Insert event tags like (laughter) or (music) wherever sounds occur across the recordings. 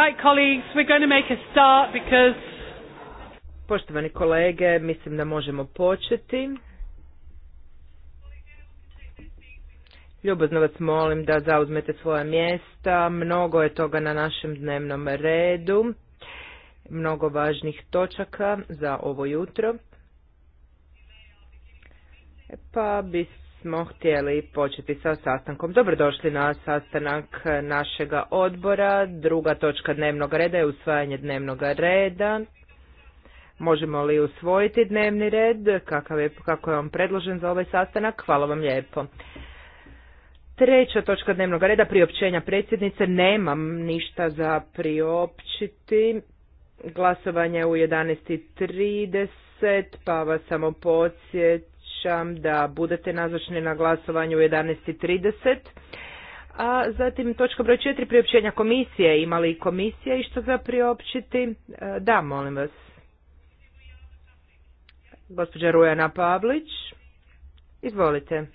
Right, colleagues, we're going to make a start because... Poštovani kolege, mislim da možemo početi. Ljubozno vas molim da zauzmete svoja mjesta. Mnogo je toga na našem dnevnom redu. Mnogo važnih točaka za ovo jutro. E, pa bi smo htjeli početi sa sastankom. Dobrodošli na sastanak našega odbora. Druga točka dnevnog reda je usvajanje dnevnog reda. Možemo li usvojiti dnevni red? Kakav je, kako je vam predložen za ovaj sastanak? Hvala vam lijepo. Treća točka dnevnog reda, priopćenja predsjednice. Nemam ništa za priopćiti. Glasovanje u 11.30, pa vas samo podsjet da budete nazočni na glasovanju u 11.30. A zatim točka broj 4 priopćenja komisije. Ima li komisija što za priopćiti? E, da, molim vas. Gospođa Rujana Pavlić, izvolite.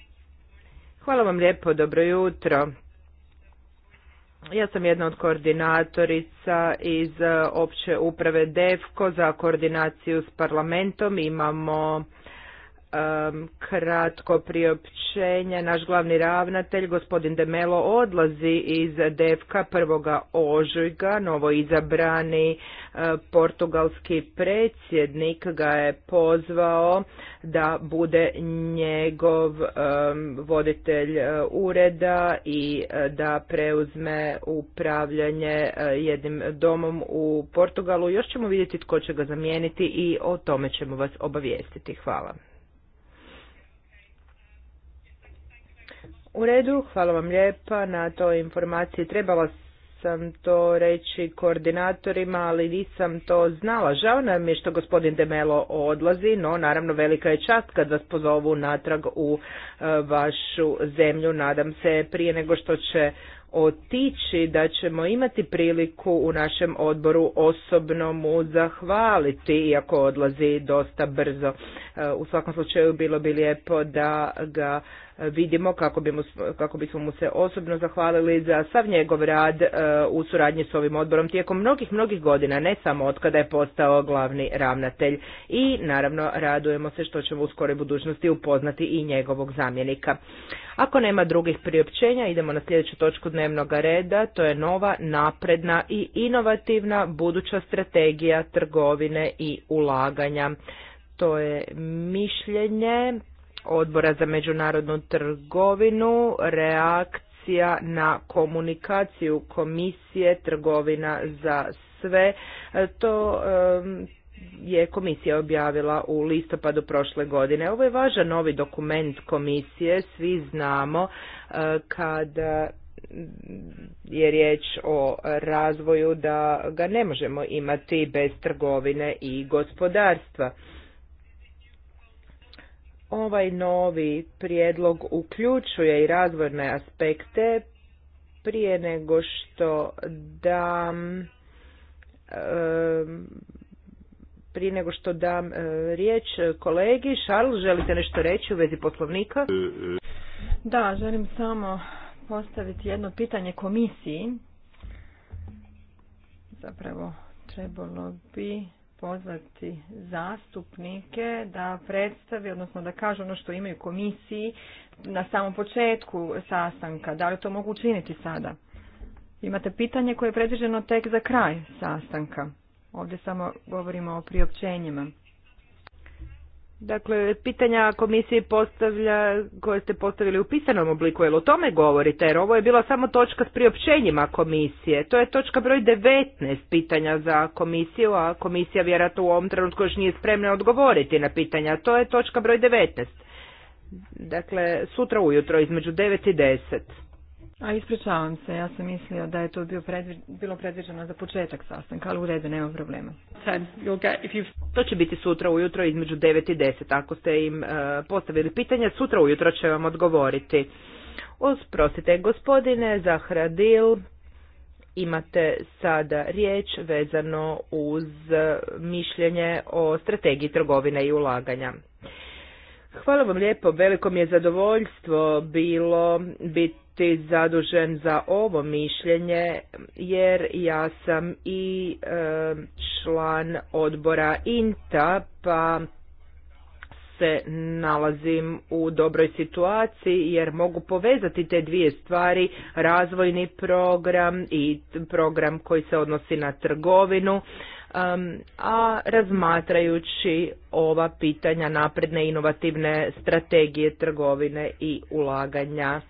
Hvala vam lijepo, dobro jutro. Ja sam jedna od koordinatorica iz opće uprave DEFKO za koordinaciju s parlamentom. Imamo um, kratko priopćenje. Naš glavni ravnatelj, gospodin Demelo, odlazi iz Devka prvoga ožujka. Novo izabrani e, portugalski predsjednik ga je pozvao da bude njegov voditelj e, ureda i e, da preuzme upravljanje jednim domom u Portugalu. Još ćemo vidjeti tko će ga zamijeniti i o tome ćemo vas obavijestiti. Hvala. U redu, hvala vam lijepa na toj informaciji. Trebala sam to reći koordinatorima, ali nisam to znala. Žao nam je što gospodin Demelo odlazi, no naravno velika je čast kad vas pozovu natrag u e, vašu zemlju. Nadam se prije nego što će otići da ćemo imati priliku u našem odboru osobno mu zahvaliti, iako odlazi dosta brzo. E, u svakom slučaju bilo bi lijepo da ga vidimo kako, kako bismo mu se osobno zahvalili za sav njegov rad e, u suradnji s ovim odborom tijekom mnogih, mnogih godina, ne samo od kada je postao glavni ravnatelj. I naravno radujemo se što ćemo u skoroj budućnosti upoznati i njegovog zamjenika. Ako nema drugih priopćenja, idemo na sljedeću točku dnevnog reda, to je nova, napredna i inovativna buduća strategija trgovine i ulaganja. To je mišljenje odbora za međunarodnu trgovinu, reakcija na komunikaciju komisije trgovina za sve. E, to je komisija objavila u listopadu prošle godine. Ovo je važan novi dokument komisije, svi znamo e, kada je riječ o razvoju da ga ne možemo imati bez trgovine i gospodarstva ovaj novi prijedlog uključuje i razvojne aspekte prije nego što dam prije nego što dam e, riječ kolegi Šarl, želite nešto reći u vezi poslovnika? Da, želim samo postaviti jedno pitanje komisiji. Zapravo trebalo bi pozvati zastupnike da predstavi, odnosno da kažu ono što imaju komisiji na samom početku sastanka. Da li to mogu učiniti sada? Imate pitanje koje je predviđeno tek za kraj sastanka. Ovdje samo govorimo o priopćenjima. Dakle, pitanja komisiji postavlja koje ste postavili u pisanom obliku, jel o tome govorite, jer ovo je bila samo točka s priopćenjima komisije. To je točka broj 19 pitanja za komisiju, a komisija vjerojatno u ovom trenutku još nije spremna odgovoriti na pitanja. To je točka broj 19. Dakle, sutra ujutro između 9 i 10. A ispričavam se, ja sam mislio da je to bio bilo predviđeno za početak sastanka, ali u redu, nema problema. To će biti sutra ujutro između 9 i 10. Ako ste im e, postavili pitanje, sutra ujutro će vam odgovoriti. Osprostite, gospodine Zahradil, imate sada riječ vezano uz mišljenje o strategiji trgovine i ulaganja. Hvala vam lijepo, veliko mi je zadovoljstvo bilo biti biti zadužen za ovo mišljenje jer ja sam i e, član odbora INTA pa se nalazim u dobroj situaciji jer mogu povezati te dvije stvari, razvojni program i program koji se odnosi na trgovinu, a razmatrajući ova pitanja napredne inovativne strategije trgovine i ulaganja.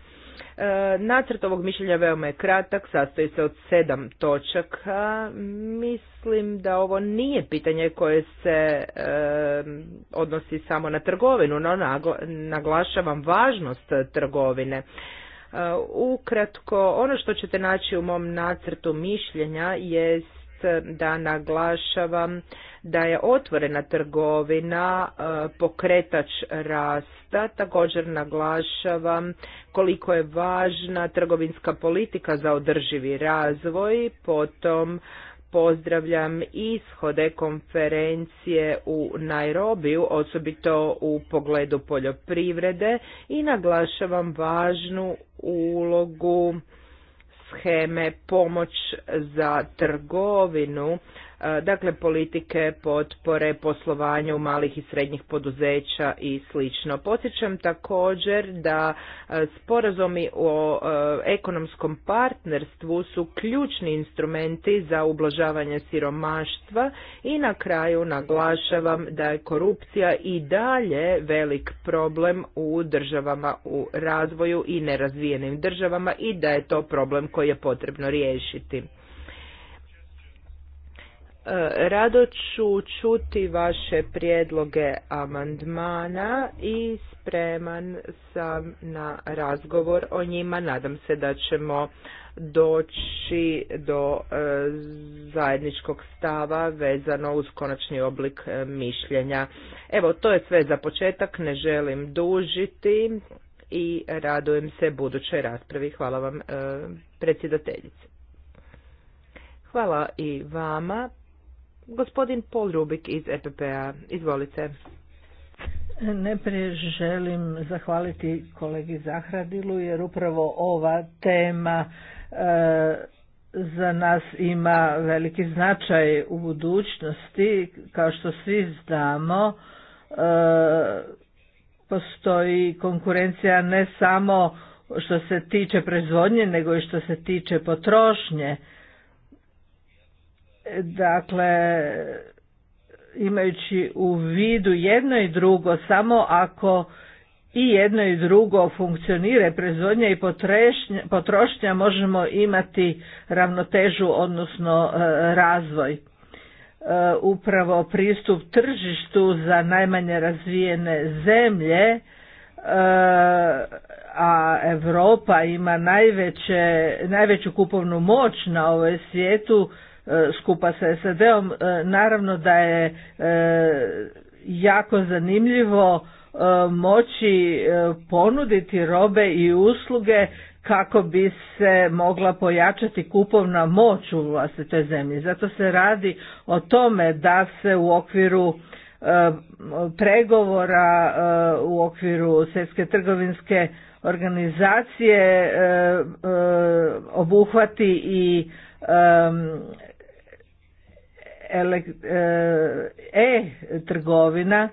E, nacrt ovog mišljenja veoma je kratak, sastoji se od sedam točaka. Mislim da ovo nije pitanje koje se e, odnosi samo na trgovinu, no naglašavam važnost trgovine. E, ukratko, ono što ćete naći u mom nacrtu mišljenja jest da naglašavam da je otvorena trgovina e, pokretač rasta. Također naglašavam koliko je važna trgovinska politika za održivi razvoj, potom pozdravljam ishode konferencije u Nairobi, osobito u pogledu poljoprivrede i naglašavam važnu ulogu sheme pomoć za trgovinu E, dakle politike potpore poslovanju malih i srednjih poduzeća i slično. Podsjećam također da e, sporazumi o e, ekonomskom partnerstvu su ključni instrumenti za ublažavanje siromaštva i na kraju naglašavam da je korupcija i dalje velik problem u državama u razvoju i nerazvijenim državama i da je to problem koji je potrebno riješiti. E, rado ću čuti vaše prijedloge amandmana i spreman sam na razgovor o njima. Nadam se da ćemo doći do e, zajedničkog stava vezano uz konačni oblik e, mišljenja. Evo, to je sve za početak, ne želim dužiti i radujem se budućoj raspravi. Hvala vam predsjedateljice. Hvala i vama. Gospodin Paul Rubik iz EPP-a, izvolite. Najprije želim zahvaliti kolegi Zahradilu jer upravo ova tema e, za nas ima veliki značaj u budućnosti. Kao što svi znamo, e, postoji konkurencija ne samo što se tiče proizvodnje, nego i što se tiče potrošnje. Dakle, imajući u vidu jedno i drugo, samo ako i jedno i drugo funkcionira, proizvodnja i potrošnja možemo imati ravnotežu, odnosno e, razvoj. E, upravo pristup tržištu za najmanje razvijene zemlje, e, a Europa ima najveće, najveću kupovnu moć na ovoj svijetu, E, skupa sa SAD-om. E, naravno da je e, jako zanimljivo moći ponuditi robe i usluge kako bi se mogla pojačati kupovna moć u vlastitoj zemlji. Zato se radi o tome da se u okviru pregovora u okviru svjetske trgovinske organizacije obuhvati i e-trgovina e, e,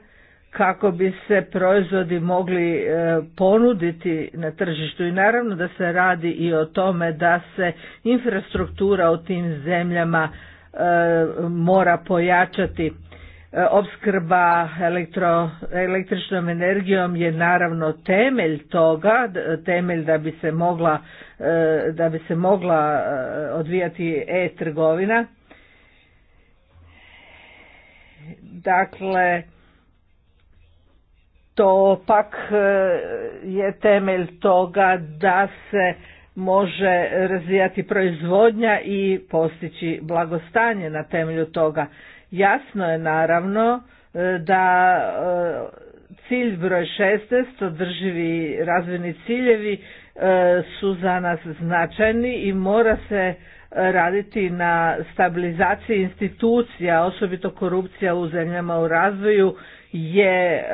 kako bi se proizvodi mogli e, ponuditi na tržištu i naravno da se radi i o tome da se infrastruktura u tim zemljama mora pojačati opskrba elektro, električnom energijom je naravno temelj toga, temelj da bi se mogla, da bi se mogla odvijati e-trgovina. Dakle, to pak e, je temelj toga da se može razvijati proizvodnja i postići blagostanje na temelju toga. Jasno je naravno e, da e, cilj broj 16, održivi razvojni ciljevi su za nas značajni i mora se raditi na stabilizaciji institucija, osobito korupcija u zemljama u razvoju je e,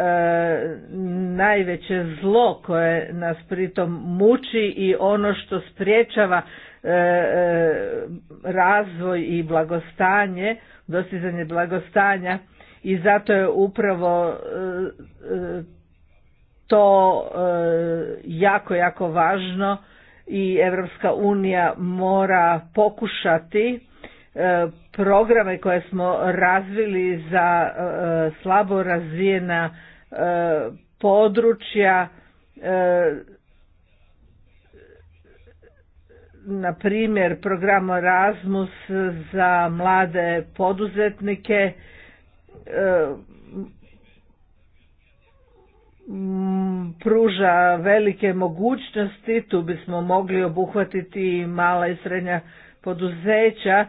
najveće zlo koje nas pritom muči i ono što spriječava e, e, razvoj i blagostanje, dostizanje blagostanja i zato je upravo to jako, jako važno i Europska unija mora pokušati e, programe koje smo razvili za e, slabo razvijena e, područja na primjer program Erasmus za mlade poduzetnike pruža velike mogućnosti, tu bismo mogli obuhvatiti mala i srednja poduzeća.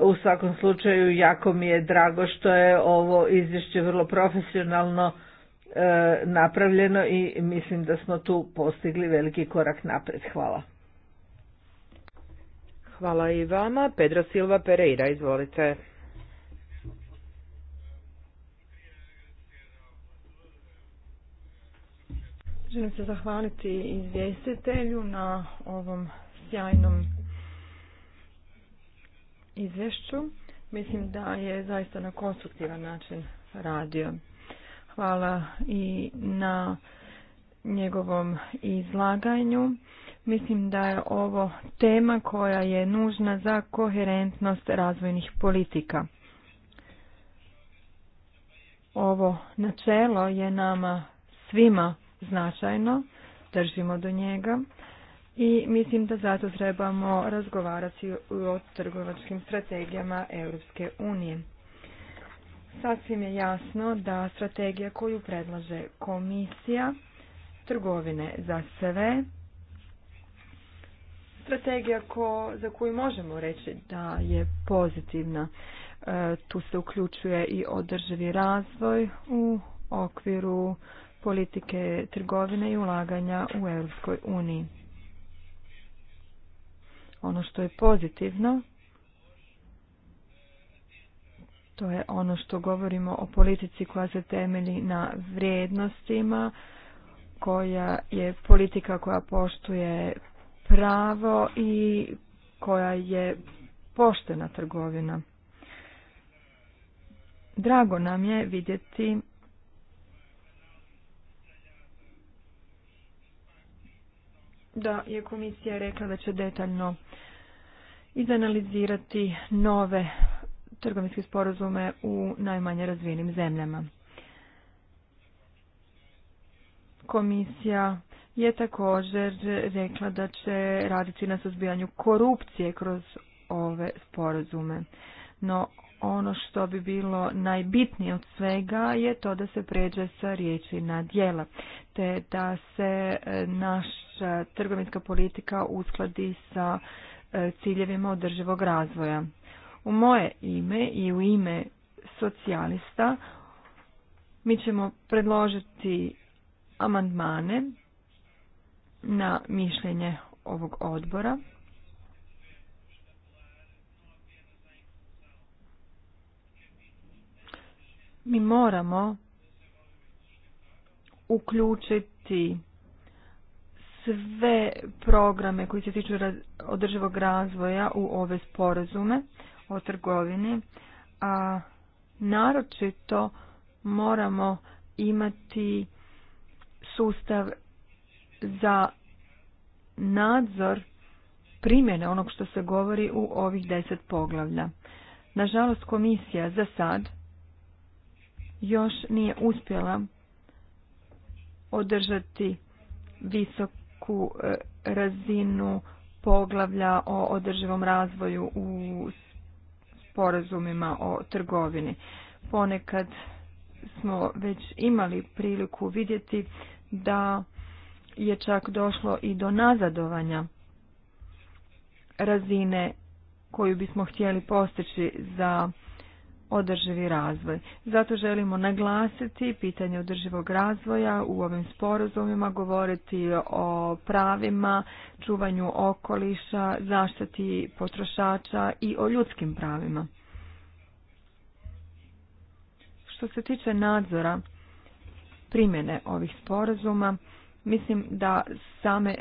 U svakom slučaju jako mi je drago što je ovo izvješće vrlo profesionalno e, napravljeno i mislim da smo tu postigli veliki korak naprijed. Hvala. Hvala i vama. Pedro Silva Pereira, izvolite. Želim se zahvaliti izvjestitelju na ovom sjajnom izvješću. Mislim da je zaista na konstruktivan način radio. Hvala i na njegovom izlaganju. Mislim da je ovo tema koja je nužna za koherentnost razvojnih politika. Ovo načelo je nama svima značajno, držimo do njega i mislim da zato trebamo razgovarati o trgovačkim strategijama Europske unije. Sasvim je jasno da strategija koju predlaže komisija trgovine za sve, strategija ko, za koju možemo reći da je pozitivna. E, tu se uključuje i održivi razvoj u okviru politike trgovine i ulaganja u Europskoj uniji. Ono što je pozitivno, to je ono što govorimo o politici koja se temelji na vrijednostima, koja je politika koja poštuje pravo i koja je poštena trgovina. Drago nam je vidjeti da je komisija rekla da će detaljno izanalizirati nove trgovinske sporazume u najmanje razvijenim zemljama. Komisija je također rekla da će raditi na suzbijanju korupcije kroz ove sporazume. No ono što bi bilo najbitnije od svega je to da se pređe sa riječi na dijela, te da se e, naš naša e, trgovinska politika uskladi sa e, ciljevima održivog razvoja. U moje ime i u ime socijalista mi ćemo predložiti amandmane na mišljenje ovog odbora. Mi moramo uključiti sve programe koji se tiču održivog razvoja u ove sporazume o trgovini, a naročito moramo imati sustav za nadzor primjene onog što se govori u ovih deset poglavlja. Nažalost, komisija za sad još nije uspjela održati visok visoku e, razinu poglavlja o održivom razvoju u sporazumima o trgovini. Ponekad smo već imali priliku vidjeti da je čak došlo i do nazadovanja razine koju bismo htjeli postići za održivi razvoj. Zato želimo naglasiti pitanje održivog razvoja u ovim sporazumima, govoriti o pravima, čuvanju okoliša, zaštiti potrošača i o ljudskim pravima. Što se tiče nadzora primjene ovih sporazuma, mislim da same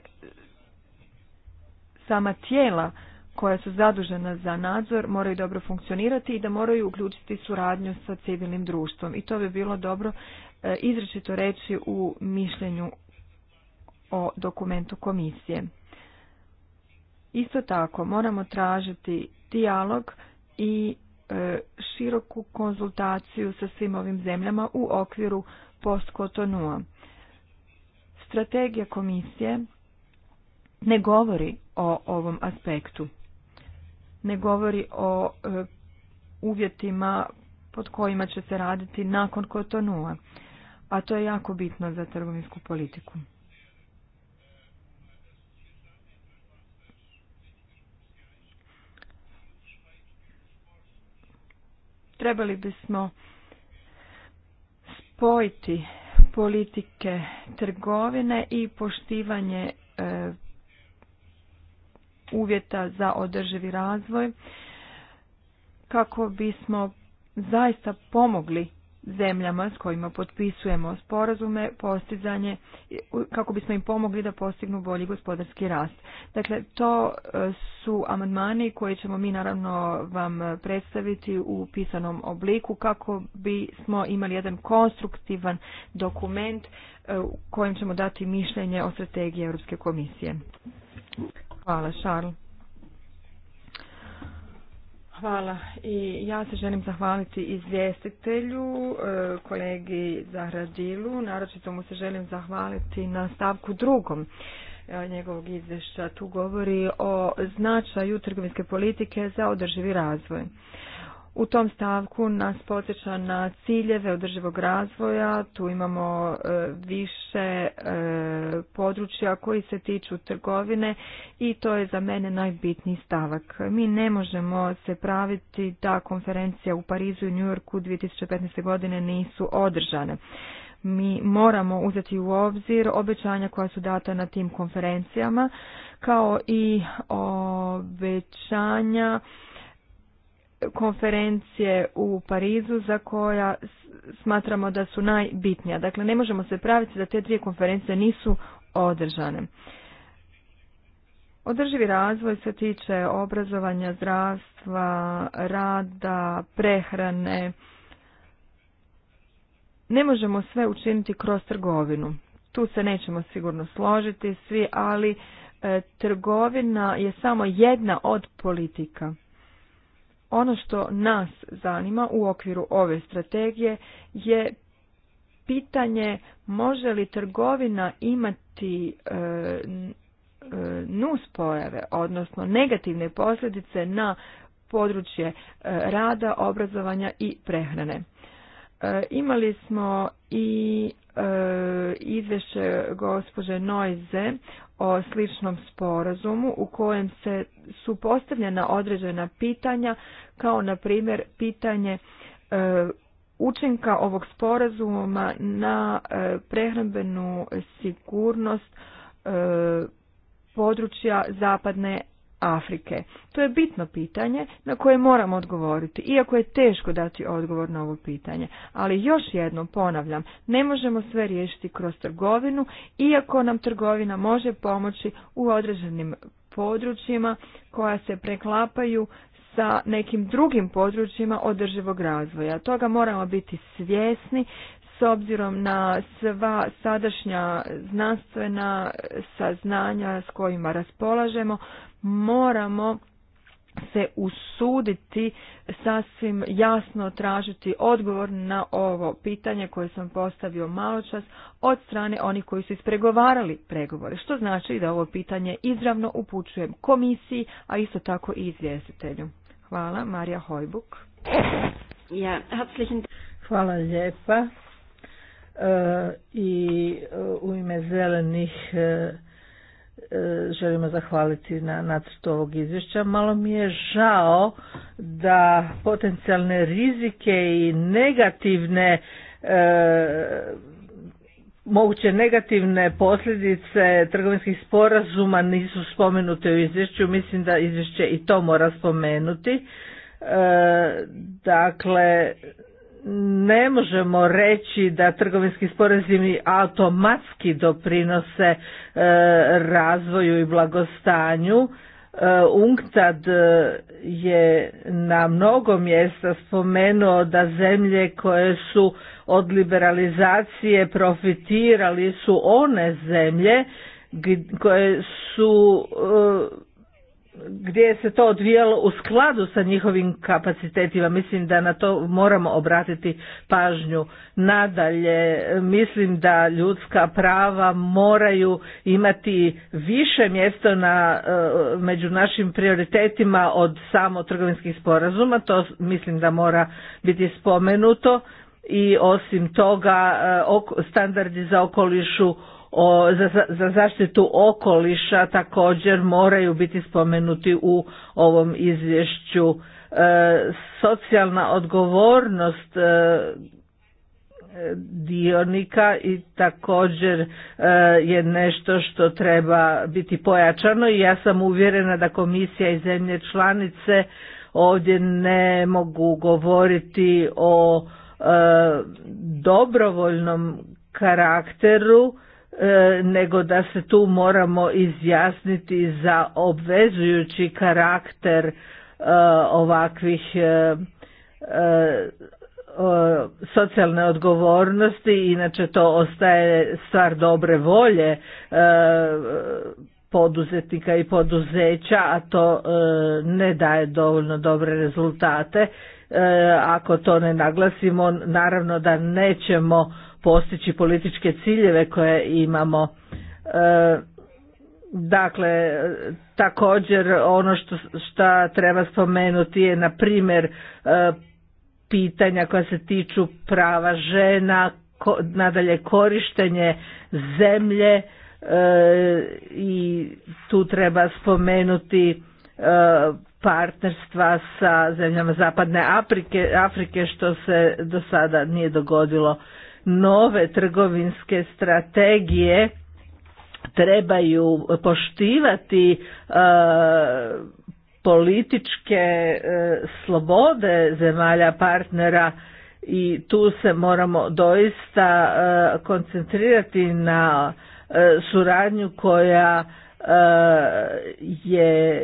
sama tijela koja su zadužena za nadzor moraju dobro funkcionirati i da moraju uključiti suradnju sa civilnim društvom. I to bi bilo dobro e, izrečito reći u mišljenju o dokumentu komisije. Isto tako moramo tražiti dijalog i e, široku konzultaciju sa svim ovim zemljama u okviru postkotonua. Strategija komisije ne govori o ovom aspektu ne govori o e, uvjetima pod kojima će se raditi nakon kotonua, a to je jako bitno za trgovinsku politiku. Trebali bismo spojiti politike trgovine i poštivanje e, uvjeta za održivi razvoj kako bismo zaista pomogli zemljama s kojima potpisujemo sporazume, postizanje, kako bismo im pomogli da postignu bolji gospodarski rast. Dakle, to e, su amandmani koje ćemo mi naravno vam predstaviti u pisanom obliku kako bismo imali jedan konstruktivan dokument e, u kojem ćemo dati mišljenje o strategiji Europske komisije. Hvala, Šarl. Hvala i ja se želim zahvaliti izvjestitelju, e, kolegi Zahradilu, naročito mu se želim zahvaliti na stavku drugom e, njegovog izvješća. Tu govori o značaju trgovinske politike za održivi razvoj. U tom stavku nas podsjeća na ciljeve održivog razvoja, tu imamo e, više e, područja koji se tiču trgovine i to je za mene najbitniji stavak. Mi ne možemo se praviti da konferencija u Parizu i Njujorku 2015. godine nisu održane. Mi moramo uzeti u obzir obećanja koja su data na tim konferencijama kao i obećanja konferencije u Parizu za koja smatramo da su najbitnija. Dakle, ne možemo se praviti da te dvije konferencije nisu održane. Održivi razvoj se tiče obrazovanja, zdravstva, rada, prehrane. Ne možemo sve učiniti kroz trgovinu. Tu se nećemo sigurno složiti svi, ali e, trgovina je samo jedna od politika. Ono što nas zanima u okviru ove strategije je pitanje može li trgovina imati e, e, nuspojave, odnosno negativne posljedice na područje e, rada, obrazovanja i prehrane. E, imali smo i e, izvješće gospođe Noize o sličnom sporazumu u kojem se su postavljena određena pitanja kao na primjer pitanje e, učinka ovog sporazuma na e, prehrambenu sigurnost e, područja zapadne Afrike? To je bitno pitanje na koje moramo odgovoriti, iako je teško dati odgovor na ovo pitanje. Ali još jednom ponavljam, ne možemo sve riješiti kroz trgovinu, iako nam trgovina može pomoći u određenim područjima koja se preklapaju sa nekim drugim područjima održivog razvoja. Toga moramo biti svjesni s obzirom na sva sadašnja znanstvena saznanja s kojima raspolažemo moramo se usuditi sasvim jasno tražiti odgovor na ovo pitanje koje sam postavio malo čas od strane onih koji su ispregovarali pregovore, što znači da ovo pitanje izravno upućujem komisiji, a isto tako i izvjestitelju. Hvala, Marija Hojbuk. Hvala lijepa. E, I e, u ime zelenih e, E, želimo zahvaliti na nacrtu ovog izvješća. Malo mi je žao da potencijalne rizike i negativne e, moguće negativne posljedice trgovinskih sporazuma nisu spomenute u izvješću. Mislim da izvješće i to mora spomenuti. E, dakle, ne možemo reći da trgovinski sporazumi automatski doprinose e, razvoju i blagostanju. E, UNCTAD je na mnogo mjesta spomenuo da zemlje koje su od liberalizacije profitirali su one zemlje koje su e, gdje se to odvijalo u skladu sa njihovim kapacitetima. Mislim da na to moramo obratiti pažnju. Nadalje, mislim da ljudska prava moraju imati više mjesto na, e, među našim prioritetima od samo trgovinskih sporazuma. To mislim da mora biti spomenuto i osim toga e, standardi za okolišu o, za, za zaštitu okoliša također moraju biti spomenuti u ovom izvješću. E, socijalna odgovornost e, dionika i također e, je nešto što treba biti pojačano i ja sam uvjerena da komisija i zemlje članice ovdje ne mogu govoriti o dobrovoljnom karakteru E, nego da se tu moramo izjasniti za obvezujući karakter e, ovakvih e, socijalne odgovornosti, inače to ostaje stvar dobre volje poduzetnika i poduzeća, a to ne daje dovoljno dobre rezultate. Ako to ne naglasimo, naravno da nećemo postići političke ciljeve koje imamo. E, dakle, također ono što, što treba spomenuti je na primjer e, pitanja koja se tiču prava žena, nadalje korištenje zemlje e, i tu treba spomenuti partnerstva sa zemljama Zapadne Afrike, Afrike što se do sada nije dogodilo nove trgovinske strategije trebaju poštivati e, političke e, slobode zemalja partnera i tu se moramo doista e, koncentrirati na suradnju koja je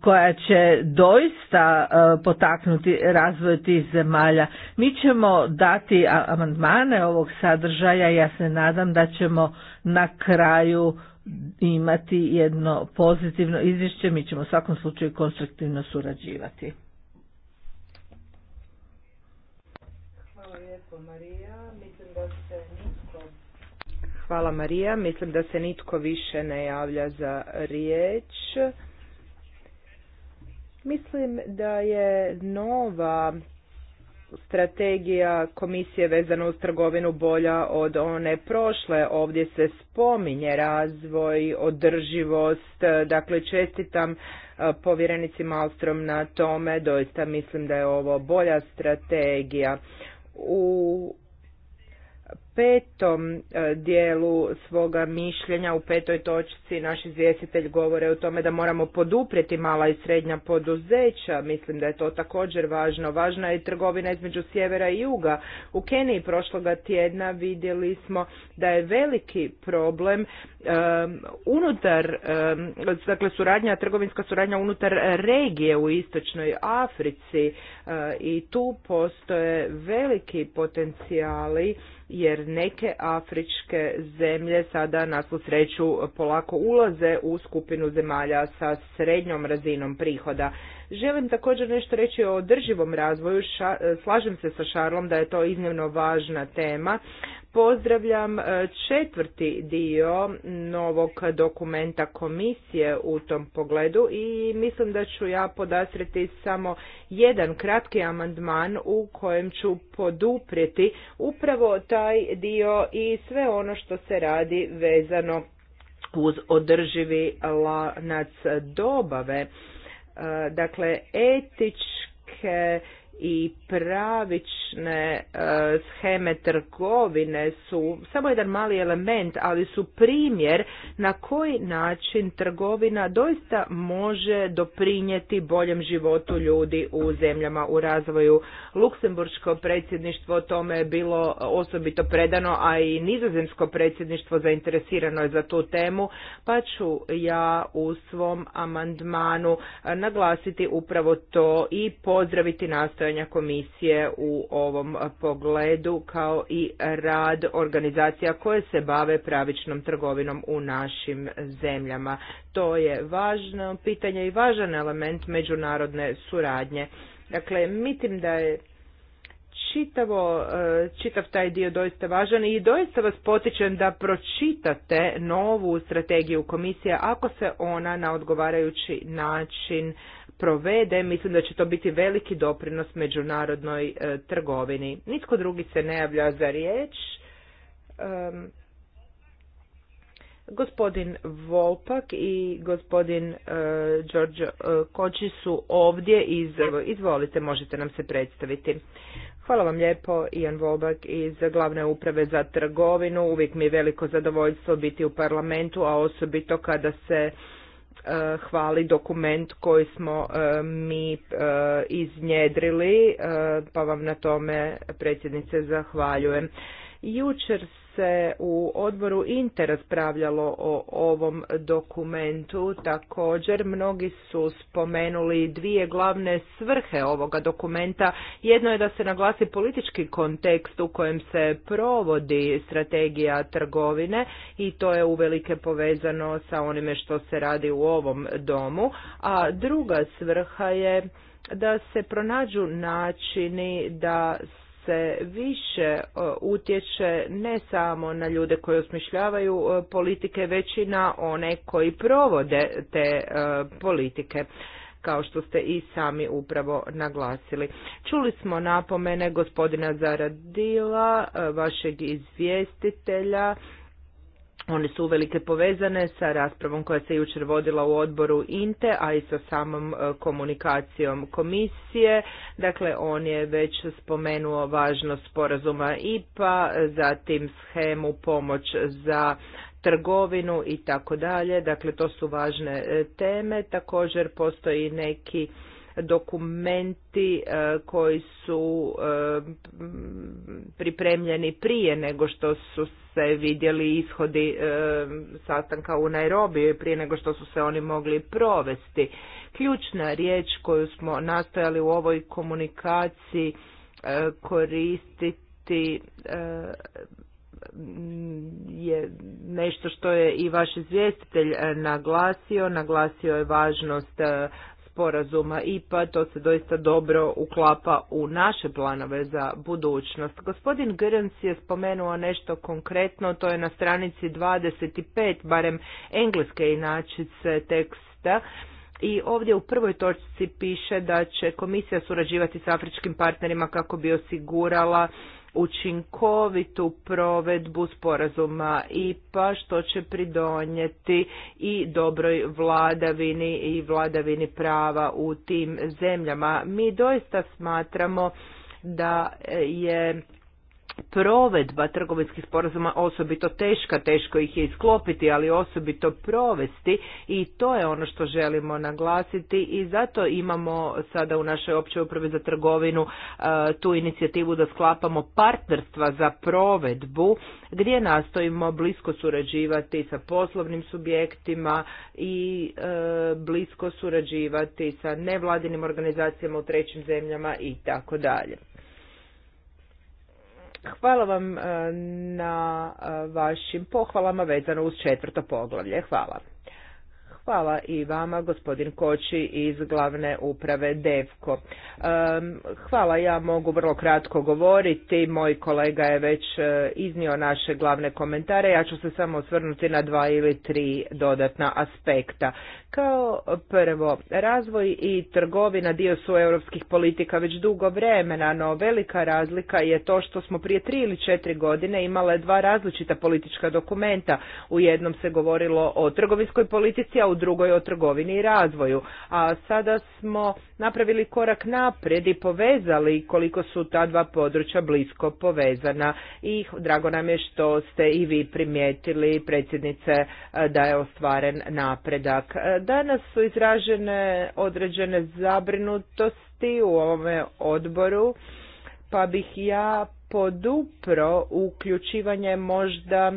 koja će doista e, potaknuti razvoj tih zemalja. Mi ćemo dati amandmane ovog sadržaja ja se nadam da ćemo na kraju imati jedno pozitivno izvješće. Mi ćemo u svakom slučaju konstruktivno surađivati. Hvala Mislim da se nitko... Hvala Marija. Mislim da se nitko više ne javlja za riječ. Mislim da je nova strategija komisije vezana uz trgovinu bolja od one prošle. Ovdje se spominje razvoj, održivost, dakle čestitam e, povjerenici Malstrom na tome, doista mislim da je ovo bolja strategija. U petom e, dijelu svoga mišljenja u petoj točci naš izvjestitelj govore o tome da moramo poduprijeti mala i srednja poduzeća. Mislim da je to također važno. Važna je trgovina između sjevera i juga. U Keniji prošloga tjedna vidjeli smo da je veliki problem e, unutar, e, dakle suradnja, trgovinska suradnja unutar regije u istočnoj Africi i tu postoje veliki potencijali jer neke afričke zemlje sada na svu sreću polako ulaze u skupinu zemalja sa srednjom razinom prihoda. Želim također nešto reći o održivom razvoju. E, slažem se sa Šarlom da je to iznimno važna tema. Pozdravljam e, četvrti dio novog dokumenta komisije u tom pogledu i mislim da ću ja podasreti samo jedan kratki amandman u kojem ću poduprijeti upravo taj dio i sve ono što se radi vezano uz održivi lanac dobave E, dakle etičke i pravične e, scheme trgovine su samo jedan mali element, ali su primjer na koji način trgovina doista može doprinijeti boljem životu ljudi u zemljama u razvoju. Luksemburško predsjedništvo tome je bilo osobito predano, a i nizozemsko predsjedništvo zainteresirano je za tu temu, pa ću ja u svom amandmanu e, naglasiti upravo to i pozdraviti nastojanje nastojanja komisije u ovom pogledu kao i rad organizacija koje se bave pravičnom trgovinom u našim zemljama. To je važno pitanje i važan element međunarodne suradnje. Dakle, mislim da je čitavo, e, čitav taj dio doista važan i doista vas potičem da pročitate novu strategiju komisije ako se ona na odgovarajući način provede, mislim da će to biti veliki doprinos međunarodnoj e, trgovini. Nitko drugi se ne javlja za riječ. gospodin Volpak i gospodin George Koči su ovdje iz, izvolite, možete nam se predstaviti. Hvala vam lijepo, Ian Volbak iz Glavne uprave za trgovinu. Uvijek mi je veliko zadovoljstvo biti u parlamentu, a osobito kada se E, hvali dokument koji smo e, mi e, iznjedrili, pa vam na tome predsjednice zahvaljujem. Jučer se u odboru Inter raspravljalo o ovom dokumentu. Također, mnogi su spomenuli dvije glavne svrhe ovoga dokumenta. Jedno je da se naglasi politički kontekst u kojem se provodi strategija trgovine i to je uvelike povezano sa onime što se radi u ovom domu. A druga svrha je da se pronađu načini da se više e, utječe ne samo na ljude koji osmišljavaju e, politike, već i na one koji provode te e, politike kao što ste i sami upravo naglasili. Čuli smo napomene gospodina Zaradila, vašeg izvjestitelja, one su uvelike povezane sa raspravom koja se jučer vodila u odboru INTE, a i sa samom e, komunikacijom komisije. Dakle, on je već spomenuo važnost sporazuma IPA, zatim schemu pomoć za trgovinu i tako dalje. Dakle, to su važne e, teme. Također postoji neki dokumenti e, koji su e, pripremljeni prije nego što su se vidjeli ishodi e, sastanka u Nairobi prije nego što su se oni mogli provesti. Ključna riječ koju smo nastojali u ovoj komunikaciji koristiti je nešto što je i vaš izvjestitelj naglasio. Naglasio je važnost sporazuma IPA, to se doista dobro uklapa u naše planove za budućnost. Gospodin Grns je spomenuo nešto konkretno, to je na stranici 25, barem engleske inačice teksta, i ovdje u prvoj točci piše da će komisija surađivati s afričkim partnerima kako bi osigurala učinkovitu provedbu sporazuma i pa što će pridonijeti i dobroj vladavini i vladavini prava u tim zemljama. Mi doista smatramo da je provedba trgovinskih sporazuma osobito teška, teško ih je isklopiti, ali osobito provesti i to je ono što želimo naglasiti i zato imamo sada u našoj općoj upravi za trgovinu e, tu inicijativu da sklapamo partnerstva za provedbu gdje nastojimo blisko surađivati sa poslovnim subjektima i e, blisko surađivati sa nevladinim organizacijama u trećim zemljama i tako dalje. Hvala vam eh, na eh, vašim pohvalama vezano uz četvrto poglavlje. Hvala. Hvala i vama, gospodin Koči iz glavne uprave Devko. Hvala, ja mogu vrlo kratko govoriti, moj kolega je već e, iznio naše glavne komentare, ja ću se samo osvrnuti na dva ili tri dodatna aspekta. Kao prvo, razvoj i trgovina dio su europskih politika već dugo vremena, no velika razlika je to što smo prije tri ili četiri godine imale dva različita politička dokumenta. U jednom se govorilo o trgovinskoj politici, a u drugoj o trgovini i razvoju. A sada smo napravili korak naprijed i povezali koliko su ta dva područja blisko povezana i drago nam je što ste i vi primijetili predsjednice e, da je ostvaren napredak. E, danas su izražene određene zabrinutosti u ovome odboru pa bih ja podupro uključivanje možda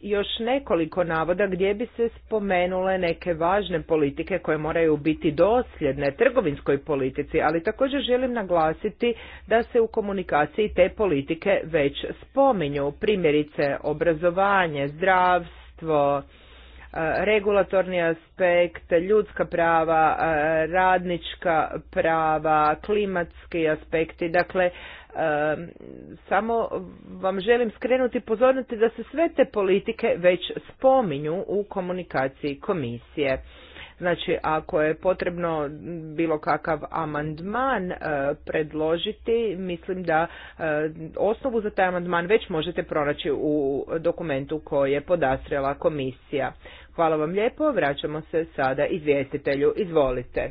još nekoliko navoda gdje bi se spomenule neke važne politike koje moraju biti dosljedne trgovinskoj politici, ali također želim naglasiti da se u komunikaciji te politike već spominju, primjerice obrazovanje, zdravstvo, e, regulatorni aspekt, ljudska prava, e, radnička prava, klimatski aspekti, dakle samo vam želim skrenuti pozornosti da se sve te politike već spominju u komunikaciji komisije. Znači, ako je potrebno bilo kakav amandman eh, predložiti, mislim da eh, osnovu za taj amandman već možete pronaći u dokumentu koji je podastrela komisija. Hvala vam lijepo, vraćamo se sada izvjestitelju. Izvolite.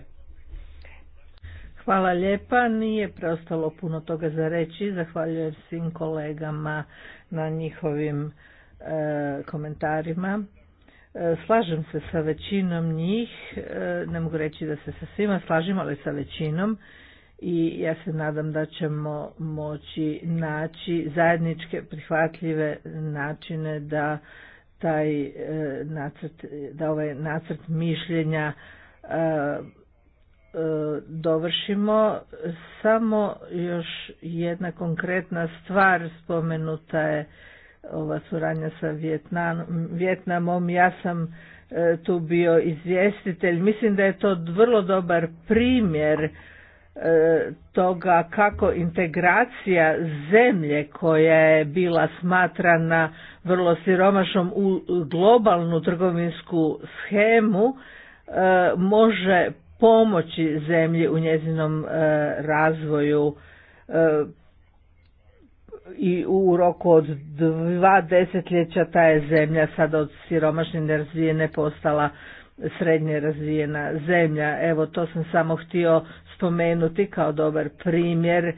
Hvala lijepa, nije preostalo puno toga za reći. Zahvaljujem svim kolegama na njihovim e, komentarima. E, slažem se sa većinom njih, e, ne mogu reći da se sa svima slažem, ali sa većinom i ja se nadam da ćemo moći naći zajedničke prihvatljive načine da taj nacrt, da ovaj nacrt mišljenja E, dovršimo. Samo još jedna konkretna stvar spomenuta je ova suradnja sa Vjetnam, Vjetnamom. Ja sam e, tu bio izvjestitelj. Mislim da je to vrlo dobar primjer e, toga kako integracija zemlje koja je bila smatrana vrlo siromašnom u globalnu trgovinsku schemu može pomoći zemlji u njezinom e, razvoju e, i u roku od dva desetljeća ta je zemlja sada od siromašne nerazvijene postala srednje razvijena zemlja. Evo to sam samo htio spomenuti kao dobar primjer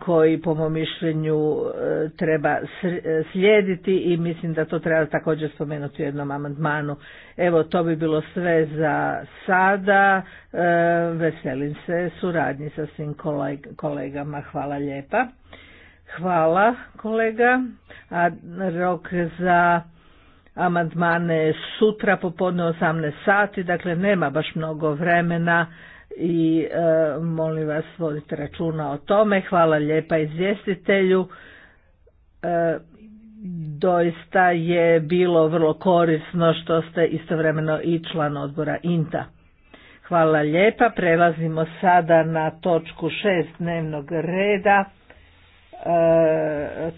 koji po mom mišljenju e, treba e, slijediti i mislim da to treba također spomenuti u jednom amandmanu. Evo to bi bilo sve za sada. E, veselim se suradnji sa svim kolegama. Hvala lijepa. Hvala kolega. A rok za amandmane sutra popodne 18 sati, dakle nema baš mnogo vremena i e, molim vas vodite računa o tome. Hvala lijepa izvjestitelju. E, doista je bilo vrlo korisno što ste istovremeno i član odbora INTA. Hvala lijepa. Prelazimo sada na točku šest dnevnog reda. E,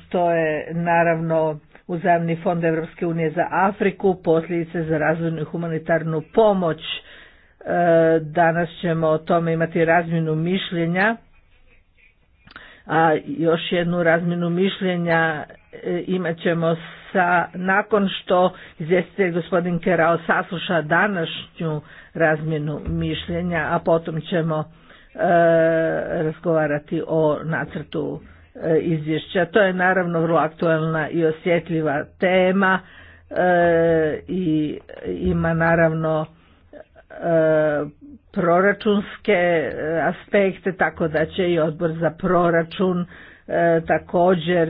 to je naravno uzajamni fond Europske unije za Afriku, posljedice za razvojnu i humanitarnu pomoć. Danas ćemo o tome imati razminu mišljenja, a još jednu razminu mišljenja e, imat ćemo sa, nakon što izvjestitelj gospodin Kerao sasluša današnju razminu mišljenja, a potom ćemo e, razgovarati o nacrtu e, izvješća. To je naravno vrlo aktualna i osjetljiva tema e, i ima naravno E, proračunske e, aspekte tako da će i odbor za proračun e, također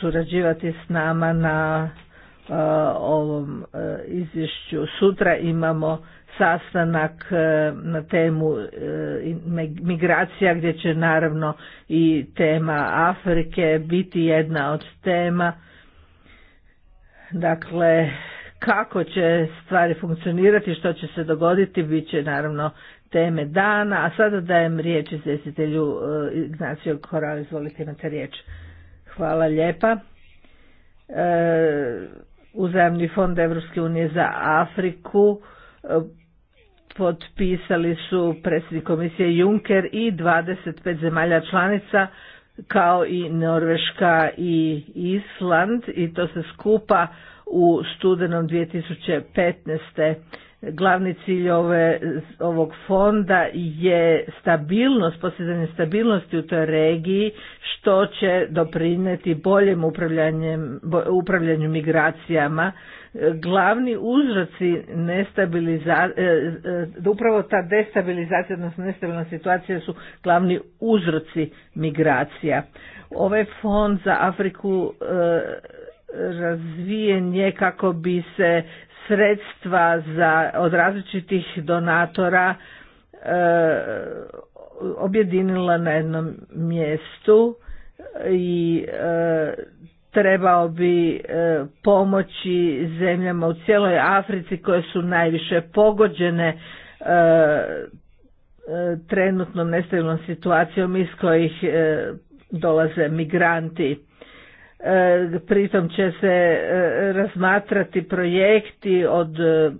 surađivati s nama na ovom izvješću. Sutra imamo sastanak na temu migracija gdje će naravno i tema Afrike biti jedna od tema. Dakle, kako će stvari funkcionirati, što će se dogoditi, bit će naravno teme dana, a sada dajem riječ izvjestitelju e, Ignacio Koral, izvolite imate riječ. Hvala lijepa. E, Uzajemni fond Evropske unije za Afriku e, potpisali su predsjednik komisije Juncker i 25 zemalja članica kao i Norveška i Island i to se skupa u studenom 2015. Glavni cilj ove, ovog fonda je stabilnost, posjedanje stabilnosti u toj regiji što će doprinijeti boljem upravljanju migracijama. Glavni uzroci nestabilizacije, e, upravo ta destabilizacija, odnosno nestabilna situacija su glavni uzroci migracija. Ovaj fond za Afriku e, razvijen je kako bi se sredstva za, od različitih donatora e, objedinila na jednom mjestu i e, trebao bi e, pomoći zemljama u cijeloj Africi koje su najviše pogođene e, trenutnom nestabilnom situacijom iz kojih dolaze migranti E, pritom će se e, razmatrati projekti od e,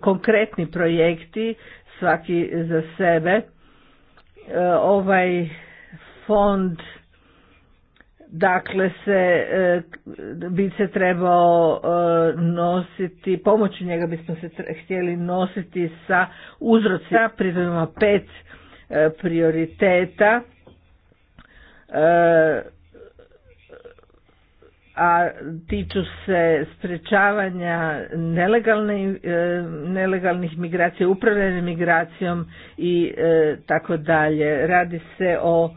konkretni projekti svaki za sebe ovaj fond dakle se bi se trebao nositi pomoću njega bismo se htjeli nositi sa uzrocima pritom pet prioriteta a tiču se sprečavanja nelegalne, e, nelegalnih migracija, upravljanje migracijom i e, tako dalje. Radi se o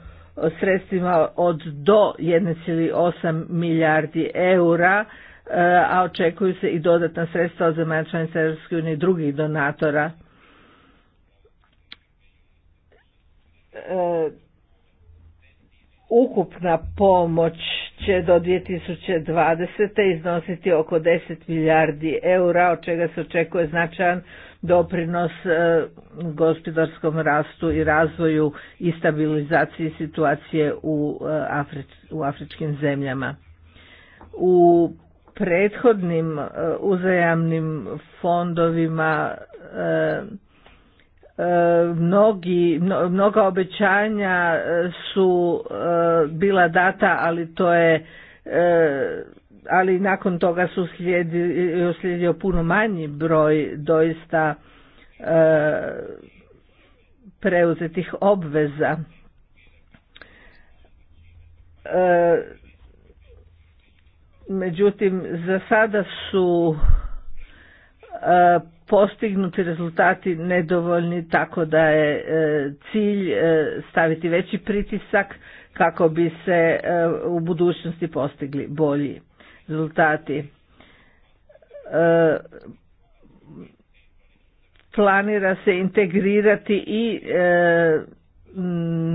sredstvima od do 1,8 milijardi eura, e, a očekuju se i dodatna sredstva od zemalja članica Europske unije i drugih donatora ukupna pomoć će do 2020. iznositi oko 10 milijardi eura, od čega se očekuje značajan doprinos e, gospodarskom rastu i razvoju i stabilizaciji situacije u, e, u afričkim zemljama. U prethodnim e, uzajamnim fondovima mnogi, mnoga obećanja e, su e, bila data, ali to je e, ali nakon toga su uslijedio slijedio puno manji broj doista preuzetih obveza. Međutim, za sada su postignuti rezultati nedovoljni tako da je e, cilj e, staviti veći pritisak kako bi se e, u budućnosti postigli bolji rezultati. Planira se integrirati i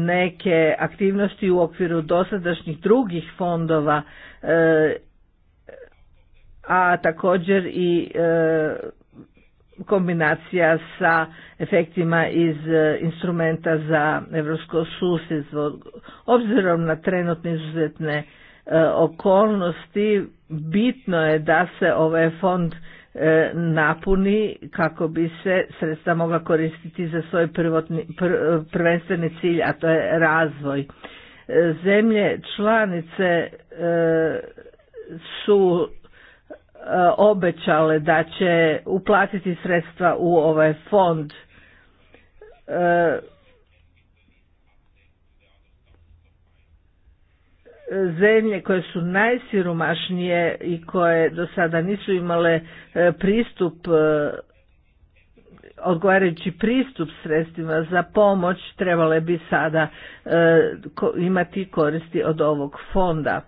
neke aktivnosti u okviru dosadašnjih drugih fondova, a također i kombinacija sa efektima iz e, instrumenta za evropsko susjedstvo. Obzirom na trenutne izuzetne e, okolnosti bitno je da se ovaj fond e, napuni kako bi se sredstva mogla koristiti za svoj prvotni, prvenstveni cilj, a to je razvoj. Zemlje članice su Eh, obećale da će uplatiti sredstva u ovaj fond eh, zemlje koje su najsiromašnije i koje do sada nisu imale eh, pristup odgovarajući pristup sredstvima za pomoć trebale bi sada imati koristi od ovog fonda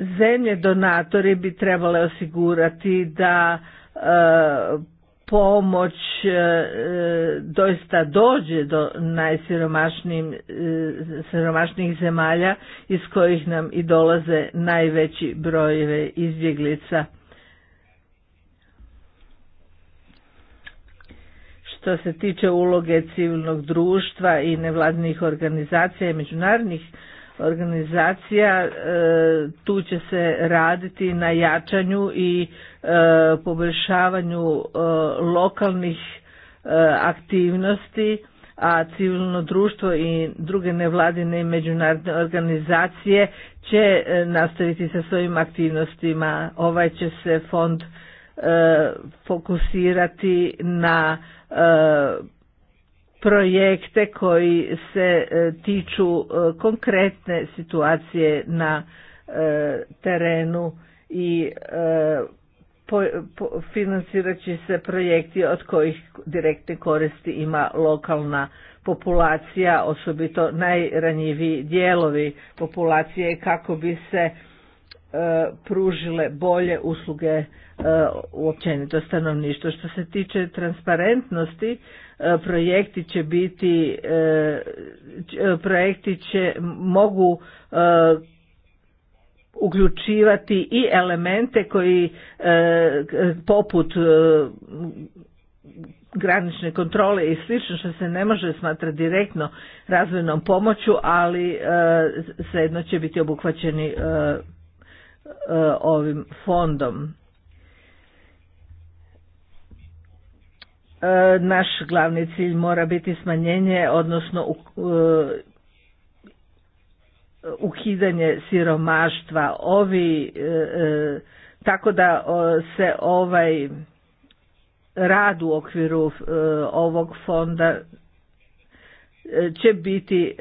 zemlje donatori bi trebale osigurati da e, pomoć e, e, doista dođe do najsiromašnijih zemalja iz kojih nam i dolaze najveći brojeve izbjeglica. Što se tiče uloge civilnog društva i nevladnih organizacija i međunarodnih organizacija, e, tu će se raditi na jačanju i e, poboljšavanju e, lokalnih aktivnosti, a civilno društvo i druge nevladine i međunarodne organizacije će nastaviti sa svojim aktivnostima. Ovaj će se fond fokusirati na projekte koji se e, tiču e, konkretne situacije na e, terenu i financirat se projekti od kojih direktne koristi ima lokalna populacija, osobito najranjiviji dijelovi populacije kako bi se pružile bolje usluge u općenito stanovništvo. Što se tiče transparentnosti, projekti će biti e, e, projekti će mogu e, uključivati i elemente koji poput granične kontrole i slično što se ne može smatrati direktno razvojnom pomoću, ali svejedno će biti obuhvaćeni ovim fondom. E, naš glavni cilj mora biti smanjenje, odnosno e, ukidanje siromaštva. Ovi, e, tako da se ovaj rad u okviru ovog fonda će biti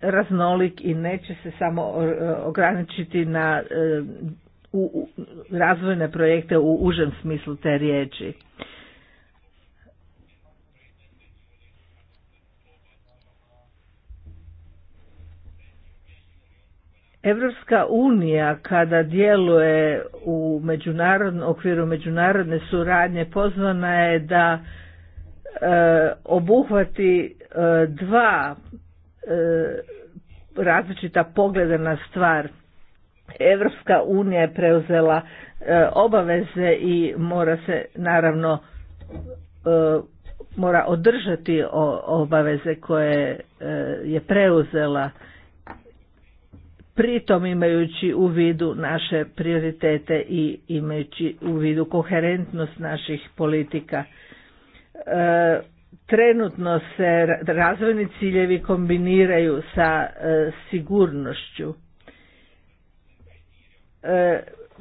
raznolik i neće se samo ograničiti na razvojne projekte u užem smislu te riječi. Evropska unija kada djeluje u međunarodnom okviru međunarodne suradnje pozvana je da e, obuhvati e, dva e, različita pogleda na stvar. Evropska unija je preuzela obaveze i mora se naravno mora održati obaveze koje je preuzela pritom imajući u vidu naše prioritete i imajući u vidu koherentnost naših politika. E, trenutno se razvojni ciljevi kombiniraju sa e, sigurnošću. E,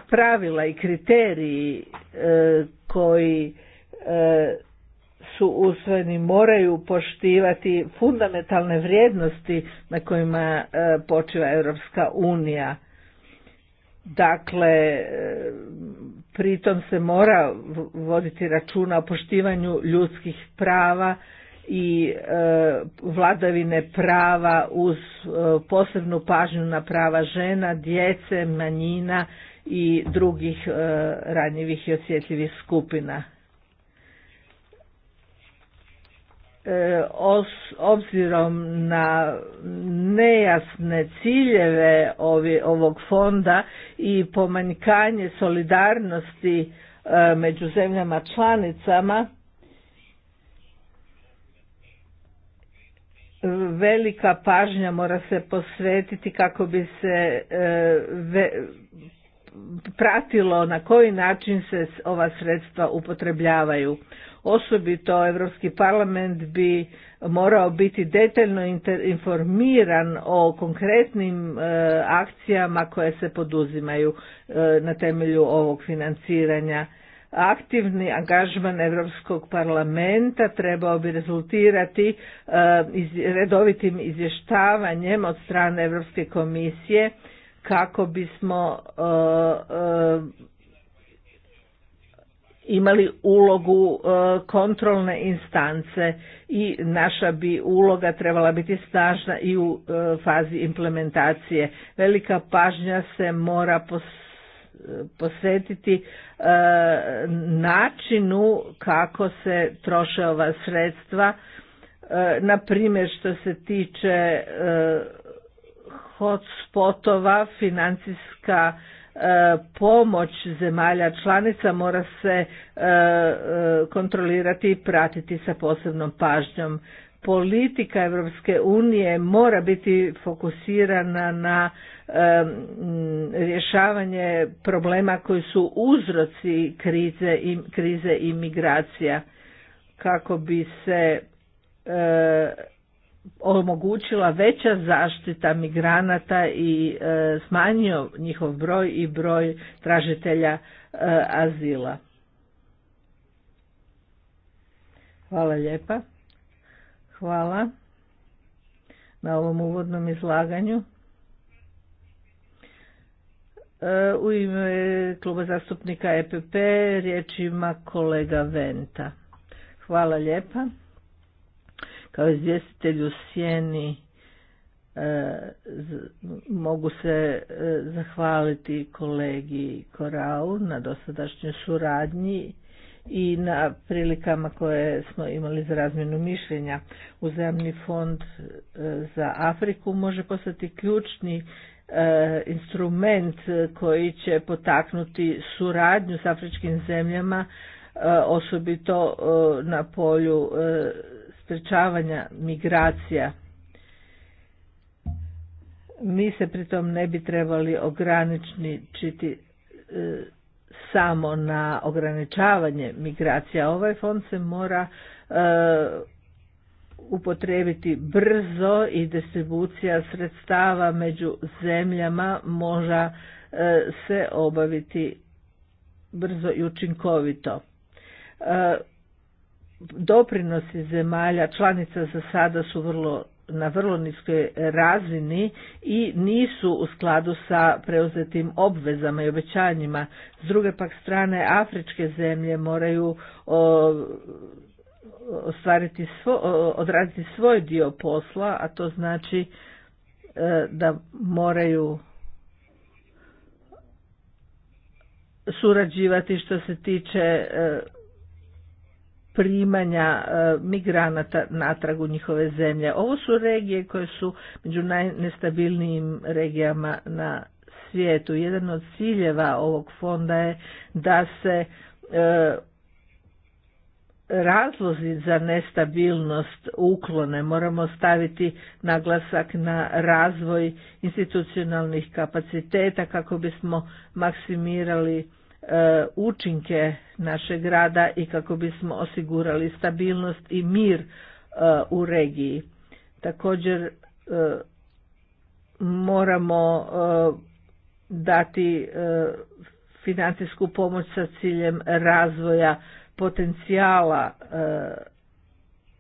pravila i kriteriji e, koji e, su usvojeni moraju poštivati fundamentalne vrijednosti na kojima e, počiva Europska unija. Dakle, e, pritom se mora voditi računa o poštivanju ljudskih prava i e, vladavine prava uz posebnu pažnju na prava žena, djece, manjina i drugih ranjivih i osjetljivih skupina. E, os, obzirom na nejasne ciljeve ovi, ovog fonda i pomanjkanje solidarnosti e, među zemljama članicama velika pažnja mora se posvetiti kako bi se e, ve, pratilo na koji način se ova sredstva upotrebljavaju osobito Europski parlament bi morao biti detaljno informiran o konkretnim e, akcijama koje se poduzimaju e, na temelju ovog financiranja. Aktivni angažman Europskog parlamenta trebao bi rezultirati e, iz, redovitim izvještavanjem od strane Europske komisije kako bismo imali ulogu e, kontrolne instance i naša bi uloga trebala biti snažna i u e, fazi implementacije. Velika pažnja se mora posvetiti e, načinu kako se troše ova sredstva, na primjer što se tiče hotspotova, financijska E, pomoć zemalja članica mora se e, e, kontrolirati i pratiti sa posebnom pažnjom. Politika Europske unije mora biti fokusirana na rješavanje problema koji su uzroci krize i, krize i migracija kako bi se omogućila veća zaštita migranata i e, smanjio njihov broj i broj tražitelja e, azila. Hvala lijepa. Hvala na ovom uvodnom izlaganju. E, u ime kluba zastupnika EPP riječ ima kolega Venta. Hvala lijepa kao izvjestitelj u sjeni e, mogu se e, zahvaliti kolegi Korau na dosadašnjoj suradnji i na prilikama koje smo imali za razmjenu mišljenja. Uzemni fond e, za Afriku može postati ključni instrument koji će potaknuti suradnju s afričkim zemljama, osobito na polju sprečavanja migracija. Mi se pritom ne bi trebali ograničiti e, samo na ograničavanje migracija. Ovaj fond se mora upotrebiti upotrijebiti brzo i distribucija sredstava među zemljama može se obaviti brzo i učinkovito. E, doprinosi zemalja članica za sada su vrlo na vrlo niskoj razini i nisu u skladu sa preuzetim obvezama i obećanjima. S druge pak strane, afričke zemlje moraju ostvariti svo, odraditi svoj dio posla, a to znači e, da moraju surađivati što se tiče e, primanja e, migranata natrag u njihove zemlje. Ovo su regije koje su među najnestabilnijim regijama na svijetu. Jedan od ciljeva ovog fonda je da se e, razlozi za nestabilnost uklone. Moramo staviti naglasak na razvoj institucionalnih kapaciteta kako bismo maksimirali E, učinke našeg rada i kako bismo osigurali stabilnost i mir e, u regiji. Također e, moramo dati financijsku pomoć sa ciljem razvoja potencijala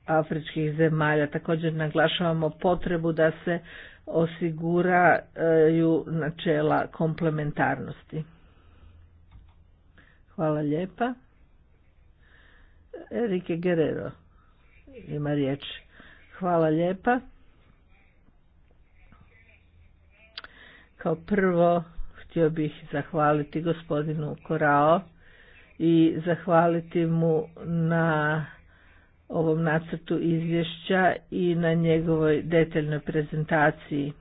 afričkih zemalja. Također naglašavamo potrebu da se osiguraju načela komplementarnosti. Hvala lijepa. Erike Guerrero ima riječ. Hvala lijepa. Kao prvo htio bih zahvaliti gospodinu Korao i zahvaliti mu na ovom nacrtu izvješća i na njegovoj detaljnoj prezentaciji.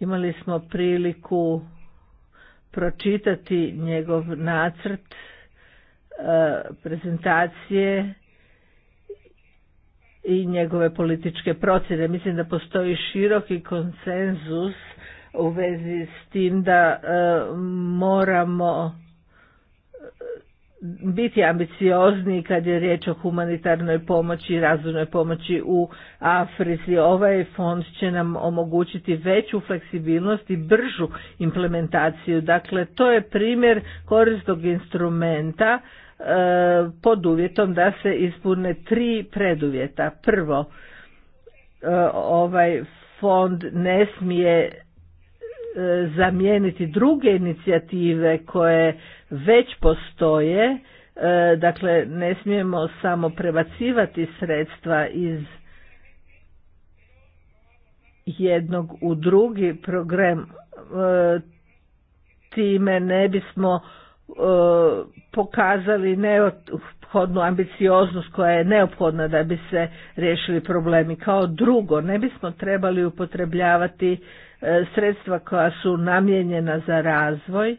Imali smo priliku pročitati njegov nacrt e, prezentacije i njegove političke procjene. Mislim da postoji široki konsenzus u vezi s tim da e, moramo biti ambiciozni kad je riječ o humanitarnoj pomoći i razvojnoj pomoći u Africi. Ovaj fond će nam omogućiti veću fleksibilnost i bržu implementaciju. Dakle, to je primjer koristog instrumenta e, pod uvjetom da se ispune tri preduvjeta. Prvo, e, ovaj fond ne smije E, zamijeniti druge inicijative koje već postoje, e, dakle ne smijemo samo prebacivati sredstva iz jednog u drugi program, e, time ne bismo pokazali neophodnu ambicioznost koja je neophodna da bi se riješili problemi. Kao drugo, ne bismo trebali upotrebljavati E, sredstva koja su namijenjena za razvoj e,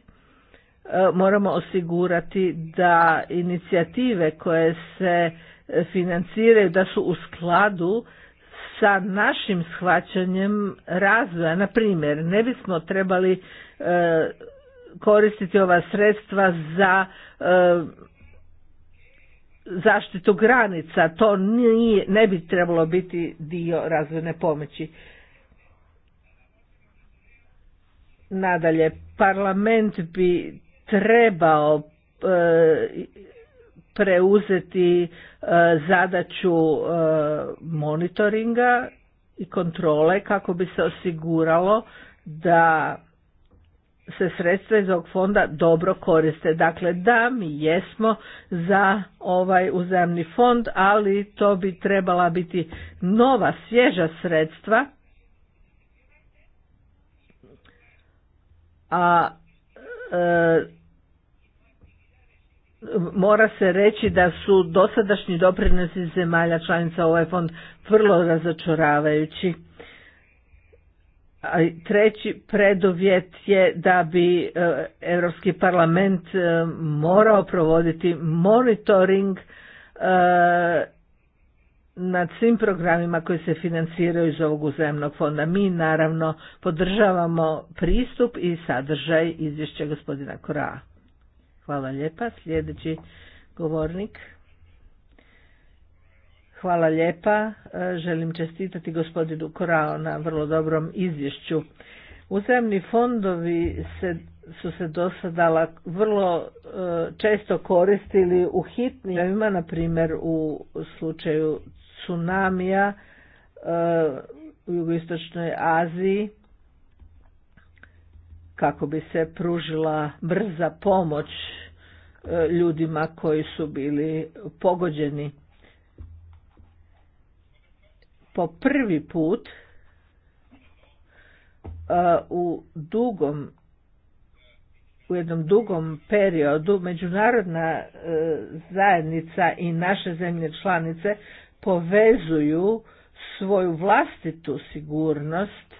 moramo osigurati da inicijative koje se e, financiraju da su u skladu sa našim shvaćanjem razvoja. Na primjer, ne bismo trebali koristiti ova sredstva za zaštitu granica, to nije, ne bi trebalo biti dio razvojne pomoći. Nadalje, parlament bi trebao e, preuzeti e, zadaću e, monitoringa i kontrole kako bi se osiguralo da se sredstva iz ovog fonda dobro koriste. Dakle, da, mi jesmo za ovaj uzemni fond, ali to bi trebala biti nova, svježa sredstva a e, mora se reći da su dosadašnji doprinosi zemalja članica ovaj fond vrlo razočaravajući. A treći preduvjet je da bi e, Europski parlament e, morao provoditi monitoring nad svim programima koji se financiraju iz ovog uzajemnog fonda. Mi naravno podržavamo pristup i sadržaj izvješća gospodina Kora. Hvala lijepa. Sljedeći govornik. Hvala lijepa. E, želim čestitati gospodinu Korao na vrlo dobrom izvješću. Uzajemni fondovi se, su se do sada vrlo e, često koristili u hitnim, na primjer u slučaju tsunamija e, u jugoistočnoj Aziji kako bi se pružila brza pomoć e, ljudima koji su bili pogođeni. Po prvi put e, u dugom u jednom dugom periodu međunarodna zajednica i naše zemlje članice povezuju svoju vlastitu sigurnost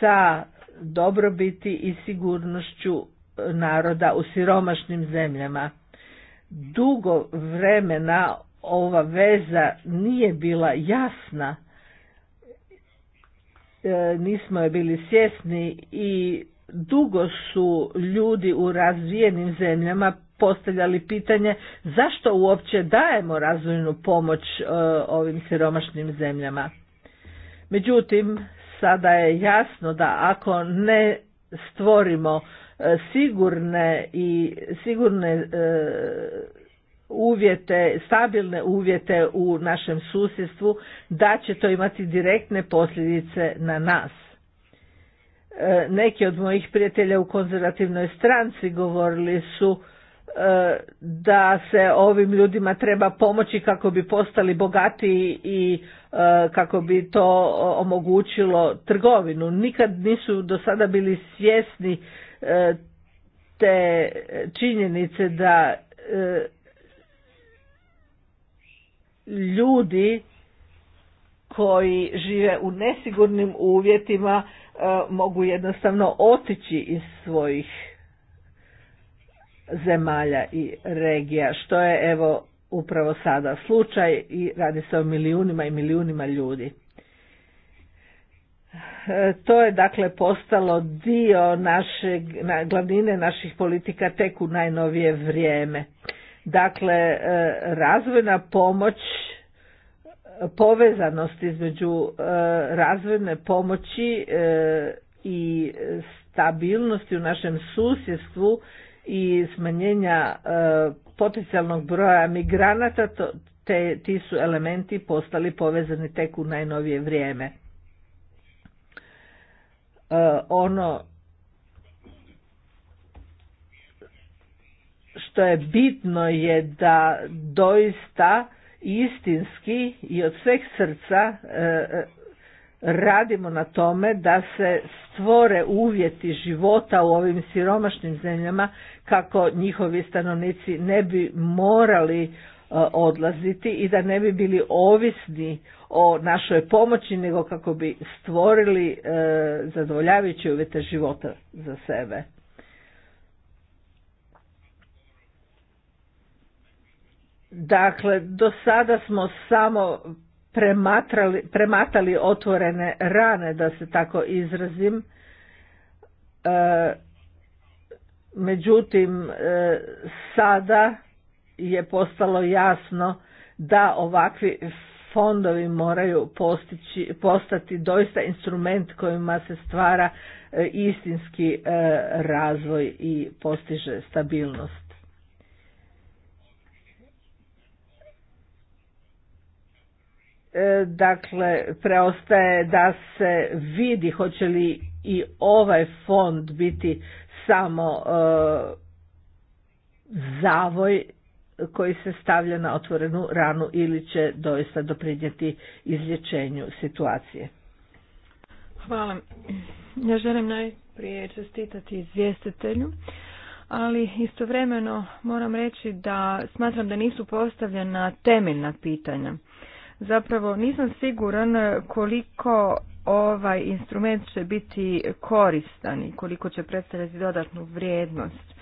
sa dobrobiti i sigurnošću e, naroda u siromašnim zemljama. Dugo vremena ova veza nije bila jasna, e, nismo je bili svjesni i dugo su ljudi u razvijenim zemljama postavljali pitanje zašto uopće dajemo razvojnu pomoć e, ovim siromašnim zemljama. Međutim, sada je jasno da ako ne stvorimo e, sigurne i sigurne e, uvjete, stabilne uvjete u našem susjedstvu, da će to imati direktne posljedice na nas. Neki od mojih prijatelja u konzervativnoj stranci govorili su da se ovim ljudima treba pomoći kako bi postali bogatiji i e, kako bi to omogućilo trgovinu. Nikad nisu do sada bili svjesni e, te činjenice da e, ljudi koji žive u nesigurnim uvjetima mogu jednostavno otići iz svojih zemalja i regija, što je evo upravo sada slučaj i radi se o milijunima i milijunima ljudi. To je dakle postalo dio našeg, glavnine naših politika tek u najnovije vrijeme. Dakle, e, razvojna pomoć, povezanost između e, razvojne pomoći e, i stabilnosti u našem susjedstvu i smanjenja e, potencijalnog broja migranata, to, te, ti su elementi postali povezani tek u najnovije vrijeme. E, ono što je bitno je da doista istinski i od sveg srca e, radimo na tome da se stvore uvjeti života u ovim siromašnim zemljama kako njihovi stanovnici ne bi morali e, odlaziti i da ne bi bili ovisni o našoj pomoći nego kako bi stvorili e, zadovoljavajuće uvjete života za sebe. Dakle, do sada smo samo prematali otvorene rane, da se tako izrazim. E, međutim, e, sada je postalo jasno da ovakvi fondovi moraju postići, postati doista instrument kojima se stvara e, istinski razvoj i postiže stabilnost. E, dakle, preostaje da se vidi hoće li i ovaj fond biti samo e, zavoj koji se stavlja na otvorenu ranu ili će doista doprinijeti izlječenju situacije. Hvala. Ja želim najprije čestitati izvjestitelju, ali istovremeno moram reći da smatram da nisu postavljena temeljna pitanja. Zapravo nisam siguran koliko ovaj instrument će biti koristan i koliko će predstavljati dodatnu vrijednost.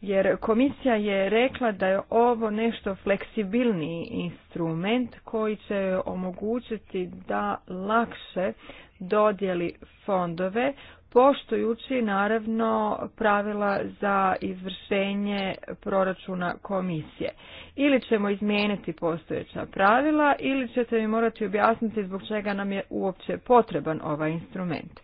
Jer komisija je rekla da je ovo nešto fleksibilniji instrument koji će omogućiti da lakše dodjeli fondove poštujući naravno pravila za izvršenje proračuna komisije. Ili ćemo izmijeniti postojeća pravila ili ćete mi morati objasniti zbog čega nam je uopće potreban ovaj instrument.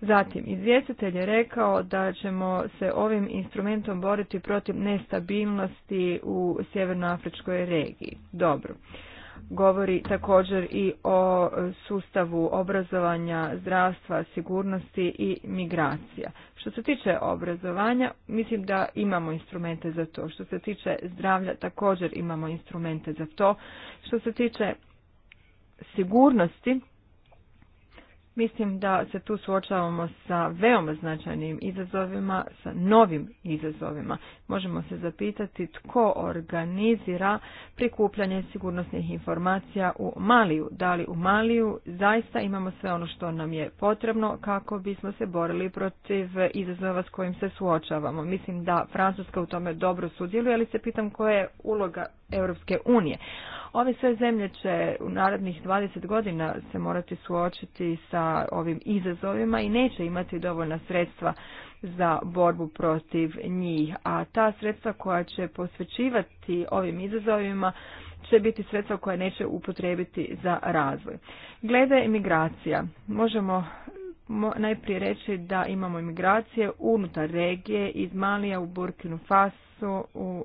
Zatim, izvjestitelj je rekao da ćemo se ovim instrumentom boriti protiv nestabilnosti u Sjevernoafričkoj regiji. Dobro govori također i o sustavu obrazovanja, zdravstva, sigurnosti i migracija. Što se tiče obrazovanja, mislim da imamo instrumente za to. Što se tiče zdravlja, također imamo instrumente za to. Što se tiče sigurnosti, Mislim da se tu suočavamo sa veoma značajnim izazovima, sa novim izazovima. Možemo se zapitati tko organizira prikupljanje sigurnosnih informacija u Maliju. Da li u Maliju zaista imamo sve ono što nam je potrebno kako bismo se borili protiv izazova s kojim se suočavamo. Mislim da Francuska u tome dobro sudjeluje, ali se pitam koja je uloga Europske unije. Ove sve zemlje će u narednih 20 godina se morati suočiti sa ovim izazovima i neće imati dovoljna sredstva za borbu protiv njih, a ta sredstva koja će posvećivati ovim izazovima će biti sredstva koja neće upotrebiti za razvoj. Glede imigracija, možemo najprije reći da imamo imigracije unutar regije iz Malija u Burkinu fasu, u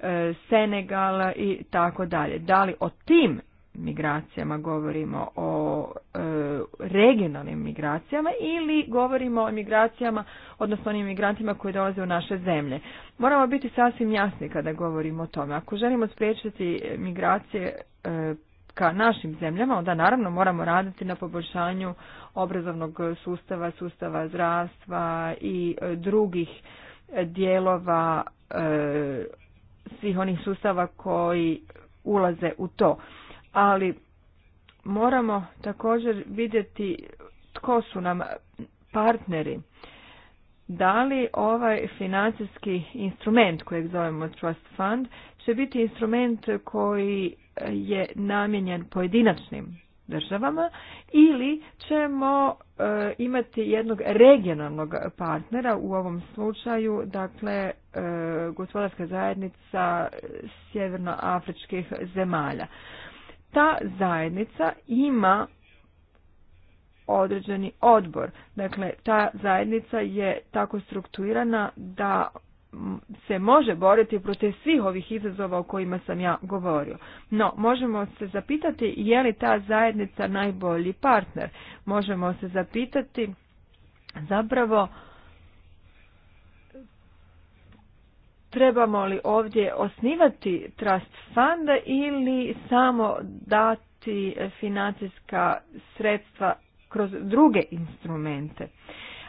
E, Senegala i tako dalje. Da li o tim migracijama govorimo o e, regionalnim migracijama ili govorimo o migracijama odnosno onim migrantima koji dolaze u naše zemlje. Moramo biti sasvim jasni kada govorimo o tome. Ako želimo spriječiti migracije e, ka našim zemljama, onda naravno moramo raditi na poboljšanju obrazovnog sustava, sustava zdravstva i drugih dijelova svih onih sustava koji ulaze u to. Ali moramo također vidjeti tko su nam partneri. Da li ovaj financijski instrument kojeg zovemo Trust Fund će biti instrument koji je namijenjen pojedinačnim državama ili ćemo e, imati jednog regionalnog partnera u ovom slučaju, dakle e, gospodarska zajednica sjevernoafričkih zemalja. Ta zajednica ima određeni odbor. Dakle, ta zajednica je tako strukturirana da se može boriti protiv svih ovih izazova o kojima sam ja govorio. No, možemo se zapitati je li ta zajednica najbolji partner. Možemo se zapitati zapravo trebamo li ovdje osnivati trust fund ili samo dati financijska sredstva kroz druge instrumente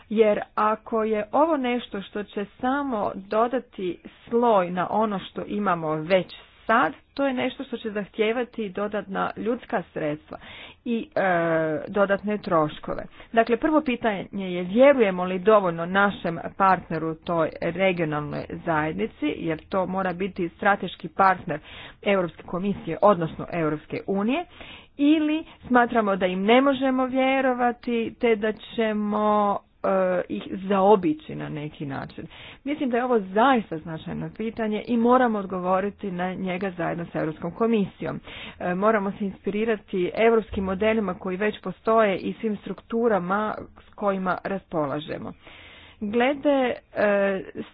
jer ako je ovo nešto što će samo dodati sloj na ono što imamo već sad, to je nešto što će zahtijevati dodatna ljudska sredstva i e, dodatne troškove. Dakle, prvo pitanje je vjerujemo li dovoljno našem partneru toj regionalnoj zajednici, jer to mora biti strateški partner Europske komisije, odnosno Europske unije, ili smatramo da im ne možemo vjerovati te da ćemo E, ih zaobići na neki način. Mislim da je ovo zaista značajno pitanje i moramo odgovoriti na njega zajedno sa Europskom komisijom. E, moramo se inspirirati europskim modelima koji već postoje i svim strukturama s kojima raspolažemo. Glede e,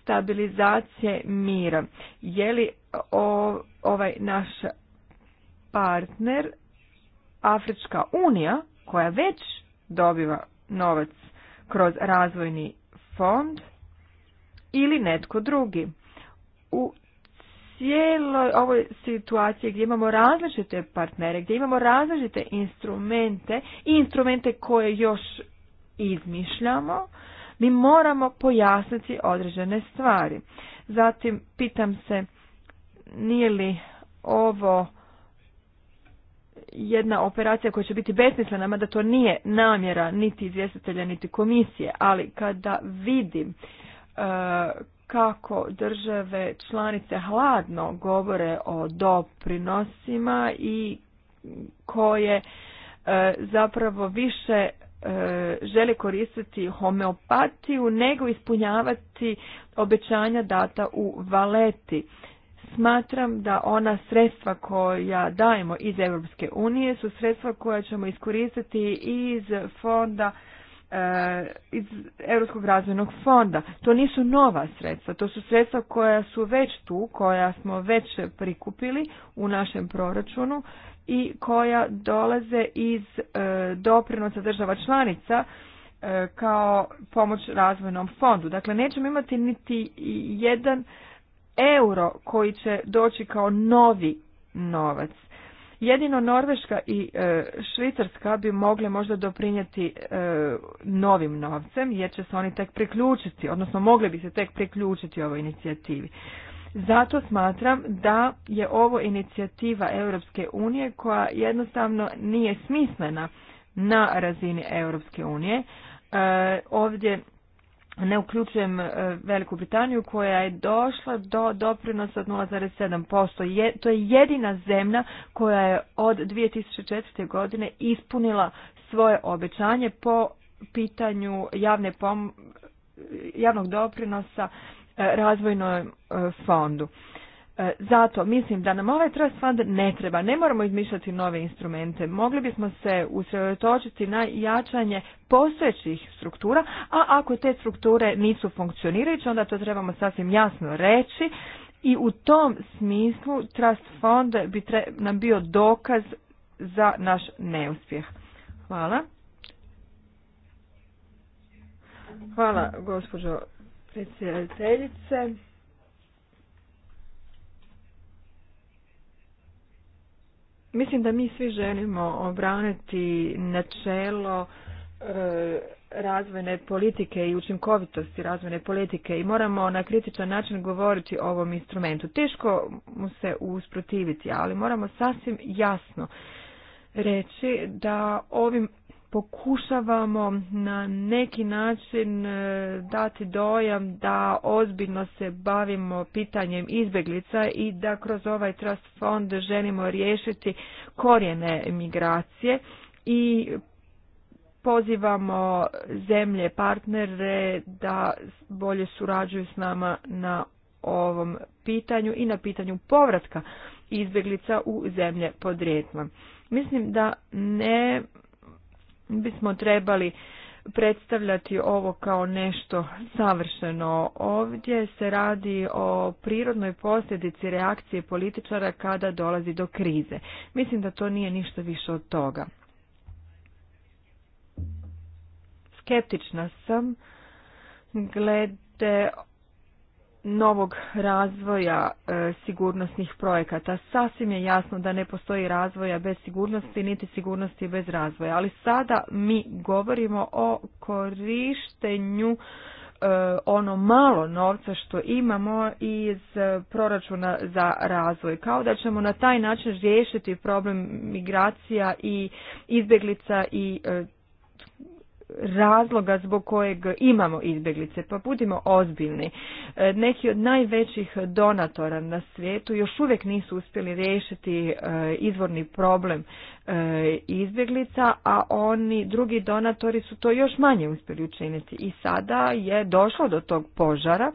stabilizacije mira, je li ovaj naš partner Afrička unija koja već dobiva novac kroz razvojni fond ili netko drugi. U cijeloj ovoj situaciji gdje imamo različite partnere, gdje imamo različite instrumente i instrumente koje još izmišljamo, mi moramo pojasniti određene stvari. Zatim pitam se nije li ovo jedna operacija koja će biti besmislena, mada to nije namjera niti izvjestitelja niti komisije, ali kada vidim e, kako države članice hladno govore o doprinosima i koje e, zapravo više e, žele koristiti homeopatiju nego ispunjavati obećanja data u valeti. Smatram da ona sredstva koja dajemo iz Europske unije su sredstva koja ćemo iskoristiti iz fonda eh, iz Europskog razvojnog fonda. To nisu nova sredstva, to su sredstva koja su već tu, koja smo već prikupili u našem proračunu i koja dolaze iz eh, doprinosa država članica eh, kao pomoć razvojnom fondu. Dakle, nećemo imati niti jedan euro koji će doći kao novi novac. Jedino Norveška i e, Švicarska bi mogle možda doprinijeti e, novim novcem jer će se oni tek priključiti, odnosno mogli bi se tek priključiti ovoj inicijativi. Zato smatram da je ovo inicijativa Europske unije koja jednostavno nije smislena na razini Europske unije. E, ovdje ne uključujem e, Veliku Britaniju koja je došla do doprinosa od 0,7%. to je jedina zemlja koja je od 2004. godine ispunila svoje obećanje po pitanju javne javnog doprinosa e, razvojnom e, fondu. E, zato mislim da nam ovaj trust fund ne treba, ne moramo izmišljati nove instrumente, mogli bismo se usredotočiti na jačanje postojećih struktura, a ako te strukture nisu funkcionirajuće, onda to trebamo sasvim jasno reći i u tom smislu trust fond bi tre, nam bio dokaz za naš neuspjeh. Hvala. Hvala gospođo predsjedateljice. Mislim da mi svi želimo obraniti načelo e, razvojne politike i učinkovitosti razvojne politike i moramo na kritičan način govoriti o ovom instrumentu. Teško mu se usprotiviti, ali moramo sasvim jasno reći da ovim pokušavamo na neki način e, dati dojam da ozbiljno se bavimo pitanjem izbjeglica i da kroz ovaj trust fond želimo riješiti korijene migracije i pozivamo zemlje partnere da bolje surađuju s nama na ovom pitanju i na pitanju povratka izbjeglica u zemlje podrijetla. Mislim da ne bismo trebali predstavljati ovo kao nešto savršeno. Ovdje se radi o prirodnoj posljedici reakcije političara kada dolazi do krize. Mislim da to nije ništa više od toga. Skeptična sam glede novog razvoja e, sigurnosnih projekata. Sasvim je jasno da ne postoji razvoja bez sigurnosti, niti sigurnosti bez razvoja. Ali sada mi govorimo o korištenju e, ono malo novca što imamo iz proračuna za razvoj. Kao da ćemo na taj način riješiti problem migracija i izbjeglica i e, razloga zbog kojeg imamo izbjeglice, pa budimo ozbiljni. E, neki od najvećih donatora na svijetu još uvijek nisu uspjeli riješiti e, izvorni problem e, izbjeglica, a oni drugi donatori su to još manje uspjeli učiniti. I sada je došlo do tog požara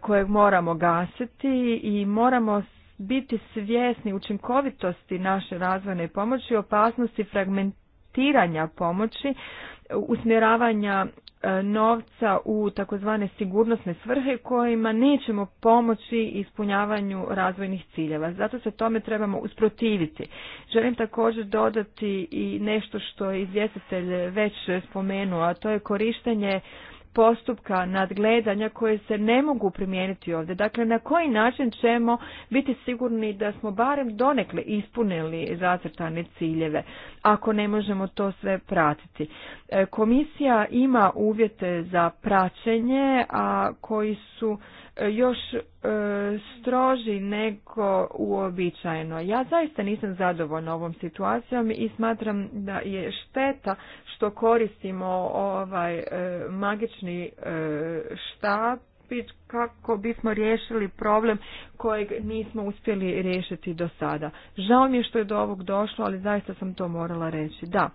kojeg moramo gasiti i moramo biti svjesni učinkovitosti naše razvojne pomoći, opasnosti fragment pomoći, usmjeravanja e, novca u takozvane sigurnosne svrhe kojima nećemo pomoći ispunjavanju razvojnih ciljeva. Zato se tome trebamo usprotiviti. Želim također dodati i nešto što je izvjestitelj već spomenuo, a to je korištenje postupka nadgledanja koje se ne mogu primijeniti ovdje. Dakle, na koji način ćemo biti sigurni da smo barem donekle ispunili zacrtane ciljeve, ako ne možemo to sve pratiti. E, komisija ima uvjete za praćenje, a koji su još e, stroži nego uobičajeno. Ja zaista nisam zadovoljna ovom situacijom i smatram da je šteta što koristimo ovaj e, magični e, štapić kako bismo riješili problem kojeg nismo uspjeli riješiti do sada. Žao mi je što je do ovog došlo, ali zaista sam to morala reći. Da,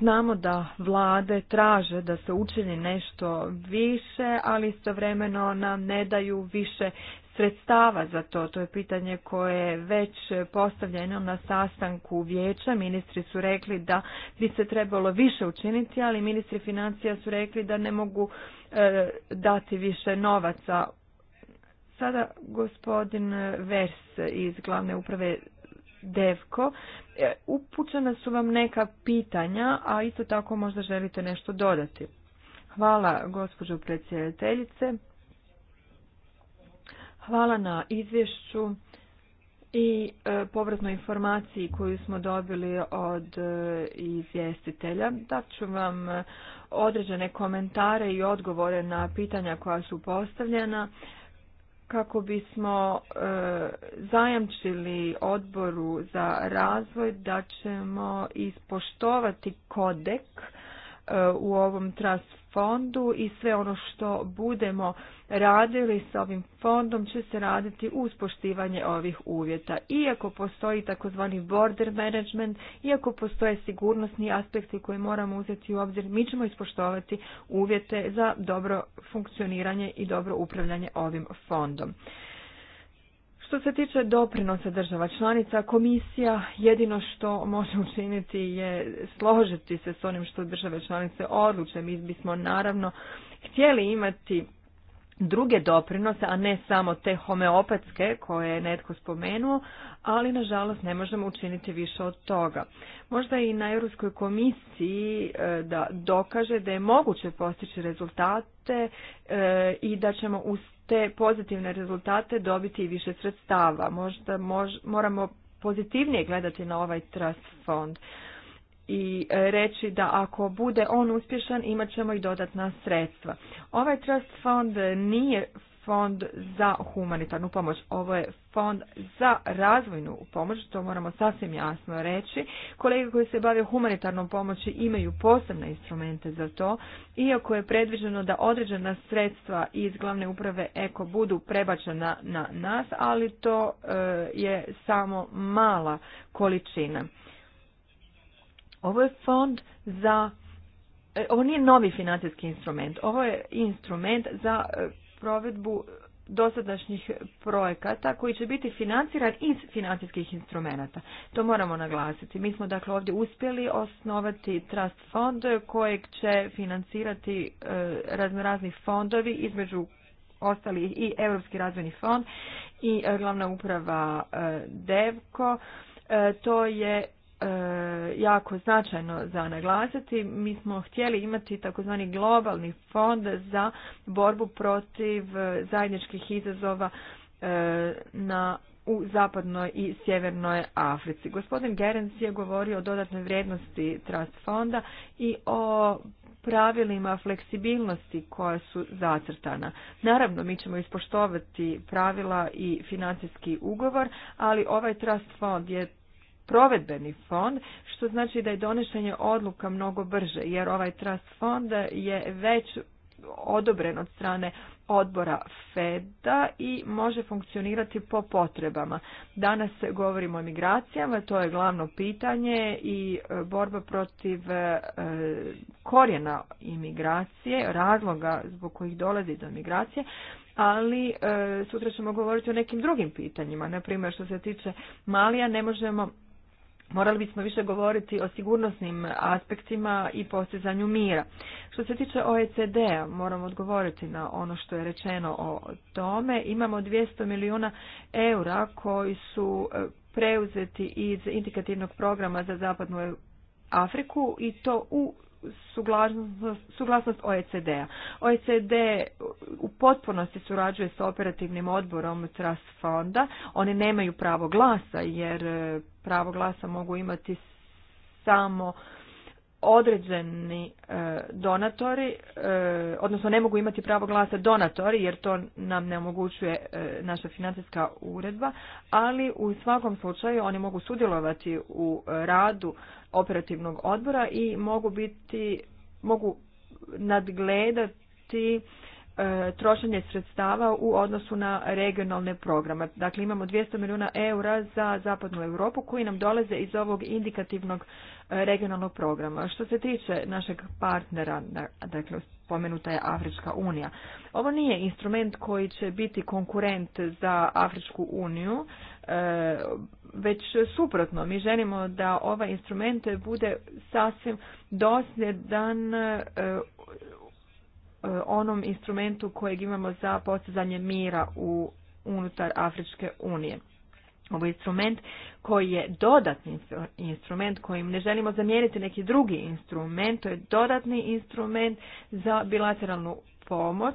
Znamo da vlade traže da se učini nešto više, ali istovremeno nam ne daju više sredstava za to. To je pitanje koje je već postavljeno na sastanku vijeća. Ministri su rekli da bi se trebalo više učiniti, ali ministri financija su rekli da ne mogu e, dati više novaca Sada gospodin Vers iz glavne uprave Devko. E, upućena su vam neka pitanja, a isto tako možda želite nešto dodati. Hvala gospođo predsjedateljice. Hvala na izvješću i e, povratnoj informaciji koju smo dobili od e, izvjestitelja. Dat ću vam određene komentare i odgovore na pitanja koja su postavljena kako bismo e, zajamčili odboru za razvoj da ćemo ispoštovati kodek E, u ovom trust fondu i sve ono što budemo radili s ovim fondom će se raditi uz poštivanje ovih uvjeta. Iako postoji takozvani border management, iako postoje sigurnosni aspekti koje moramo uzeti u obzir, mi ćemo ispoštovati uvjete za dobro funkcioniranje i dobro upravljanje ovim fondom. Što se tiče doprinosa država članica, komisija jedino što može učiniti je složiti se s onim što države članice odluče. Mi bismo naravno htjeli imati druge doprinose, a ne samo te homeopatske koje je netko spomenuo, ali nažalost ne možemo učiniti više od toga. Možda i na Europskoj komisiji e, da dokaže da je moguće postići rezultate e, i da ćemo uz te pozitivne rezultate dobiti i više sredstava. Možda moramo pozitivnije gledati na ovaj trust fond i e, reći da ako bude on uspješan imat ćemo i dodatna sredstva. Ovaj trust fond nije fond za humanitarnu pomoć, ovo je fond za razvojnu pomoć, to moramo sasvim jasno reći. Kolege koji se bave humanitarnom pomoći imaju posebne instrumente za to, iako je predviđeno da određena sredstva iz glavne uprave EKO budu prebačena na nas, ali to e, je samo mala količina. Ovo je fond za, e, ovo nije novi financijski instrument, ovo je instrument za e, provedbu dosadašnjih projekata koji će biti financiran iz financijskih instrumenata. To moramo naglasiti. Mi smo dakle ovdje uspjeli osnovati trust fond kojeg će financirati e, razni fondovi između ostali i Europski razvojni fond i glavna uprava DEVKO. To je E, jako značajno za naglasiti. Mi smo htjeli imati takozvani globalni fond za borbu protiv zajedničkih izazova e, na u zapadnoj i sjevernoj Africi. Gospodin Gerens je govorio o dodatnoj vrijednosti Trust fonda i o pravilima fleksibilnosti koja su zacrtana. Naravno, mi ćemo ispoštovati pravila i financijski ugovor, ali ovaj Trust fond je provedbeni fond, što znači da je donošenje odluka mnogo brže, jer ovaj trust fond je već odobren od strane odbora FEDA i može funkcionirati po potrebama. Danas govorimo o migracijama, to je glavno pitanje i e, borba protiv e, korijena imigracije, razloga zbog kojih dolazi do migracije, ali e, sutra ćemo govoriti o nekim drugim pitanjima. Naprimjer, što se tiče Malija, ne možemo Morali bismo više govoriti o sigurnosnim aspektima i postizanju mira. Što se tiče OECD-a, moramo odgovoriti na ono što je rečeno o tome. Imamo 200 milijuna eura koji su e, preuzeti iz indikativnog programa za zapadnu Afriku i to u suglasnost OECD-a. OECD u potpunosti surađuje sa operativnim odborom Trust Fonda. Oni nemaju pravo glasa jer e, pravo glasa mogu imati samo određeni e, donatori, e, odnosno ne mogu imati pravo glasa donatori jer to nam ne omogućuje naša financijska uredba, ali u svakom slučaju oni mogu sudjelovati u radu operativnog odbora i mogu biti, mogu nadgledati E, trošenje sredstava u odnosu na regionalne programe. Dakle, imamo 200 milijuna eura za zapadnu Europu koji nam dolaze iz ovog indikativnog e, regionalnog programa. Što se tiče našeg partnera, dakle, spomenuta je Afrička unija. Ovo nije instrument koji će biti konkurent za Afričku uniju, e, već suprotno. Mi želimo da ovaj instrument bude sasvim dosljedan E, onom instrumentu kojeg imamo za postizanje mira u unutar Afričke unije. Ovo instrument koji je dodatni instrument kojim ne želimo zamijeniti neki drugi instrument, to je dodatni instrument za bilateralnu pomoć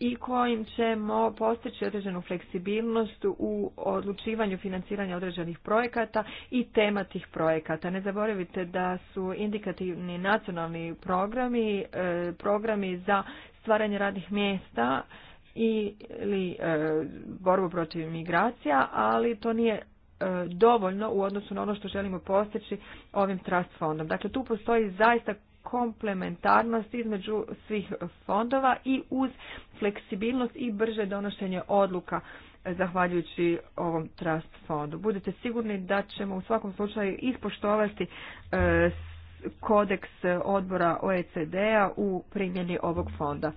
i kojim ćemo postići određenu fleksibilnost u odlučivanju financiranja određenih projekata i tema tih projekata. Ne zaboravite da su indikativni nacionalni programi, e, programi za stvaranje radnih mjesta ili e, borbu protiv migracija, ali to nije e, dovoljno u odnosu na ono što želimo postići ovim trust fondom. Dakle, tu postoji zaista komplementarnost između svih fondova i uz fleksibilnost i brže donošenje odluka e, zahvaljujući ovom trust fondu. Budite sigurni da ćemo u svakom slučaju ispoštovati e, kodeks odbora OECD-a u primjeni ovog fonda.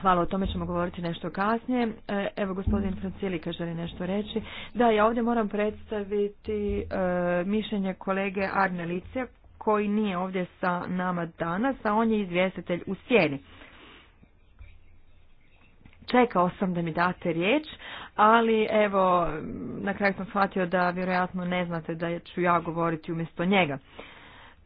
Hvala, o tome ćemo govoriti nešto kasnije. E, evo, gospodin Francilika želi nešto reći. Da, ja ovdje moram predstaviti mišljenje kolege Arne Licija koji nije ovdje sa nama danas, a on je izvjestitelj u sjeni. Čekao sam da mi date riječ, ali evo, na kraju sam shvatio da vjerojatno ne znate da ću ja govoriti umjesto njega.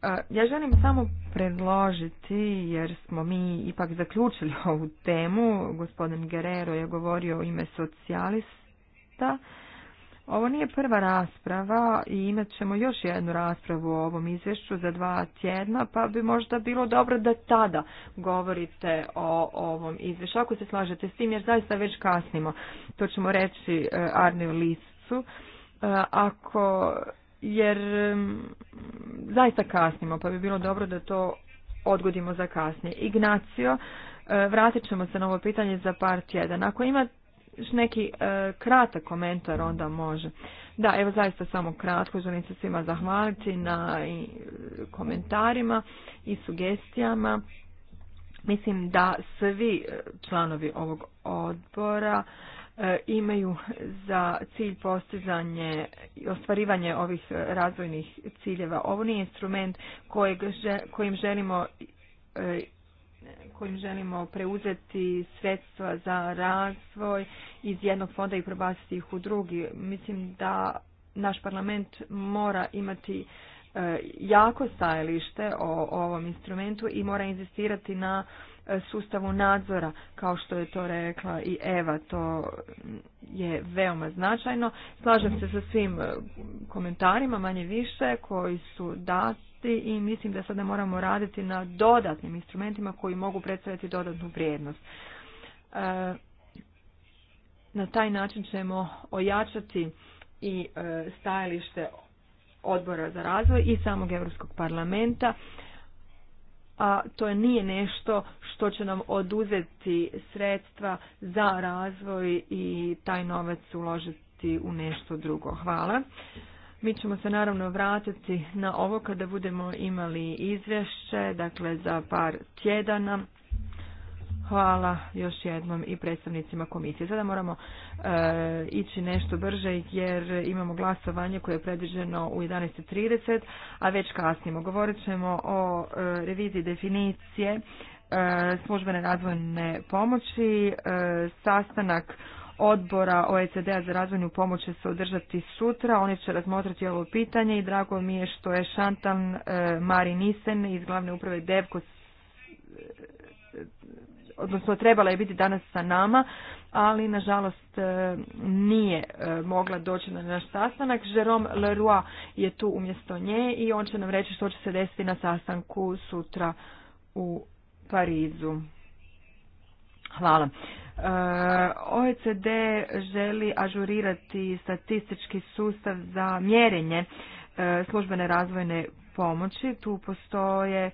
E, ja želim samo predložiti, jer smo mi ipak zaključili (laughs) ovu temu, gospodin Guerrero je govorio o ime socijalista, ovo nije prva rasprava i imat ćemo još jednu raspravu o ovom izvješću za dva tjedna, pa bi možda bilo dobro da tada govorite o ovom izvješću, ako se slažete s tim, jer zaista već kasnimo. To ćemo reći e, Arniju liscu e, Ako, jer zaista kasnimo, pa bi bilo dobro da to odgodimo za kasnije. Ignacio, e, vratit ćemo se na ovo pitanje za par tjedan. Ako imate još neki e, kratak komentar onda može. Da, evo zaista samo kratko, želim se svima zahvaliti na i komentarima i sugestijama. Mislim da svi e, članovi ovog odbora e, imaju za cilj postizanje i ostvarivanje ovih razvojnih ciljeva. Ovo nije instrument kojeg, kojim želimo e, kojim želimo preuzeti sredstva za razvoj iz jednog fonda i prebaciti ih u drugi. Mislim da naš parlament mora imati e, jako stajalište o, ovom instrumentu i mora inzistirati na e, sustavu nadzora, kao što je to rekla i Eva, to je veoma značajno. Slažem se sa svim e, komentarima, manje više, koji su dati i mislim da sada moramo raditi na dodatnim instrumentima koji mogu predstaviti dodatnu vrijednost. E, na taj način ćemo ojačati i e, stajalište odbora za razvoj i samog Europskog parlamenta, a to nije nešto što će nam oduzeti sredstva za razvoj i taj novac uložiti u nešto drugo. Hvala. Mi ćemo se naravno vratiti na ovo kada budemo imali izvješće, dakle za par tjedana. Hvala još jednom i predstavnicima komisije. Sada moramo e, ići nešto brže jer imamo glasovanje koje je predviđeno u 11.30, a već kasnimo. Govorit ćemo o e, reviziji definicije e, službene razvojne pomoći, sastanak odbora OECD-a za razvojnu pomoć će se održati sutra. Oni će razmotrati ovo pitanje i drago mi je što je Šantan e, Mari Nisen iz glavne uprave DEVKO e, odnosno trebala je biti danas sa nama, ali nažalost e, nije mogla doći na naš sastanak. Jerome Leroy je tu umjesto nje i on će nam reći što će se desiti na sastanku sutra u Parizu. Hvala. OECD želi ažurirati statistički sustav za mjerenje e, službene razvojne pomoći. Tu postoje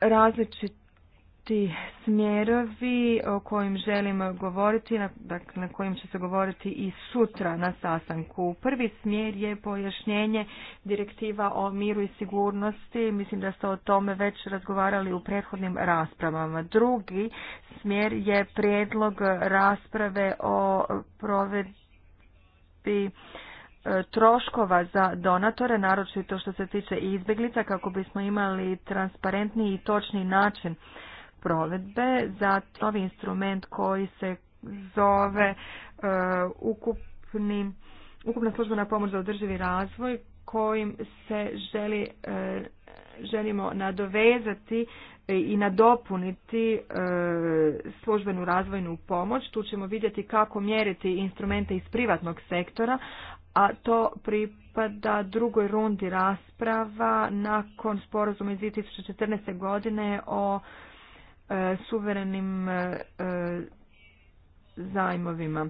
različiti ti smjerovi o kojim želim govoriti, na, dakle, na kojim će se govoriti i sutra na sastanku. Prvi smjer je pojašnjenje direktiva o miru i sigurnosti. Mislim da ste o tome već razgovarali u prethodnim raspravama. Drugi smjer je prijedlog rasprave o provedbi e, troškova za donatore, naročito što se tiče izbjeglica, kako bismo imali transparentniji i točni način provedbe za novi instrument koji se zove e, ukupni, ukupna službena pomoć za održivi razvoj kojim se želi, e, želimo nadovezati i nadopuniti e, službenu razvojnu pomoć. Tu ćemo vidjeti kako mjeriti instrumente iz privatnog sektora, a to pripada drugoj rundi rasprava nakon sporazuma iz 2014. godine o E, suverenim e, e, zajmovima.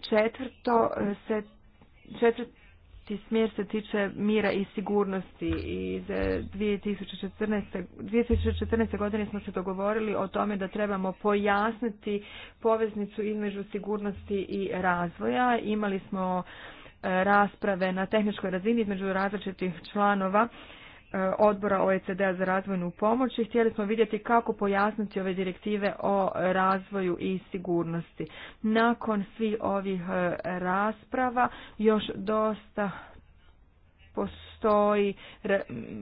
Četvrto se, četvrti smjer se tiče mira i sigurnosti i za 2014. 2014. godine smo se dogovorili o tome da trebamo pojasniti poveznicu između sigurnosti i razvoja. Imali smo rasprave na tehničkoj razini između različitih članova E, odbora OECD-a za razvojnu pomoć i htjeli smo vidjeti kako pojasniti ove direktive o razvoju i sigurnosti. Nakon svih ovih e, rasprava još dosta postoji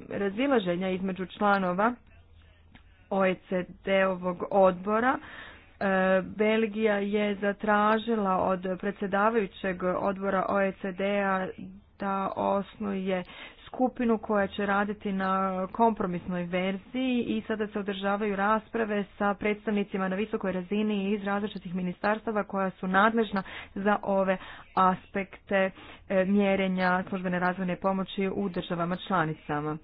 razilaženja između članova OECD-ovog odbora. E, Belgija je zatražila od predsjedavajućeg odbora OECD-a da osnuje skupinu koja će raditi na kompromisnoj verziji i sada se održavaju rasprave sa predstavnicima na visokoj razini iz različitih ministarstava koja su nadležna za ove aspekte e, mjerenja službene razvojne pomoći u državama članicama.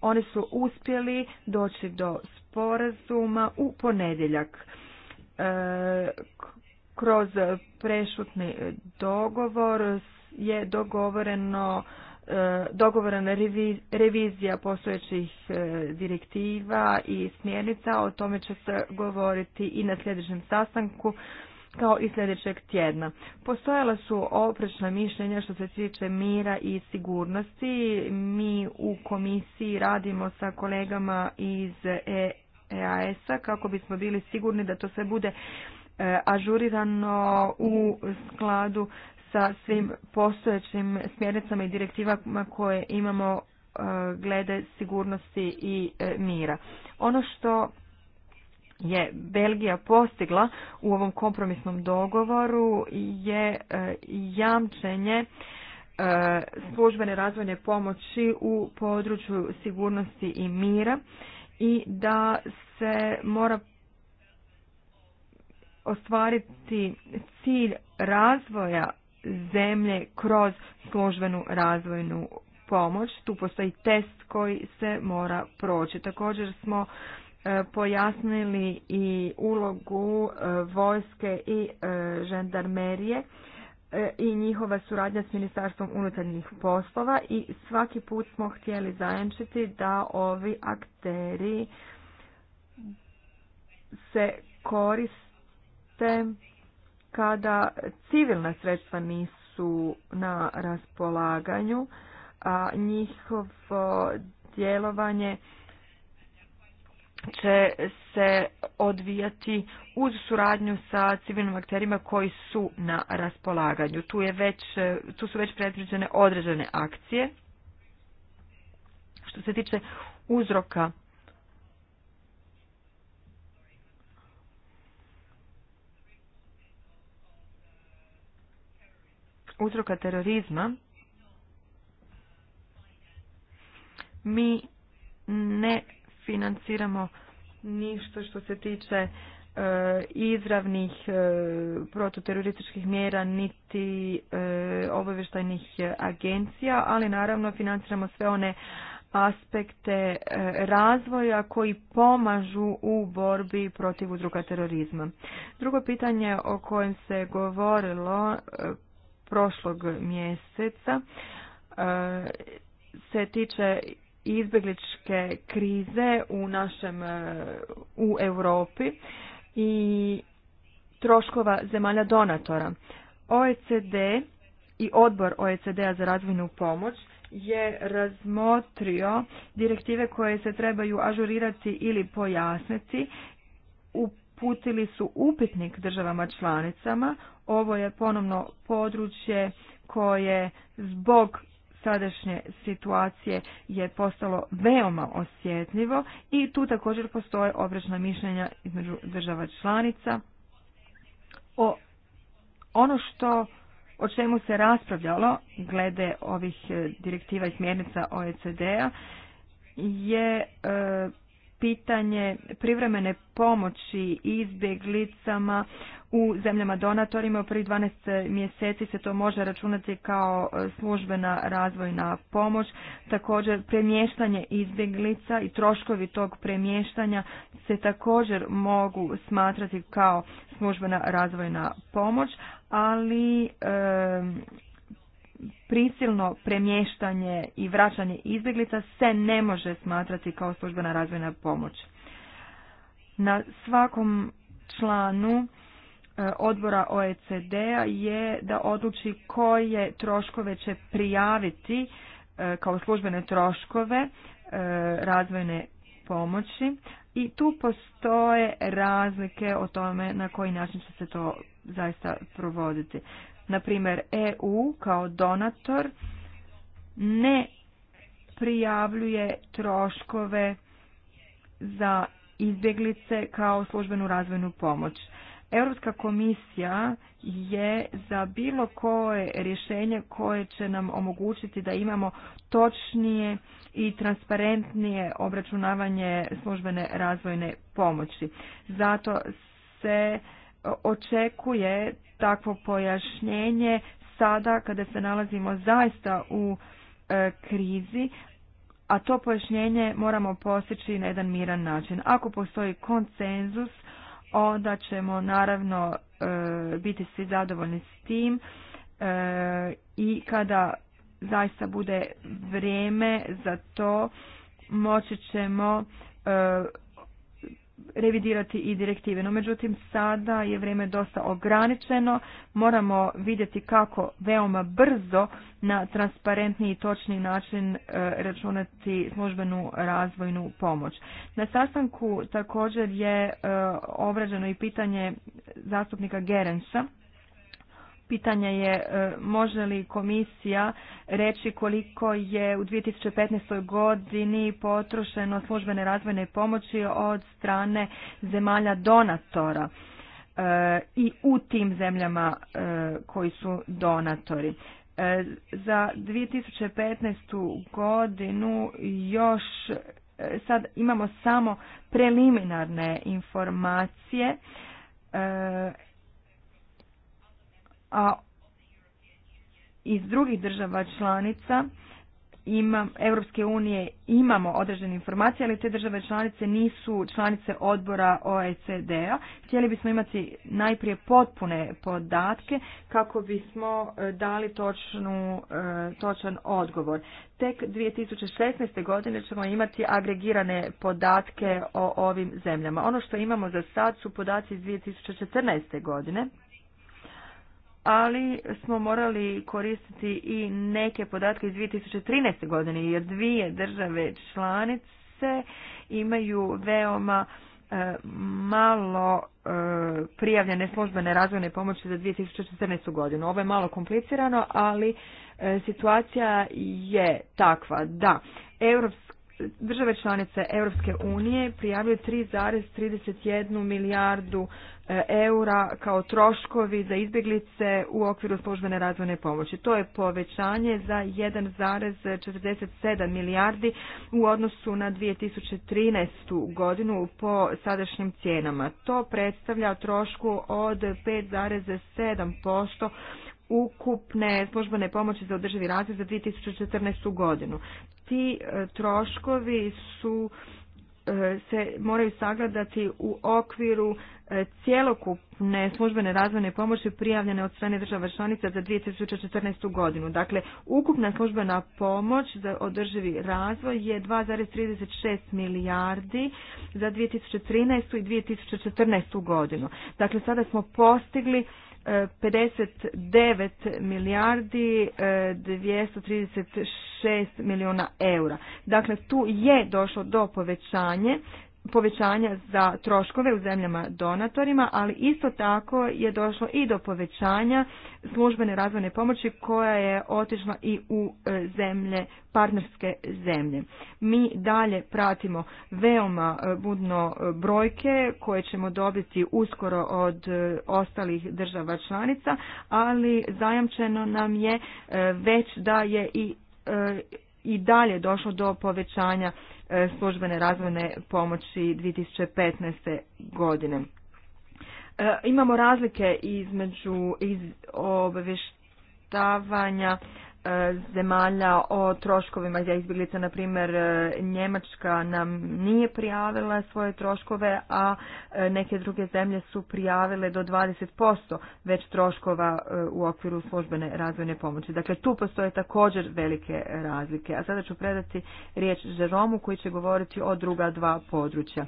Oni su uspjeli doći do sporazuma u ponedjeljak e, kroz prešutni dogovor je dogovoreno E, dogovorena revizija postojećih e, direktiva i smjernica. O tome će se govoriti i na sljedećem sastanku kao i sljedećeg tjedna. Postojala su oprečna mišljenja što se tiče mira i sigurnosti. Mi u komisiji radimo sa kolegama iz EAS-a kako bismo bili sigurni da to sve bude e, ažurirano u skladu sa svim postojećim smjernicama i direktivama koje imamo e, glede sigurnosti i e, mira. Ono što je Belgija postigla u ovom kompromisnom dogovoru je e, jamčenje službene razvojne pomoći u području sigurnosti i mira i da se mora ostvariti cilj razvoja zemlje kroz službenu razvojnu pomoć. Tu postoji test koji se mora proći. Također smo e, pojasnili i ulogu e, vojske i e, žendarmerije i njihova suradnja s Ministarstvom unutarnjih poslova i svaki put smo htjeli zajamčiti da ovi akteri se koriste kada civilna sredstva nisu na raspolaganju, a njihovo djelovanje će se odvijati uz suradnju sa civilnim akterima koji su na raspolaganju. Tu, je već, tu su već predviđene određene akcije. Što se tiče uzroka uzroka terorizma mi ne financiramo ništa što se tiče e, izravnih e, prototerorističkih mjera niti e, obavještajnih agencija, ali naravno financiramo sve one aspekte razvoja koji pomažu u borbi protiv uzroka terorizma. Drugo pitanje o kojem se govorilo prošlog mjeseca e, se tiče izbjegličke krize u našem e, u Europi i troškova zemalja donatora. OECD i odbor OECD-a za razvojnu pomoć je razmotrio direktive koje se trebaju ažurirati ili pojasniti u uputili su upitnik državama članicama. Ovo je ponovno područje koje zbog sadašnje situacije je postalo veoma osjetljivo i tu također postoje obrečna mišljenja između država članica o ono što o čemu se raspravljalo glede ovih eh, direktiva i smjernica OECD-a je eh, pitanje privremene pomoći izbjeglicama u zemljama donatorima. U prvih 12 mjeseci se to može računati kao e, službena razvojna pomoć. Također premještanje izbjeglica i troškovi tog premještanja se također mogu smatrati kao službena razvojna pomoć, ali e, prisilno premještanje i vraćanje izbjeglica se ne može smatrati kao službena razvojna pomoć. Na svakom članu e, odbora OECD-a je da odluči koje troškove će prijaviti e, kao službene troškove e, razvojne pomoći i tu postoje razlike o tome na koji način će se to zaista provoditi na primjer EU kao donator ne prijavljuje troškove za izbjeglice kao službenu razvojnu pomoć. Europska komisija je za bilo koje rješenje koje će nam omogućiti da imamo točnije i transparentnije obračunavanje službene razvojne pomoći. Zato se očekuje takvo pojašnjenje sada kada se nalazimo zaista u e, krizi, a to pojašnjenje moramo postići na jedan miran način. Ako postoji konsenzus, onda ćemo naravno e, biti svi zadovoljni s tim e, i kada zaista bude vrijeme za to, moći ćemo revidirati i direktive. No međutim, sada je vrijeme dosta ograničeno. Moramo vidjeti kako veoma brzo na transparentni i točni način e, računati službenu razvojnu pomoć. Na sastanku također je e, obrađeno i pitanje zastupnika Gerensa Pitanje je e, može li komisija reći koliko je u 2015. godini potrošeno službene razvojne pomoći od strane zemalja donatora e, i u tim zemljama e, koji su donatori. Za 2015. godinu još sad imamo samo preliminarne informacije a iz drugih država članica imam, Europske unije imamo određene informacije, ali te države članice nisu članice odbora OECD-a. Htjeli bismo imati najprije potpune podatke kako bismo e, dali točnu, e, točan odgovor. Tek 2016. godine ćemo imati agregirane podatke o ovim zemljama. Ono što imamo za sad su podaci iz 2014. godine ali smo morali koristiti i neke podatke iz 2013. godine jer dvije države članice imaju veoma e, malo e, prijavljene službene razvojne pomoći za 2014. godinu. Ovo je malo komplicirano, ali e, situacija je takva da države članice Europske unije trideset 3,31 milijardu E, eura kao troškovi za izbjeglice u okviru službene razvojne pomoći. To je povećanje za 1,47 milijardi u odnosu na 2013. godinu po sadašnjim cijenama. To predstavlja trošku od 5,7% ukupne službene pomoći za održivi razvoj za 2014. godinu. Ti e, troškovi su se moraju sagledati u okviru e, cjelokupne službene razvojne pomoći prijavljene od strane država članica za 2014. godinu. Dakle, ukupna službena pomoć za održivi razvoj je 2,36 milijardi za 2013. i 2014. godinu. Dakle, sada smo postigli 59 milijardi 236 e, milijuna eura. Dakle, tu je došlo do povećanje povećanja za troškove u zemljama donatorima, ali isto tako je došlo i do povećanja službene razvojne pomoći koja je otišla i u e, zemlje, partnerske zemlje. Mi dalje pratimo veoma e, budno e, brojke koje ćemo dobiti uskoro od ostalih država članica, ali zajamčeno nam je već da je i i dalje došlo do povećanja e, službene razvojne pomoći 2015. godine. E, imamo razlike između iz E, zemalja o troškovima za izbjeglice, na primjer e, Njemačka nam nije prijavila svoje troškove, a e, neke druge zemlje su prijavile do 20% već troškova u okviru službene razvojne pomoći. Dakle, tu postoje također velike razlike. A sada ću predati riječ Žeromu koji će govoriti o druga dva područja.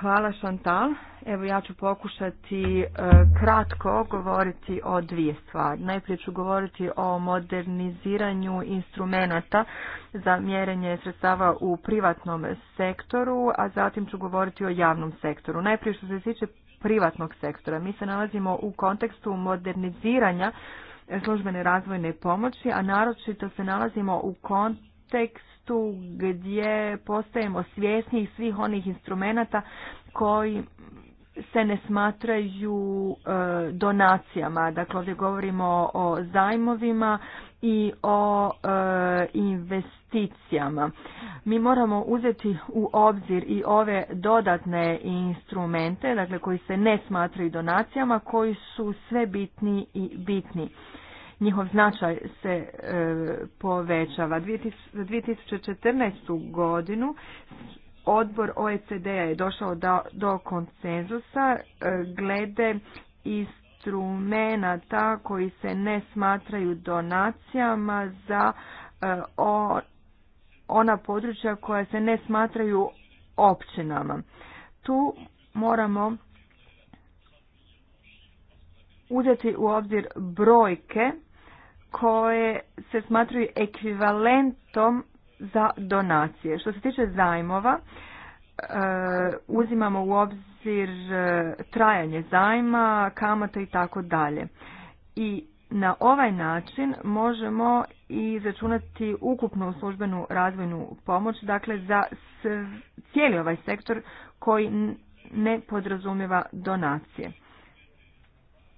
Hvala Šantal. Evo ja ću pokušati e, kratko govoriti o dvije stvari. Najprije ću govoriti o moderniziranju instrumenata za mjerenje sredstava u privatnom sektoru, a zatim ću govoriti o javnom sektoru. Najprije što se tiče privatnog sektora. Mi se nalazimo u kontekstu moderniziranja službene razvojne pomoći, a naročito se nalazimo u kontekstu mjestu gdje postajemo svjesni svih onih instrumenata koji se ne smatraju e, donacijama. Dakle, ovdje govorimo o zajmovima i o e, investicijama. Mi moramo uzeti u obzir i ove dodatne instrumente, dakle koji se ne smatraju donacijama, koji su sve bitni i bitni njihov značaj se e, povećava. Za 2014. godinu odbor OECD-a je došao do, konsenzusa e, glede instrumenata koji se ne smatraju donacijama za e, o, ona područja koja se ne smatraju općinama. Tu moramo uzeti u obzir brojke koje se smatruju ekvivalentom za donacije. Što se tiče zajmova, e, uzimamo u obzir e, trajanje zajma, kamata i tako dalje. I na ovaj način možemo i začunati ukupnu službenu razvojnu pomoć, dakle za cijeli ovaj sektor koji ne podrazumijeva donacije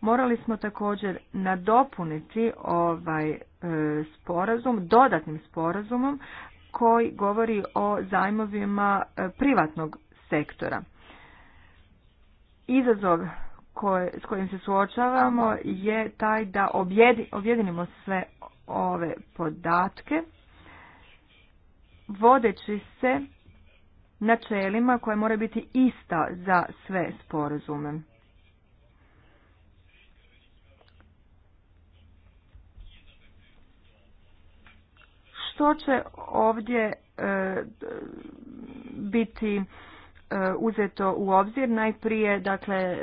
morali smo također nadopuniti ovaj e, sporazum dodatnim sporazumom koji govori o zajmovima e, privatnog sektora. Izazov koje, s kojim se suočavamo je taj da objedinimo sve ove podatke vodeći se načelima koje mora biti ista za sve sporazume. To će ovdje e, biti e, uzeto u obzir najprije dakle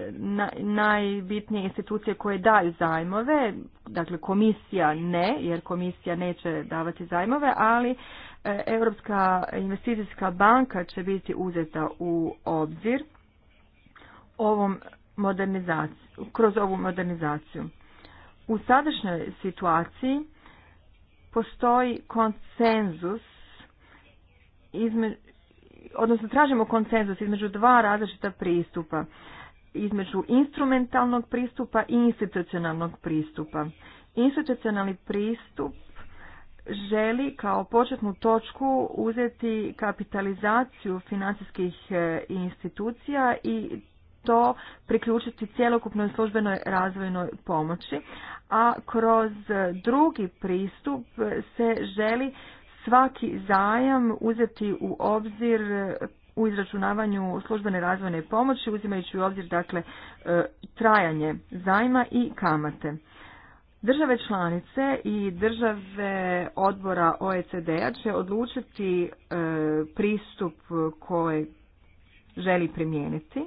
najbitnije institucije koje daju zajmove dakle komisija ne jer komisija neće davati zajmove ali e, Europska investicijska banka će biti uzeta u obzir ovom modernizaciju kroz ovu modernizaciju u sadašnjoj situaciji postoji konsenzus između odnosno tražimo konsenzus između dva različita pristupa između instrumentalnog pristupa i institucionalnog pristupa. Institucionalni pristup želi kao početnu točku uzeti kapitalizaciju financijskih eh, institucija i to priključiti cjelokupnoj službenoj razvojnoj pomoći, a kroz drugi pristup se želi svaki zajam uzeti u obzir u izračunavanju službene razvojne pomoći, uzimajući u obzir dakle e, trajanje zajma i kamate. Države članice i države odbora OECD-a će odlučiti e, pristup koji želi primijeniti.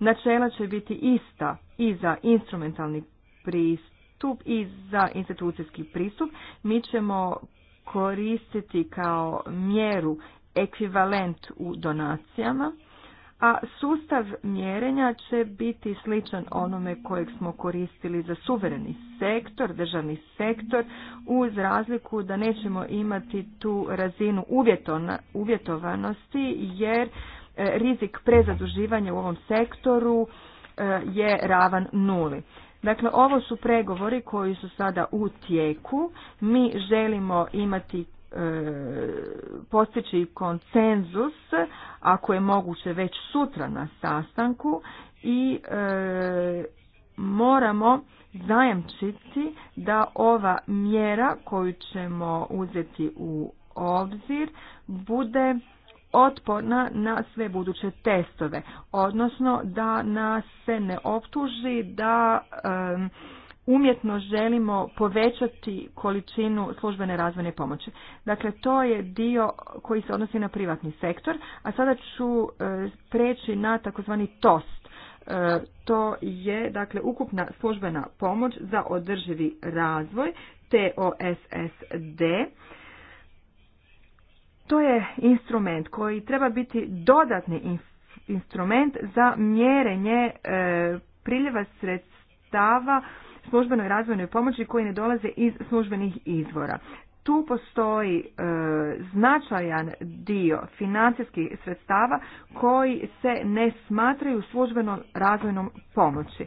Načela će biti ista i za instrumentalni pristup i za institucijski pristup. Mi ćemo koristiti kao mjeru ekvivalent u donacijama, a sustav mjerenja će biti sličan onome kojeg smo koristili za suvereni sektor, državni sektor, uz razliku da nećemo imati tu razinu uvjetovanosti jer E, rizik prezaduživanja u ovom sektoru e, je ravan nuli. Dakle, ovo su pregovori koji su sada u tijeku. Mi želimo imati e, postići konsenzus ako je moguće već sutra na sastanku i moramo zajamčiti da ova mjera koju ćemo uzeti u obzir bude otporna na sve buduće testove, odnosno da nas se ne optuži da umjetno želimo povećati količinu službene razvojne pomoći. Dakle, to je dio koji se odnosi na privatni sektor, a sada ću e, preći na takozvani TOST. E, to je dakle ukupna službena pomoć za održivi razvoj TOSSD to je instrument koji treba biti dodatni instrument za mjerenje e, priljeva sredstava službenoj razvojnoj pomoći koji ne dolaze iz službenih izvora. Tu postoji e, značajan dio financijskih sredstava koji se ne smatraju službenom razvojnom pomoći.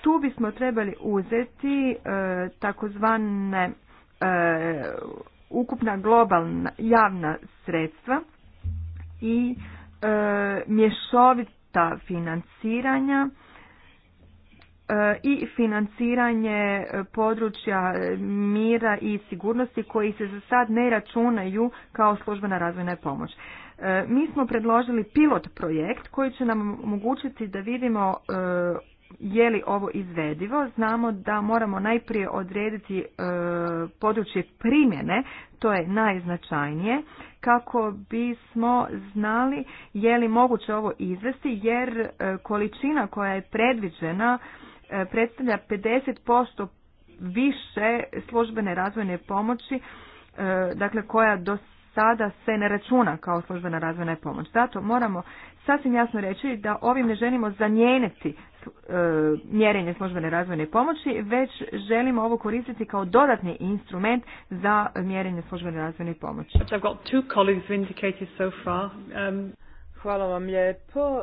Tu bismo trebali uzeti e, takozvane e, ukupna globalna javna sredstva i e, mješovita financiranja e, i financiranje područja mira i sigurnosti koji se za sad ne računaju kao službena razvojna pomoć. E, mi smo predložili pilot projekt koji će nam omogućiti da vidimo e, je li ovo izvedivo, znamo da moramo najprije odrediti e, područje primjene, to je najznačajnije, kako bismo znali je li moguće ovo izvesti, jer e, količina koja je predviđena e, predstavlja 50% više službene razvojne pomoći, e, dakle koja do sada se ne računa kao službena razvojna pomoć. Zato moramo sasvim jasno reći da ovim ne želimo zamijeniti E, mjerenje službene razvojne pomoći, već želimo ovo koristiti kao dodatni instrument za mjerenje službene razvojne pomoći. Um, Hvala vam lijepo. E,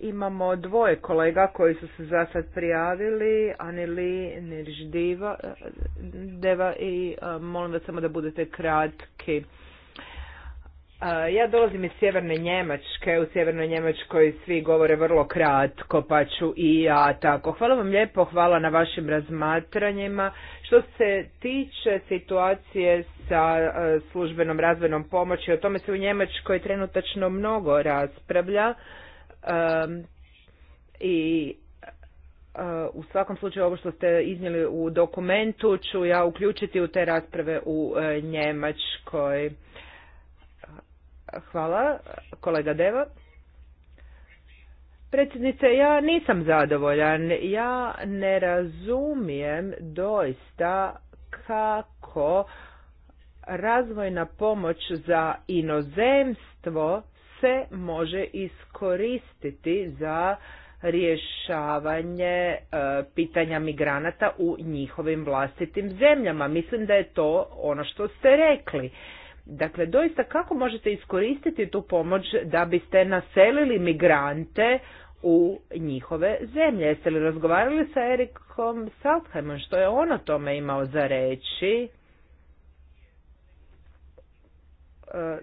imamo dvoje kolega koji su se za sad prijavili, Li Nirždiva e, Deva i molim vas samo da budete kratki. Ja dolazim iz sjeverne Njemačke, u sjevernoj Njemačkoj svi govore vrlo kratko, pa ću i ja tako. Hvala vam lijepo, hvala na vašim razmatranjima. Što se tiče situacije sa e, službenom razvojnom pomoći, o tome se u Njemačkoj trenutačno mnogo raspravlja i e, u svakom slučaju ovo što ste iznijeli u dokumentu ću ja uključiti u te rasprave u e, Njemačkoj. Hvala, kolega Deva. Predsjednice, ja nisam zadovoljan. Ja ne razumijem doista kako razvojna pomoć za inozemstvo se može iskoristiti za rješavanje e, pitanja migranata u njihovim vlastitim zemljama. Mislim da je to ono što ste rekli. Dakle, doista kako možete iskoristiti tu pomoć da biste naselili migrante u njihove zemlje? Jeste li razgovarali sa Erikom Saltheimom? Što je on o tome imao za reći? E,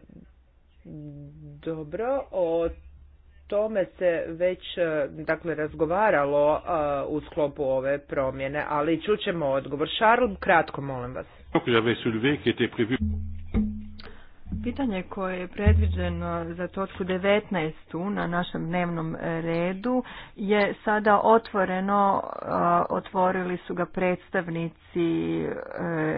dobro, o tome se već e, dakle razgovaralo e, u sklopu ove promjene, ali čućemo odgovor. Šarl, kratko molim vas. Pitanje koje je predviđeno za točku 19. na našem dnevnom redu je sada otvoreno, otvorili su ga predstavnici e,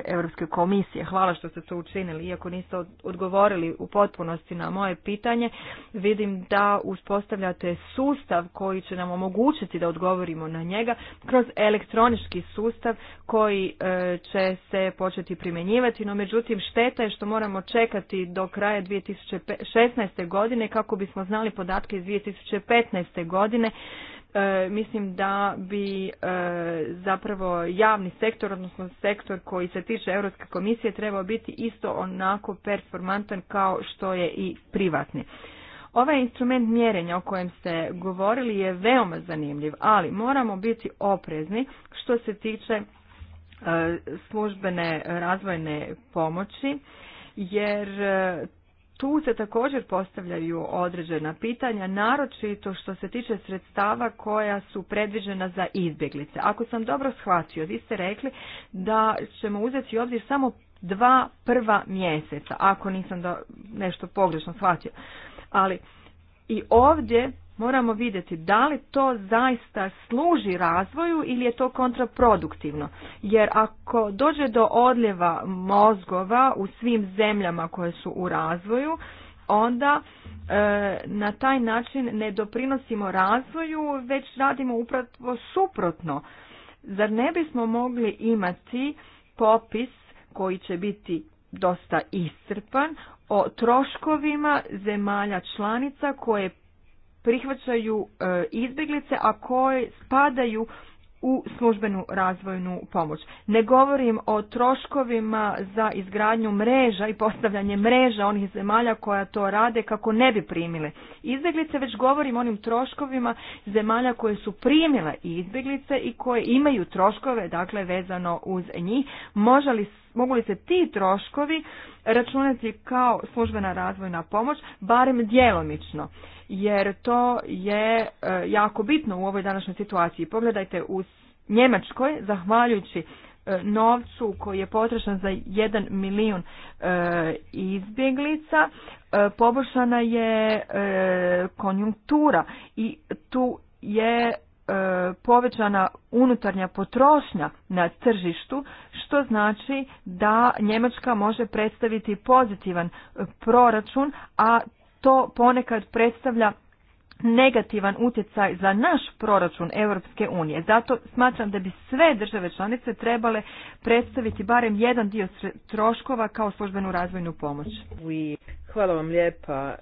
Europske komisije. Hvala što ste to učinili, iako niste odgovorili u potpunosti na moje pitanje. Vidim da uspostavljate sustav koji će nam omogućiti da odgovorimo na njega kroz elektronički sustav koji e, će se početi primjenjivati, no međutim šteta je što moramo čekati do kraja 2016. godine kako bismo znali podatke iz 2015. godine. E, mislim da bi e, zapravo javni sektor, odnosno sektor koji se tiče Europske komisije trebao biti isto onako performantan kao što je i privatni. Ovaj instrument mjerenja o kojem ste govorili je veoma zanimljiv, ali moramo biti oprezni što se tiče e, službene razvojne pomoći jer e, tu se također postavljaju određena pitanja, naročito što se tiče sredstava koja su predviđena za izbjeglice. Ako sam dobro shvatio, vi ste rekli da ćemo uzeti ovdje samo dva prva mjeseca, ako nisam nešto pogrešno shvatio. Ali i ovdje moramo vidjeti da li to zaista služi razvoju ili je to kontraproduktivno. Jer ako dođe do odljeva mozgova u svim zemljama koje su u razvoju, onda e, na taj način ne doprinosimo razvoju, već radimo upravo suprotno. Zar ne bismo mogli imati popis koji će biti dosta iscrpan o troškovima zemalja članica koje prihvaćaju e, izbjeglice, a koje spadaju u službenu razvojnu pomoć. Ne govorim o troškovima za izgradnju mreža i postavljanje mreža onih zemalja koja to rade kako ne bi primile izbjeglice, već govorim o onim troškovima zemalja koje su primile izbjeglice i koje imaju troškove, dakle vezano uz njih. Može li mogu li se ti troškovi računati kao službena razvojna pomoć, barem djelomično, jer to je e, jako bitno u ovoj današnjoj situaciji. Pogledajte, u Njemačkoj, zahvaljujući e, novcu koji je potrešan za 1 milijun e, izbjeglica, poboljšana je konjunktura i tu je E, povećana unutarnja potrošnja na tržištu, što znači da Njemačka može predstaviti pozitivan proračun, a to ponekad predstavlja negativan utjecaj za naš proračun Europske unije. Zato smatram da bi sve države članice trebale predstaviti barem jedan dio troškova kao službenu razvojnu pomoć. Hvala vam lijepa.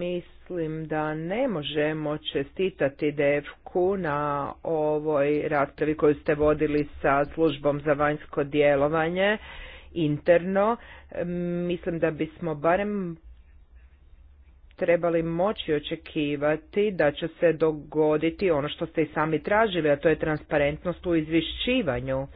Mislim da ne možemo čestitati dfk na ovoj raspravi koju ste vodili sa službom za vanjsko djelovanje interno. Mislim da bismo barem trebali moći očekivati da će se dogoditi ono što ste i sami tražili, a to je transparentnost u izvješćivanju.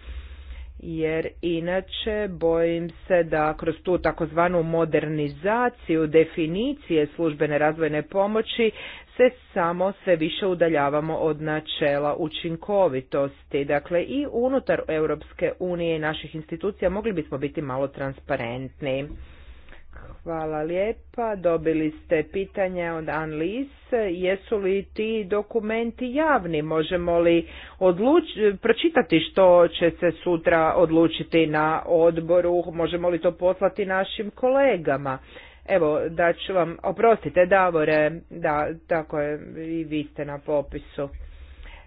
Jer inače bojim se da kroz tu takozvanu modernizaciju definicije službene razvojne pomoći se samo sve više udaljavamo od načela učinkovitosti. Dakle i unutar Europske unije i naših institucija mogli bismo biti malo transparentni. Hvala lijepa. Dobili ste pitanje od Anlis. Jesu li ti dokumenti javni? Možemo li odluč... pročitati što će se sutra odlučiti na odboru? Možemo li to poslati našim kolegama? Evo, da ću vam, oprostite Davore, da, tako je, i vi ste na popisu.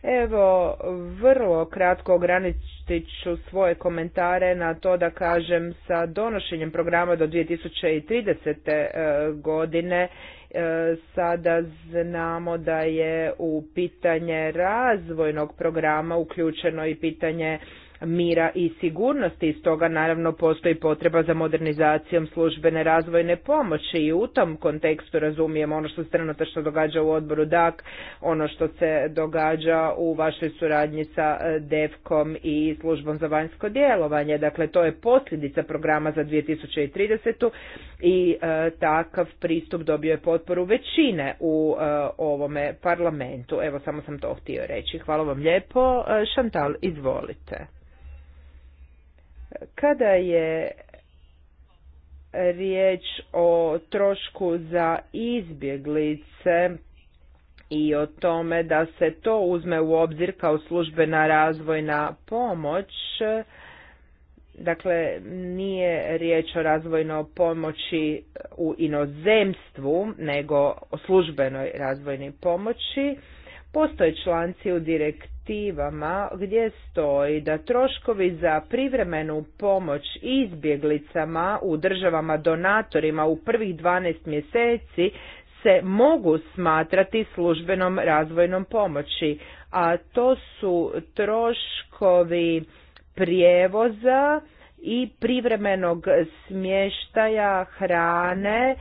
Evo, vrlo kratko ograničit ću svoje komentare na to da kažem sa donošenjem programa do 2030. E, godine e, sada znamo da je u pitanje razvojnog programa uključeno i pitanje mira i sigurnosti i stoga naravno postoji potreba za modernizacijom službene razvojne pomoći i u tom kontekstu razumijemo ono što se trenutačno događa u odboru DAK, ono što se događa u vašoj suradnji sa e, DEVKom i službom za vanjsko djelovanje. Dakle, to je posljedica programa za 2030. i e, takav pristup dobio je potporu većine u e, ovome parlamentu. Evo, samo sam to htio reći. Hvala vam lijepo. Šantal, izvolite. Kada je riječ o trošku za izbjeglice i o tome da se to uzme u obzir kao službena razvojna pomoć, dakle nije riječ o razvojnoj pomoći u inozemstvu, nego o službenoj razvojnoj pomoći. Postoje članci u direktivu direktivama gdje stoji da troškovi za privremenu pomoć izbjeglicama u državama donatorima u prvih 12 mjeseci se mogu smatrati službenom razvojnom pomoći, a to su troškovi prijevoza i privremenog smještaja hrane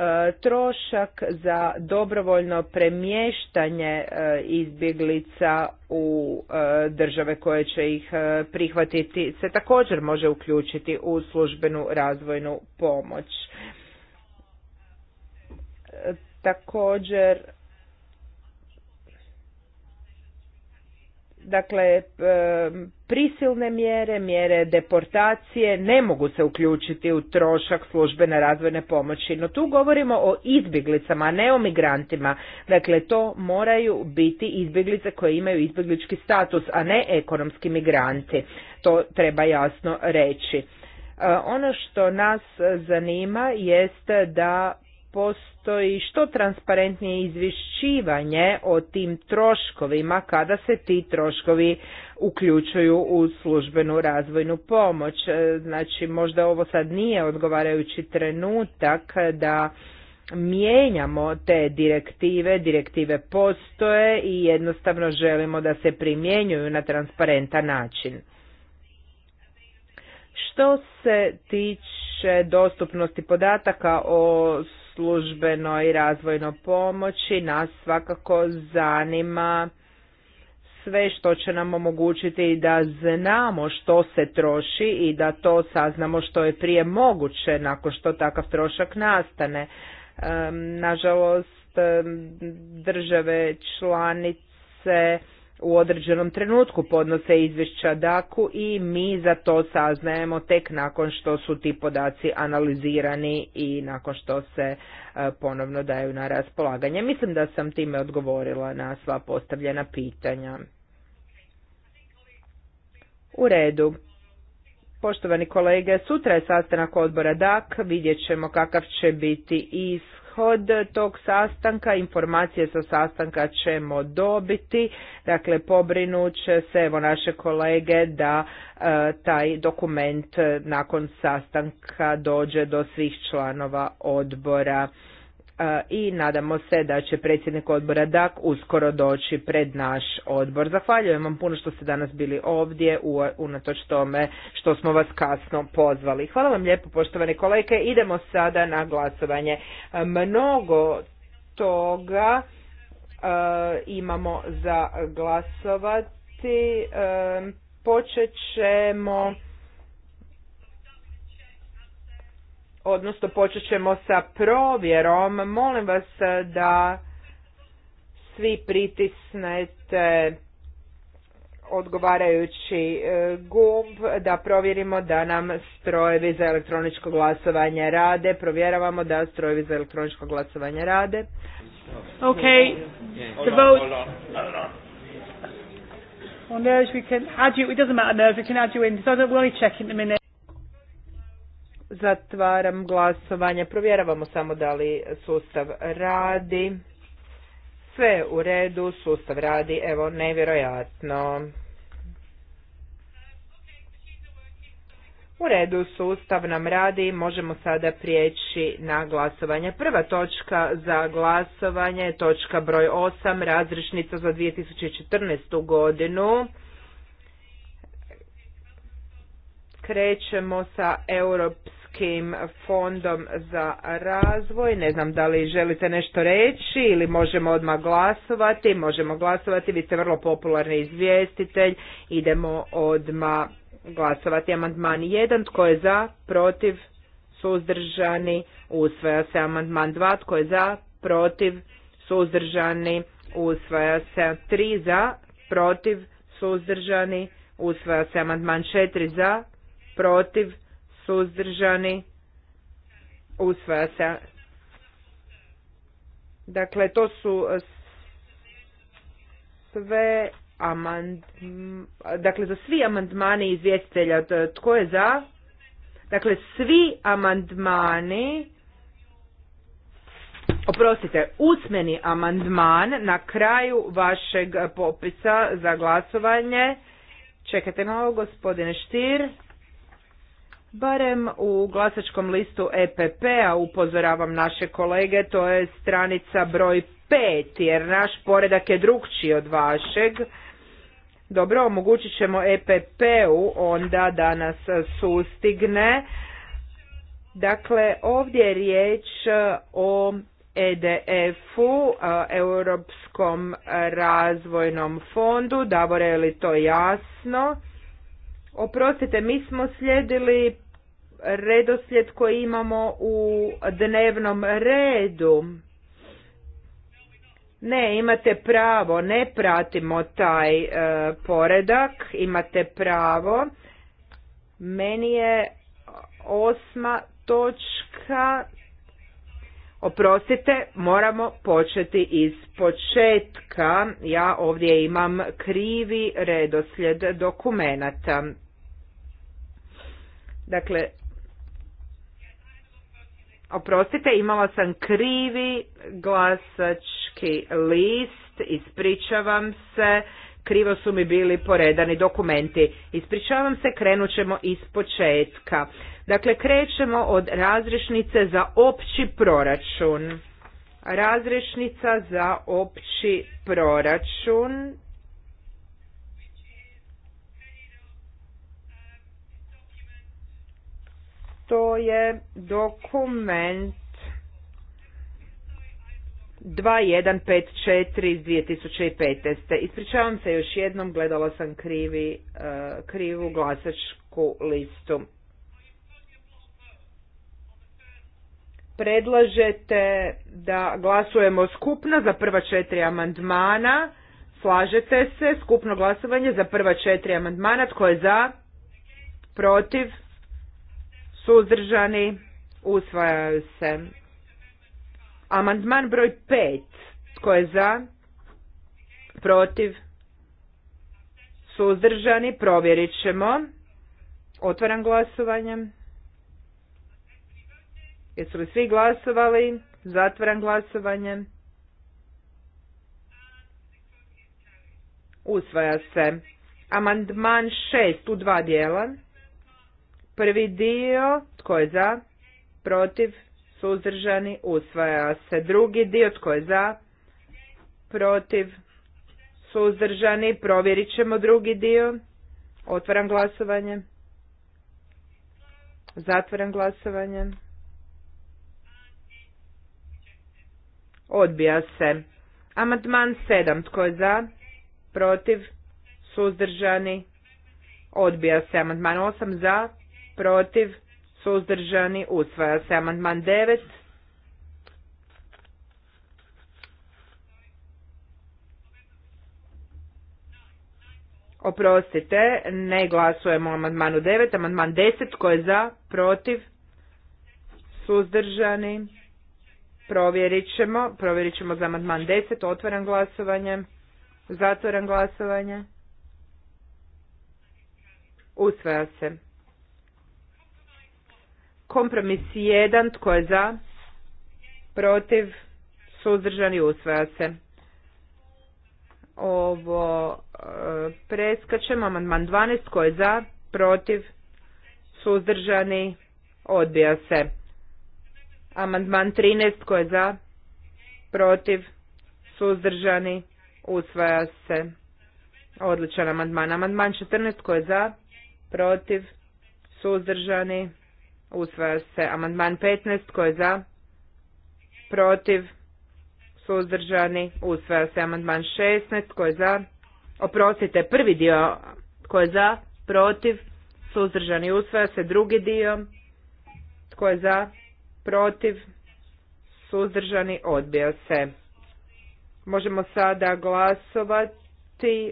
E, trošak za dobrovoljno premještanje e, izbjeglica u e, države koje će ih prihvatiti se također može uključiti u službenu razvojnu pomoć. Također Dakle, e, prisilne mjere, mjere deportacije ne mogu se uključiti u trošak službene razvojne pomoći, no tu govorimo o izbjeglicama, a ne o migrantima. Dakle, to moraju biti izbjeglice koje imaju izbjeglički status, a ne ekonomski migranti. To treba jasno reći. E, ono što nas zanima jest da postoji što transparentnije izvješćivanje o tim troškovima kada se ti troškovi uključuju u službenu razvojnu pomoć. E, znači možda ovo sad nije odgovarajući trenutak da mijenjamo te direktive, direktive postoje i jednostavno želimo da se primjenjuju na transparentan način. Što se tiče dostupnosti podataka o i razvojno pomoći nas svakako zanima sve što će nam omogućiti da znamo što se troši i da to saznamo što je prije moguće nakon što takav trošak nastane. Nažalost, države članice u određenom trenutku podnose izvješća DAKU i mi za to saznajemo tek nakon što su ti podaci analizirani i nakon što se e, ponovno daju na raspolaganje. Mislim da sam time odgovorila na sva postavljena pitanja. U redu. Poštovani kolege, sutra je sastanak odbora DAK, vidjet ćemo kakav će biti ishod ishod tog sastanka, informacije sa sastanka ćemo dobiti, dakle pobrinut će se evo naše kolege da e, taj dokument nakon sastanka dođe do svih članova odbora i nadamo se da će predsjednik odbora DAK uskoro doći pred naš odbor. Zahvaljujem vam puno što ste danas bili ovdje unatoč tome što smo vas kasno pozvali. Hvala vam lijepo poštovane kolege. Idemo sada na glasovanje. Mnogo toga imamo za glasovati. Počet ćemo odnosno počet ćemo sa provjerom. Molim vas da svi pritisnete odgovarajući e, gumb da provjerimo da nam strojevi za elektroničko glasovanje rade. Provjeravamo da strojevi za elektroničko glasovanje rade. Ok, the vote. Well, we can add It doesn't matter nerves. We can add you in. So I minute. Zatvaram glasovanje. Provjeravamo samo da li sustav radi. Sve u redu, sustav radi, evo, nevjerojatno. U redu, sustav nam radi, možemo sada prijeći na glasovanje. Prva točka za glasovanje je točka broj 8, razrišnica za 2014. godinu. krećemo sa Europskim fondom za razvoj. Ne znam da li želite nešto reći ili možemo odmah glasovati. Možemo glasovati, vi ste vrlo popularni izvjestitelj. Idemo odmah glasovati. Amandman 1, tko je za, protiv, suzdržani, usvaja se. Amandman 2, tko je za, protiv, suzdržani, usvaja se. 3 za, protiv, suzdržani, usvaja se. Amandman 4 za, protiv, suzdržani, usvaja se. Dakle, to su e, sve amand... Dakle, za svi amandmani izvjestitelja. Tko je za? Dakle, svi amandmani... Oprostite, usmeni amandman na kraju vašeg popisa za glasovanje. Čekajte malo, gospodine Štir. Barem u glasačkom listu EPP-a upozoravam naše kolege, to je stranica broj 5, jer naš poredak je drugčiji od vašeg. Dobro, omogućit ćemo EPP-u onda da nas sustigne. Dakle, ovdje je riječ o EDF-u, Europskom razvojnom fondu, Davore je li to jasno? Oprostite, mi smo slijedili redoslijed koji imamo u dnevnom redu. Ne, imate pravo, ne pratimo taj e, poredak, imate pravo. Meni je osma točka Oprostite, moramo početi iz početka. Ja ovdje imam krivi redoslijed dokumenata. Dakle, oprostite, imala sam krivi glasački list, ispričavam se krivo su mi bili poredani dokumenti. Ispričavam se, krenut ćemo iz početka. Dakle, krećemo od razrešnice za opći proračun. Razrešnica za opći proračun. To je dokument 2154 iz 2015. Ispričavam se još jednom, gledala sam krivi, krivu glasačku listu. Predlažete da glasujemo skupno za prva četiri amandmana. Slažete se, skupno glasovanje za prva četiri amandmana. Tko je za? Protiv? Suzdržani? Usvajaju se. Amandman broj 5. Tko je za? Protiv? Suzdržani? Provjerit ćemo. Otvaram glasovanje. Jesu li svi glasovali? Zatvaram glasovanje. Usvaja se. Amandman 6 u dva dijela. Prvi dio, tko je za? Protiv? suzdržani, usvaja se. Drugi dio tko je za, protiv, suzdržani, provjerit ćemo drugi dio. Otvaram glasovanje. Zatvaram glasovanje. Odbija se. Amandman 7. Tko je za? Protiv? Suzdržani? Odbija se. Amandman 8. Za? Protiv? Suzdržani usvaja se. Amandman 9. Oprostite, ne glasujemo o amandmanu 9. Amandman 10. Tko je za? Protiv? Suzdržani? Provjerit ćemo. Provjerit ćemo za amandman 10. Otvaram glasovanje. Zatvoran glasovanje. Usvaja se. Kompromis 1. Tko je za? Protiv? Suzdržani usvaja se. Ovo e, preskačemo. Amandman 12. Tko je za? Protiv? Suzdržani? Odbija se. Amandman 13. Tko je za? Protiv? Suzdržani? Usvaja se. Odličan amandman. Amandman 14. Tko je za? Protiv? Suzdržani? Usvaja se amandman 15. Tko je za? Protiv? Suzdržani? Usvaja se amandman 16. Tko je za? Oprostite, prvi dio. Tko je za? Protiv? Suzdržani? Usvaja se drugi dio. Tko je za? Protiv? Suzdržani? Odbija se. Možemo sada glasovati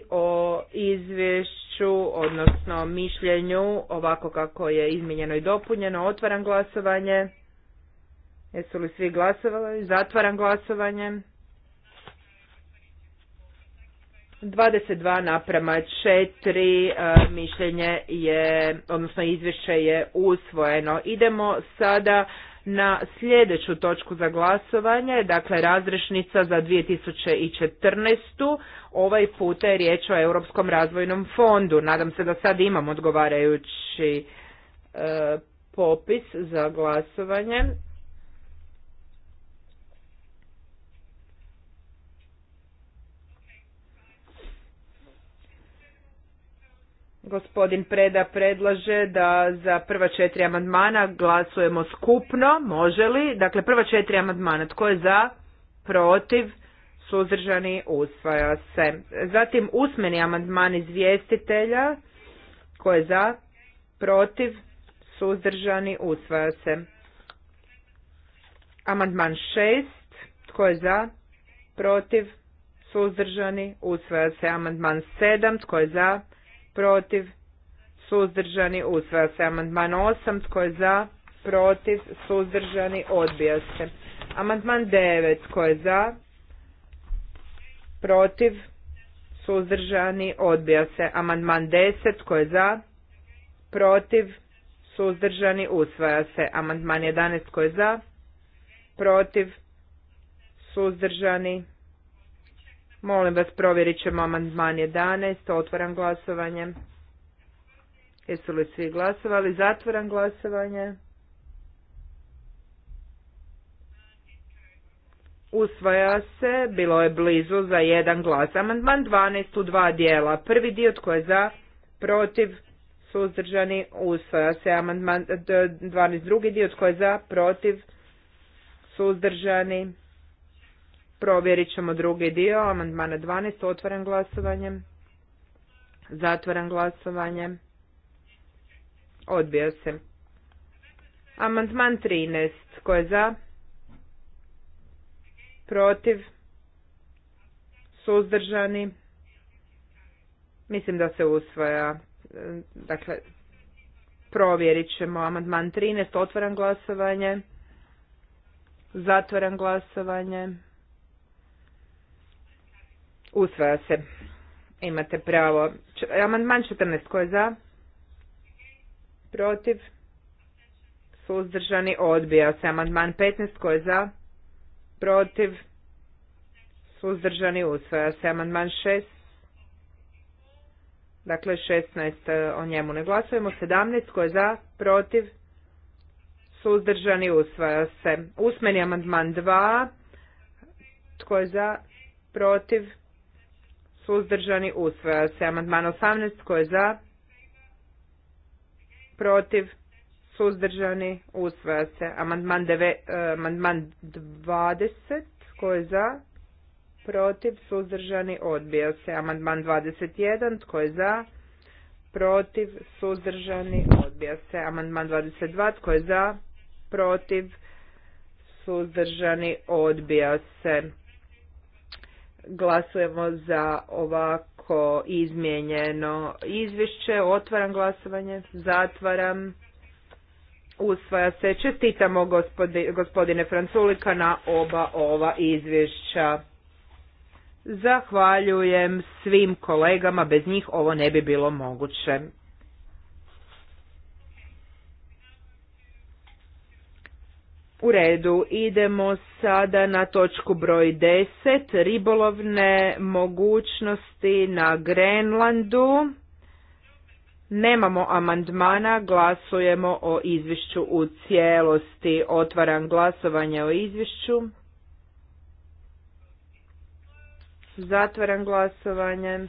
o izvješću, odnosno mišljenju, ovako kako je izmijenjeno i dopunjeno. Otvaram glasovanje. Jesu li svi glasovali? Zatvaram glasovanje. 22 naprema 4 e, mišljenje je, odnosno izvješće je usvojeno. Idemo sada na sljedeću točku za glasovanje, dakle razrešnica za 2014. Ovaj puta je riječ o Europskom razvojnom fondu. Nadam se da sad imam odgovarajući e, popis za glasovanje. Gospodin Preda predlaže da za prva četiri amandmana glasujemo skupno, može li? Dakle, prva četiri amandmana, tko je za, protiv, suzdržani, usvaja se. Zatim usmeni amandman izvjestitelja, tko je za, protiv, suzdržani, usvaja se. Amandman šest, tko je za, protiv, suzdržani, usvaja se. Amandman sedam, tko je za, protiv, suzdržani, usvaja se. Amandman 8, tko je za, protiv, suzdržani, odbija se. Amandman 9, tko je za, protiv, suzdržani, odbija se. Amandman 10, tko je za, protiv, suzdržani, usvaja se. Amandman 11, tko je za, protiv, suzdržani, Molim vas, provjerit ćemo amandman 11. Otvaram glasovanje. Jesu li svi glasovali? Zatvaram glasovanje. Usvaja se, bilo je blizu za jedan glas. Amandman 12 u dva dijela. Prvi dio tko je za, protiv, suzdržani, usvaja se. Amandman 12 drugi dio tko je za, protiv, suzdržani, Provjerit ćemo drugi dio, amandmana 12, otvoren glasovanjem, zatvoren glasovanje, odbio se. Amandman 13, ko je za, protiv, suzdržani, mislim da se usvaja, dakle, provjerit ćemo amandman 13, otvoren glasovanje, zatvoren glasovanje, Usvaja se. Imate pravo. Amandman 14. Ko je za? Protiv? Suzdržani? Odbija se. Amandman 15. Ko je za? Protiv? Suzdržani? Usvaja se. Amandman 6. Dakle, 16. E, o njemu ne glasujemo. 17. Ko je za? Protiv? Suzdržani? Usvaja se. Usmeni amandman 2. Tko je za? Protiv? Suzdržani usvaja se. Amandman 18. Tko je za? Protiv? Suzdržani usvaja se. Amandman, deve, e, amandman 20. Tko je za? Protiv? Suzdržani odbija se. Amandman 21. Tko je za? Protiv? Suzdržani odbija se. Amandman 22. Tko je za? Protiv? Suzdržani odbija se. Glasujemo za ovako izmijenjeno izvješće. Otvaram glasovanje, zatvaram. Usvaja se. Čestitamo gospodine, gospodine Franculika na oba ova izvješća. Zahvaljujem svim kolegama, bez njih ovo ne bi bilo moguće. U redu, idemo sada na točku broj 10, ribolovne mogućnosti na Grenlandu. Nemamo amandmana, glasujemo o izvišću u cijelosti. Otvaram glasovanje o izvišću. Zatvaram glasovanje.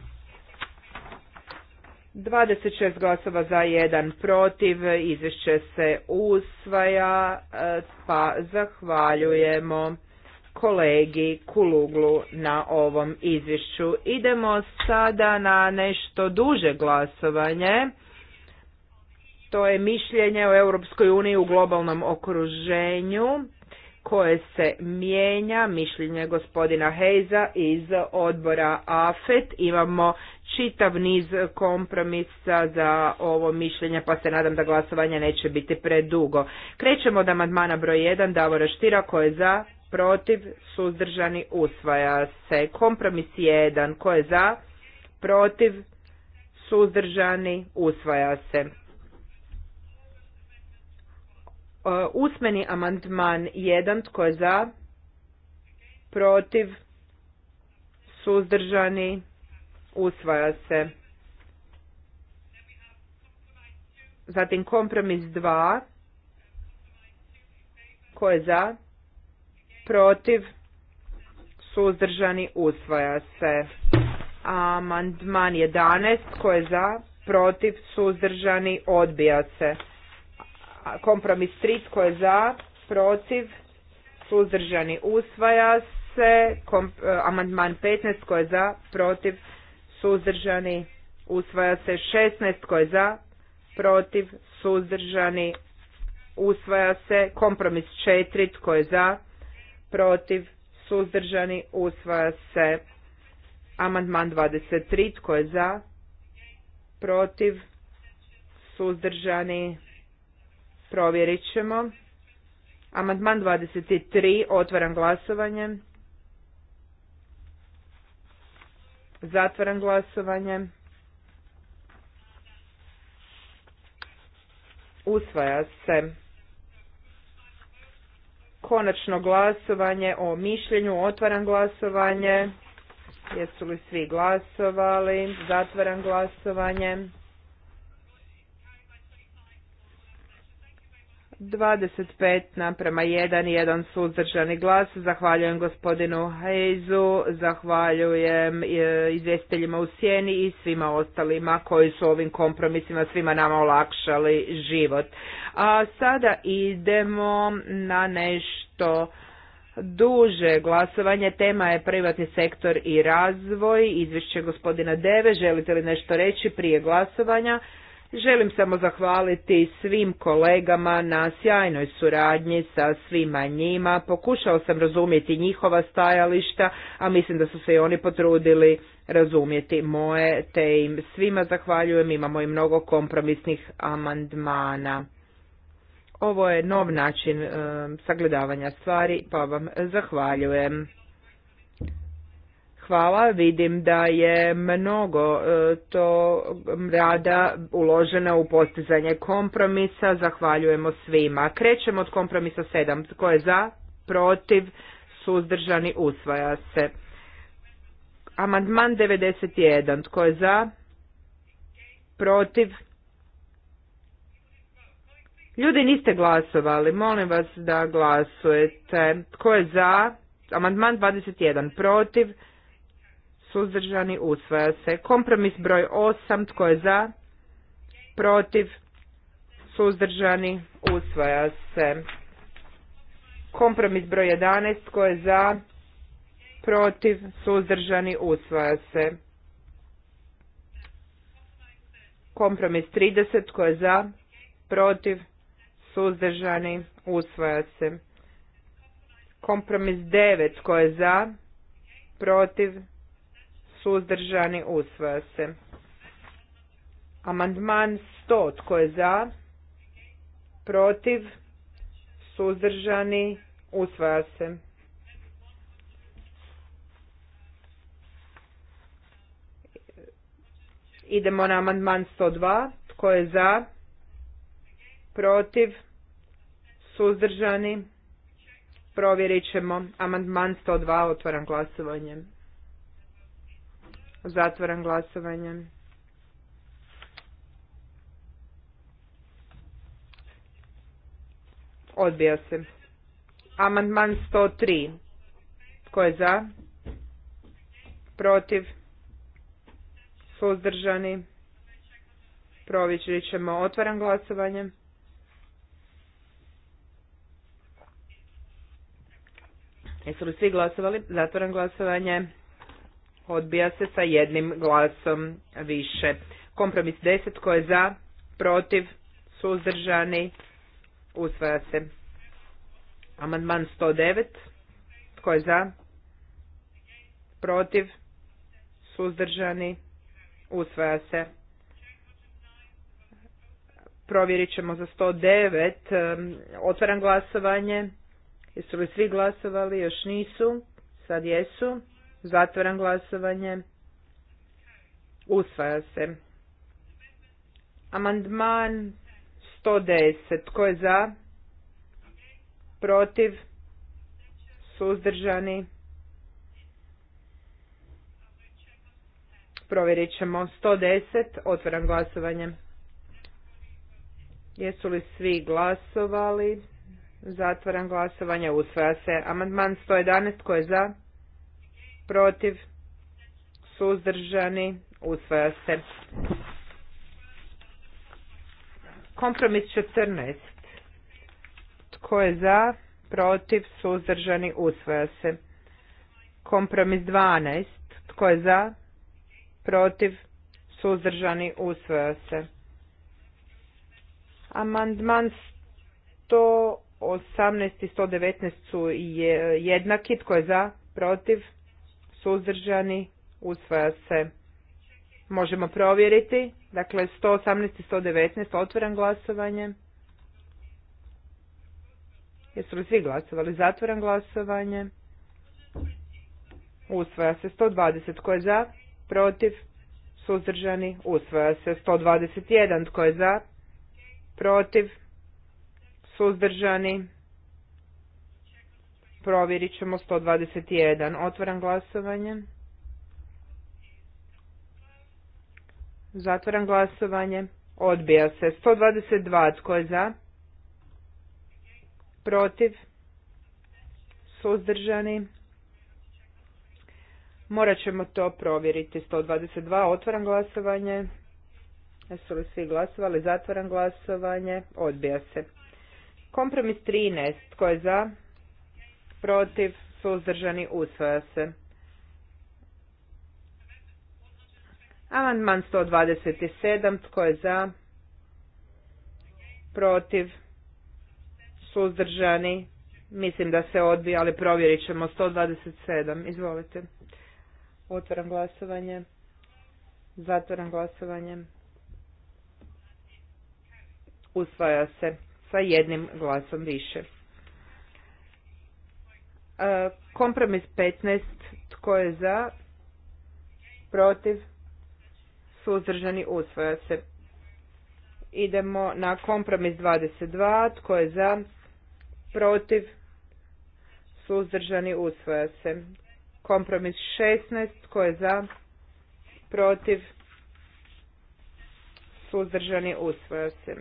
26 glasova za jedan protiv, izvješće se usvaja, e, pa zahvaljujemo kolegi Kuluglu na ovom izvješću. Idemo sada na nešto duže glasovanje. To je mišljenje o Europskoj uniji u globalnom okruženju koje se mijenja, mišljenje gospodina Heiza iz odbora AFET. Imamo čitav niz kompromisa za ovo mišljenje, pa se nadam da glasovanje neće biti predugo. Krećemo od amandmana broj 1, Davora Štira, koje je za, protiv, suzdržani, usvaja se. Kompromis 1, koje je za, protiv, suzdržani, usvaja se. E, usmeni amandman 1. Tko je za? Protiv? Suzdržani? Usvaja se. Zatim kompromis 2. Tko je za? Protiv? Suzdržani? Usvaja se. Amandman 11. Tko je za? Protiv? Suzdržani? Odbija se kompromis 3 e, tko je za, protiv, suzdržani usvaja se, amandman 15 tko je za, protiv, suzdržani usvaja se, 16 tko je za, protiv, suzdržani usvaja se, kompromis 4 tko je za, protiv, suzdržani usvaja se, amandman 23 tko je za, protiv, suzdržani Provjerit ćemo. Amandman 23. Otvaram glasovanje. Zatvaram glasovanje. Usvaja se. Konačno glasovanje o mišljenju. Otvaram glasovanje. Jesu li svi glasovali? Zatvaram glasovanje. 25 naprema 1, jedan suzdržani glas. Zahvaljujem gospodinu Hejzu, zahvaljujem e, izvjestiteljima u sjeni i svima ostalima koji su ovim kompromisima svima nama olakšali život. A sada idemo na nešto duže glasovanje. Tema je privatni sektor i razvoj. Izvješće gospodina Deve. Želite li nešto reći prije glasovanja? Želim samo zahvaliti svim kolegama na sjajnoj suradnji sa svima njima. Pokušao sam razumjeti njihova stajališta, a mislim da su se i oni potrudili razumjeti moje, te im svima zahvaljujem. Imamo i mnogo kompromisnih amandmana. Ovo je nov način eh, sagledavanja stvari, pa vam zahvaljujem. Hvala, vidim da je mnogo e, to rada uložena u postizanje kompromisa, zahvaljujemo svima. Krećemo od kompromisa 7, tko je za, protiv, suzdržani, usvaja se. Amandman 91, tko je za, protiv, Ljudi niste glasovali, molim vas da glasujete. Tko je za? Amandman 21 protiv suzdržani, usvaja se. Kompromis broj 8, tko je za, protiv, suzdržani, usvaja se. Kompromis broj 11, tko je za, protiv, suzdržani, usvaja se. Kompromis 30, tko je za, protiv, suzdržani, usvaja se. Kompromis 9, tko je za, protiv, suzdržani, usvaja se. Amandman 100, tko je za, protiv, suzdržani, usvaja se. Idemo na amandman 102, tko je za, protiv, suzdržani, provjerit ćemo. Amandman 102, otvaram glasovanjem. Zatvaram glasovanje. Odbija se. Amandman 103. Tko je za? Protiv? Suzdržani? Provići ćemo. Otvaram glasovanje. Jesu li svi glasovali? Zatvaram glasovanje. Odbija se sa jednim glasom više. Kompromis 10 tko je za, protiv, suzdržani, usvaja se. Amandman 109 tko je za, protiv, suzdržani, usvaja se. Provjerit ćemo za 109. Otvaram glasovanje. Jesu li svi glasovali? Još nisu. Sad jesu. Zatvoran glasovanje. Usvaja se. Amandman 110. Tko je za? Protiv? Suzdržani? Provjerit ćemo. 110. Otvaram glasovanje. Jesu li svi glasovali? Zatvaram glasovanje. Usvaja se. Amandman 111. Tko je za? protiv, suzdržani, usvaja se. Kompromis 14. Tko je za, protiv, suzdržani, usvaja se. Kompromis 12. Tko je za, protiv, suzdržani, usvaja se. Amandman 118 i 119 su jednaki. Tko je za, protiv, suzdržani, usvaja se. Možemo provjeriti, dakle 118 i 119, otvoram glasovanje. Jesu li svi glasovali? Zatvoram glasovanje. Usvaja se 120. Tko je za? Protiv? Suzdržani? Usvaja se 121. Tko je za? Protiv? Suzdržani? Provjerit ćemo 121. Otvaram glasovanje. Zatvaram glasovanje. Odbija se. 122. Tko je za? Protiv? Suzdržani? Morat ćemo to provjeriti. 122. Otvaram glasovanje. Jesu li svi glasovali? Zatvaram glasovanje. Odbija se. Kompromis 13. Tko je za? protiv, suzdržani, usvaja se. Amandman 127, tko je za, protiv, suzdržani, mislim da se odbija, ali provjerit ćemo, 127, izvolite. Otvaram glasovanje, zatvaram glasovanje, usvaja se sa jednim glasom više. Kompromis 15. Tko je za? Protiv? Suzdržani usvoja se. Idemo na kompromis 22. Tko je za? Protiv? Suzdržani usvoja se. Kompromis 16. Tko je za? Protiv? Suzdržani usvoja se.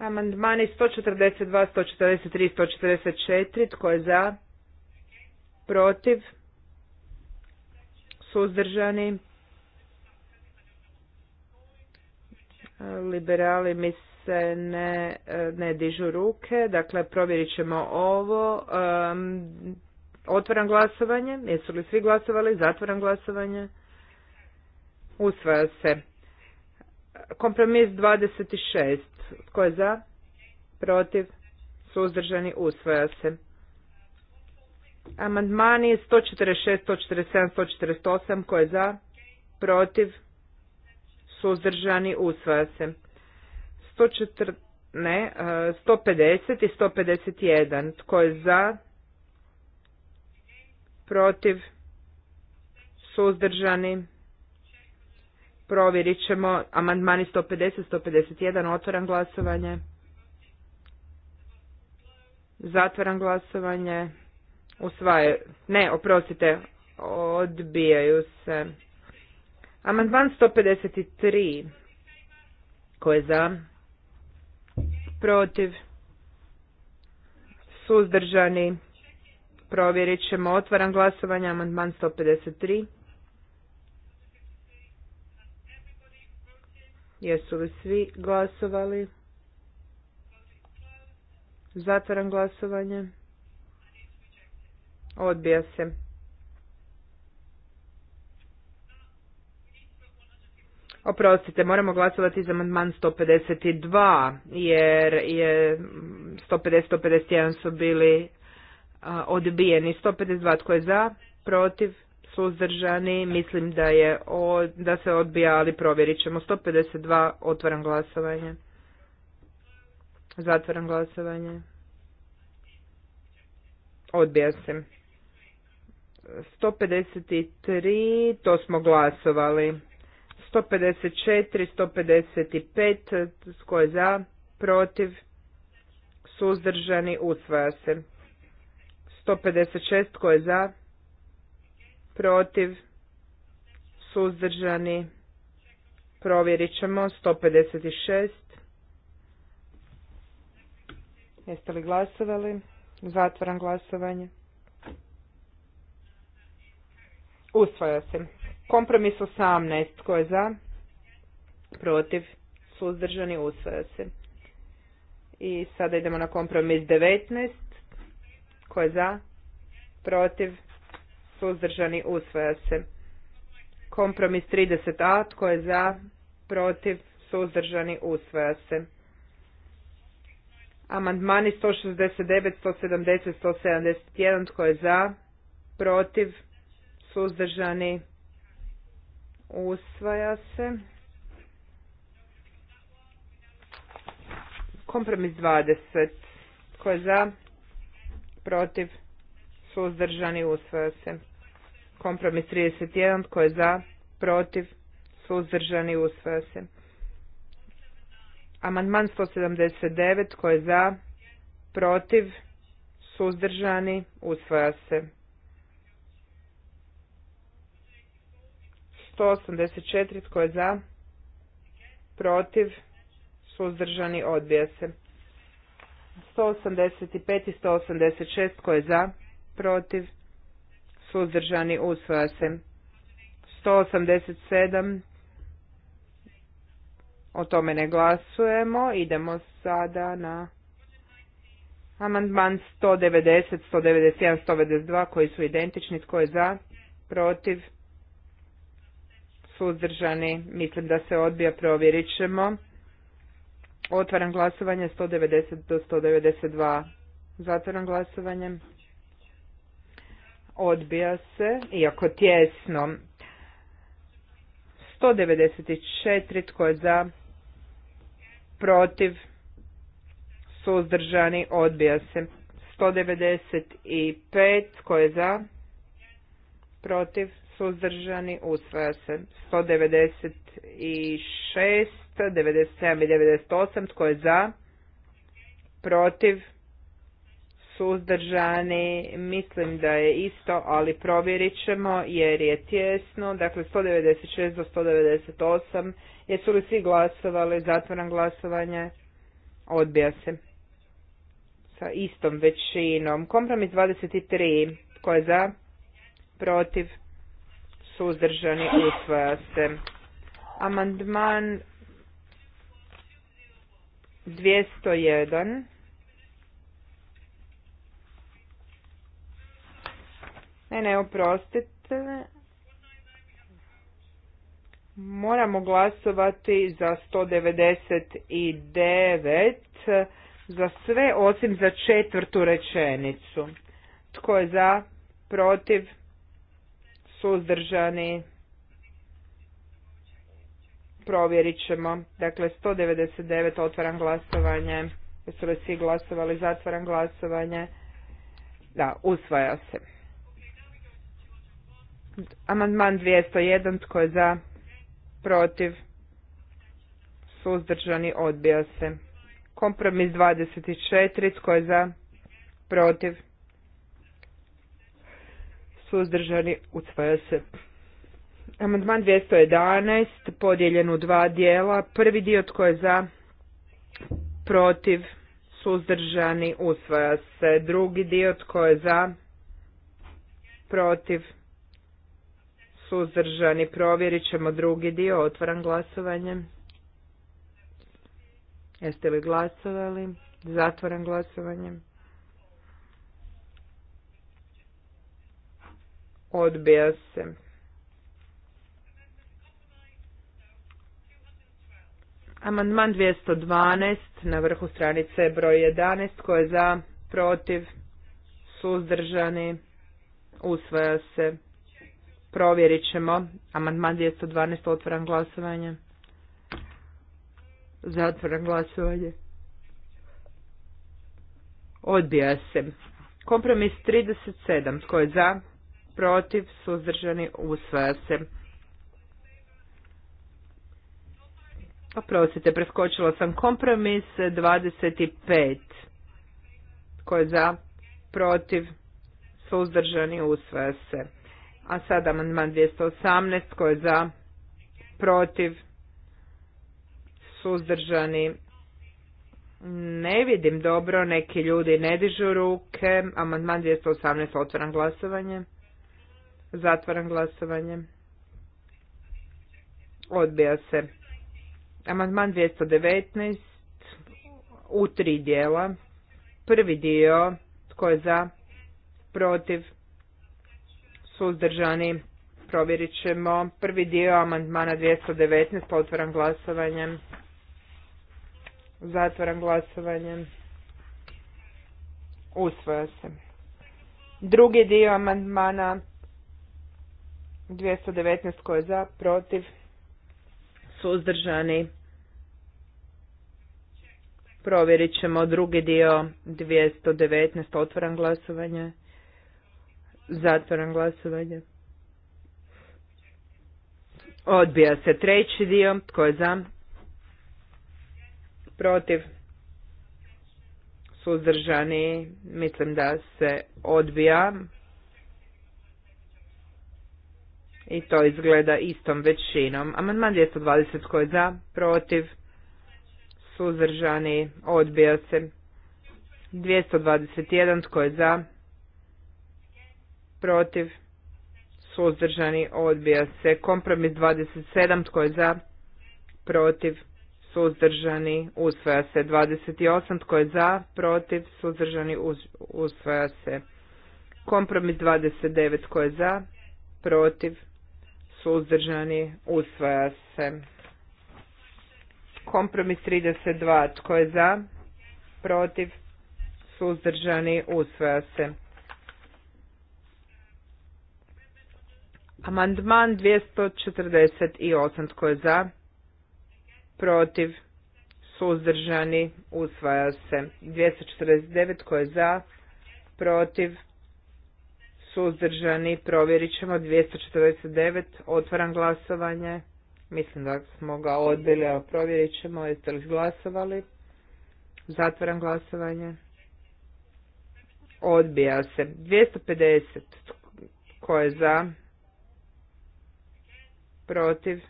Amandmani 142, 143, 144. Tko je za? Protiv? Suzdržani? Liberali mi se ne, ne dižu ruke. Dakle, provjerit ćemo ovo. Otvaram glasovanje. Jesu li svi glasovali? Zatvaram glasovanje. Usvaja se. Kompromis 26. Tko je za? Protiv? Suzdržani? usvoja se. Amandmani 146, 147, 148. Tko je za? Protiv? Suzdržani? usvoja se. 104, ne, 150 e, i 151. Tko je za? Protiv? Suzdržani? Provjerit ćemo. Amandmani 150, 151. otvoran glasovanje. Zatvaram glasovanje. Usvaje. Ne, oprostite. Odbijaju se. Amandman 153. Ko je za? Protiv? Suzdržani? Provjerit ćemo. Otvaram glasovanje. Amandman 153. Jesu li svi glasovali? Zatvaram glasovanje. Odbija se. Oprostite, moramo glasovati za amandman 152, jer je 150, 151 su bili odbijeni. 152 tko je za, protiv, suzdržani, mislim da, je da se odbija, ali provjerit ćemo. 152, otvaram glasovanje. Zatvaram glasovanje. Odbija se. 153, to smo glasovali. 154, 155, tko je za, protiv, suzdržani, usvaja se. 156, tko je za, protiv, suzdržani, provjerit ćemo, 156. Jeste li glasovali? Zatvaram glasovanje. Usvaja se. Kompromis 18. Ko je za? Protiv. Suzdržani. Usvaja se. I sada idemo na kompromis 19. Ko je za? Protiv suzdržani, usvaja se. Kompromis 30a, tko je za, protiv, suzdržani, usvaja se. Amandmani 169, 170, 171, tko je za, protiv, suzdržani, usvaja se. Kompromis 20, tko je za, protiv, suzdržani, usvaja se. Kompromis 31. Tko je za? Protiv? Suzdržani? Usvaja se. Amandman 179. Tko je za? Protiv? Suzdržani? Usvaja se. 184. Tko je za? Protiv? Suzdržani? Odbija se. 185 i 186. Tko je za? Protiv? suzdržani, usvoja se. 187, o tome ne glasujemo, idemo sada na amandman 190, 191, 192 koji su identični, tko je za, protiv, suzdržani, mislim da se odbija, provjerit ćemo. Otvaram glasovanje 190 do 192. Zatvaram glasovanje odbija se, iako tjesno. 194 tko je za, protiv, suzdržani, odbija se. 195 tko je za, protiv, suzdržani, usvaja se. 196, 97 i 98 tko je za, protiv, suzdržani, mislim da je isto, ali provjerit ćemo jer je tjesno, dakle 196 do 198, jesu li svi glasovali, zatvoran glasovanje, odbija se sa istom većinom. Kompromis 23, tko je za, protiv, suzdržani, usvaja se. Amandman 201. Ne, ne, oprostite. Moramo glasovati za 199 za sve osim za četvrtu rečenicu. Tko je za, protiv, suzdržani, provjerit ćemo. Dakle, 199 otvaram glasovanje. Jesu li svi glasovali? Zatvaram glasovanje. Da, usvaja se. Amandman 201. Tko je za? Protiv? Suzdržani? Odbija se. Kompromis 24. Tko je za? Protiv? Suzdržani? Usvaja se. Amandman 211. Podijeljen u dva dijela. Prvi dio tko je za? Protiv? Suzdržani? Usvaja se. Drugi dio tko je za? Protiv? suzdržani, provjerit ćemo drugi dio, otvaram glasovanje. Jeste li glasovali? Zatvaram glasovanje. Odbija se. Amandman 212 na vrhu stranice broj 11 koje je za, protiv, suzdržani, usvaja se. Provjerit ćemo. Amandman 212. otvoram glasovanje. Zatvaram glasovanje. Odbija se. Kompromis 37. Tko je za? Protiv? Suzdržani? Usvaja se. Oprostite, preskočila sam kompromis 25. Tko je za? Protiv? Suzdržani? Usvaja se. A sada amandman 218 tko je za, protiv, suzdržani. Ne vidim dobro, neki ljudi ne dižu ruke. Amandman 218 otvaram glasovanje. Zatvaram glasovanje. Odbija se. Amandman 219 u tri dijela. Prvi dio, tko je za, protiv, suzdržani. Provjerit ćemo prvi dio amandmana 219, pa otvaram glasovanje. Zatvaram glasovanje. Usvoja se. Drugi dio amandmana 219 koje je za, protiv, suzdržani. Provjerit ćemo drugi dio 219, otvaram glasovanje. Zatvoram glasovanje. Odbija se treći dio. Tko je za? Protiv? Suzdržani? Mislim da se odbija. I to izgleda istom većinom. Amandman 220. Tko je za? Protiv? Suzdržani? Odbija se. 221. Tko je za? protiv, suzdržani, odbija se. Kompromis 27, tko je za, protiv, suzdržani, usvaja se. 28, tko je za, protiv, suzdržani, usvaja se. Kompromis 29, tko je za, protiv, suzdržani, usvaja se. Kompromis 32, tko je za, protiv, suzdržani, usvaja se. Amandman 248 tko je za, protiv, suzdržani, usvaja se. 249 tko je za, protiv, suzdržani, provjerit ćemo. 249, otvaram glasovanje. Mislim da smo ga odbili, ali provjerit ćemo. Jeste li glasovali? Zatvaram glasovanje. Odbija se. 250 tko je za, protiv,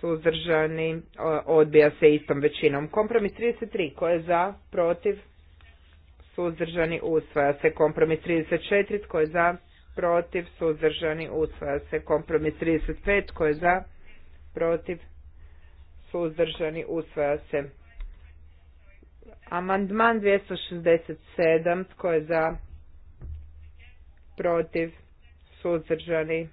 suzdržani, odbija se istom većinom. Kompromis 33, tko je za, protiv, suzdržani, usvaja se. Kompromis 34, tko je za, protiv, suzdržani, usvaja se. Kompromis 35, tko je za, protiv, suzdržani, usvaja se. Amandman 267, tko je za, protiv, suzdržani,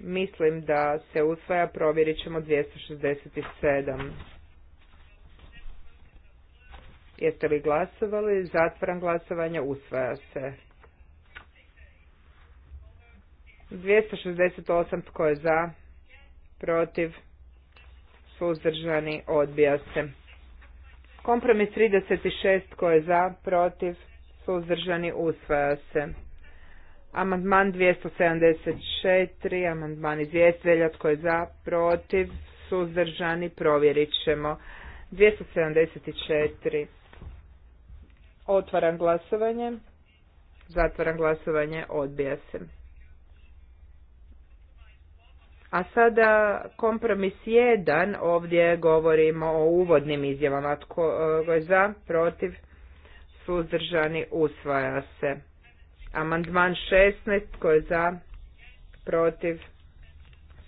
Mislim da se usvaja, provjerit ćemo 267. Jeste li glasovali? Zatvaram glasovanje, usvaja se. 268 tko je za, protiv, suzdržani, odbija se. Kompromis 36 tko je za, protiv, suzdržani, usvaja se. Amandman 274, amandman izvjestelja, tko je za, protiv, suzdržani, provjerit ćemo. 274. Otvaram glasovanje. Zatvaram glasovanje, odbija se. A sada kompromis 1, ovdje govorimo o uvodnim izjavama. E, tko je za, protiv, suzdržani, usvaja se. Amandman 16 tko je za, protiv,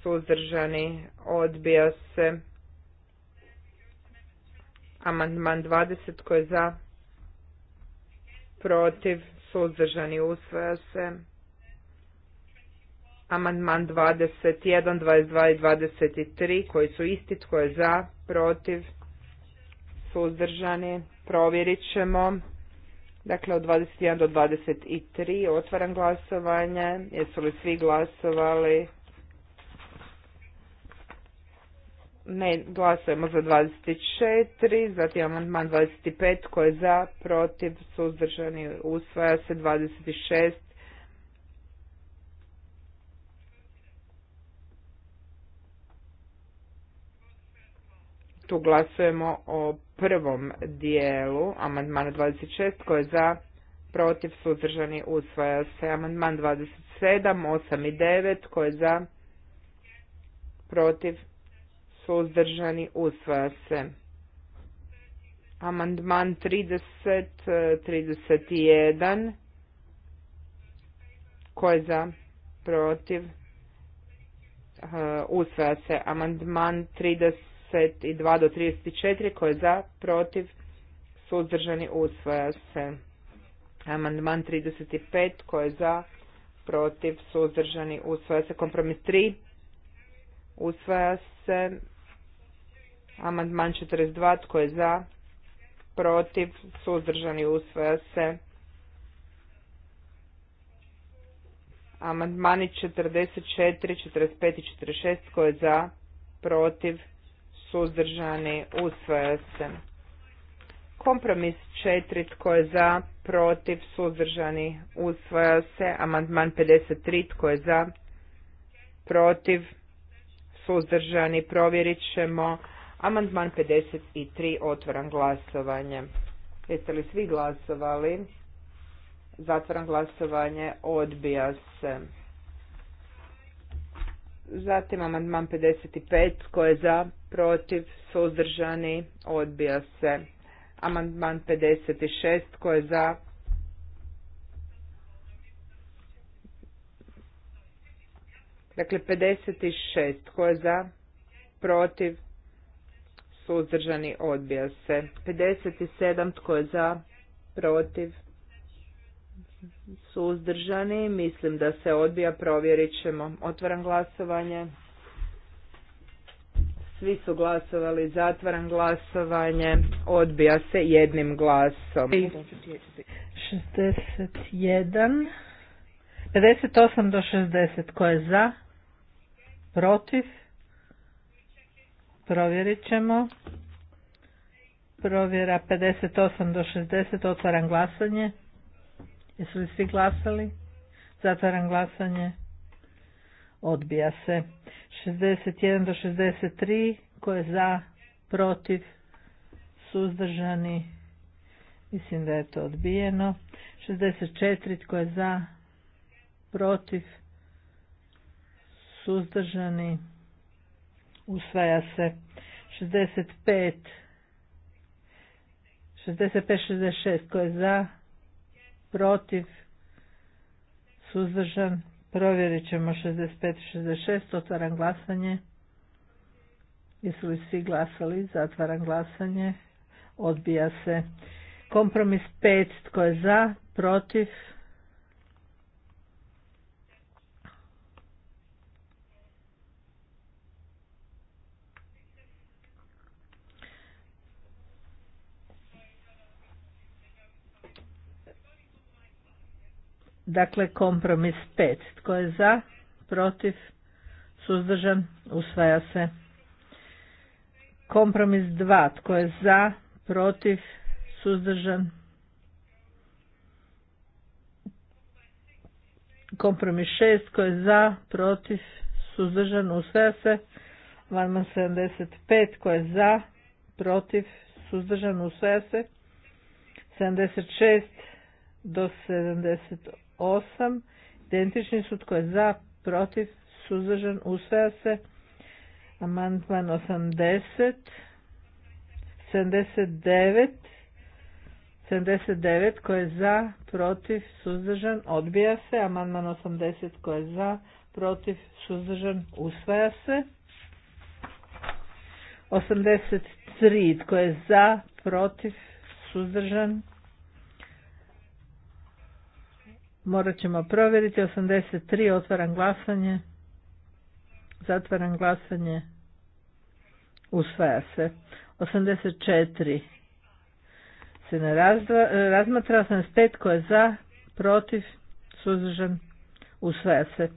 suzdržani, odbija se. Amandman 20 tko je za, protiv, suzdržani, usvaja se. Amandman 21, 22 i 23 koji su isti tko je za, protiv, suzdržani, provjerit ćemo. Dakle, od 21 do 23 otvaram glasovanje. Jesu li svi glasovali? Ne, glasujemo za 24, zatim amandman 25, koji je za, protiv, suzdržani, usvaja se 26, Tu glasujemo o prvom dijelu, amandmana 26, koji je za, protiv, suzdržani, usvaja se. Amandman 27, 8 i 9, koji je za, protiv, suzdržani, usvaja se. Amandman 30, 31, koji je za, protiv, usvaja se. Amandman 30, 32 do 34 koje je za, protiv, suzdržani, usvaja se. Amandman 35 koje je za, protiv, suzdržani, usvaja se. Kompromis 3 usvaja se. Amandman 42 tko je za, protiv, suzdržani, usvaja se. Amandmani 44, 45 i 46 tko je za, protiv, suzdržani, usvaja se. Kompromis četiri tko je za, protiv, suzdržani, usvaja se. Amandman 53 tko je za, protiv, suzdržani, provjerit ćemo. Amandman 53 otvoran glasovanje. Jeste li svi glasovali? Zatvaram glasovanje, odbija se. Zatim amandman 55 tko je za, protiv, suzdržani, odbija se. Amandman 56 tko je za, Dakle, 56. Tko je za? Protiv? Suzdržani odbija se. 57. Tko je za? Protiv? suzdržani, mislim da se odbija, provjerit ćemo. Otvaram glasovanje. Svi su glasovali, zatvaram glasovanje, odbija se jednim glasom. 61, 58 do 60, ko je za, protiv, provjerit ćemo. Provjera 58 do 60, otvaram glasanje. Jesu li svi glasali? Zatvaram glasanje. Odbija se. 61 do 63. Ko je za? Protiv? Suzdržani? Mislim da je to odbijeno. 64. Tko je za? Protiv? Suzdržani? Usvaja se. 65. 65, 66. Tko je za? protiv, suzdržan, provjerit ćemo 65-66, otvaram glasanje. Jesu li svi glasali? Zatvaram glasanje. Odbija se. Kompromis 5. Tko je za? Protiv? Dakle, kompromis 5. Tko je za? Protiv? Suzdržan? Usvaja se. Kompromis 2. Tko je za? Protiv? Suzdržan? Kompromis 6. Tko je za? Protiv? Suzdržan? Usvaja se. Amandman 75. Tko je za? Protiv? Suzdržan? Usvaja se. 76 do 78 8 identični su tko je za, protiv, suzdržan, usvaja se. Amandman 80, 79, 79 tko je za, protiv, suzdržan, odbija se. Amandman 80 tko je za, protiv, suzdržan, usvaja se. 83 tko je za, protiv, suzdržan, Morat ćemo provjeriti 83, otvaram glasanje. Zatvaram glasanje. Usvaja se. 84 se ne razdva, razmatra. 85 je za, protiv, suzdržan, usvaja se.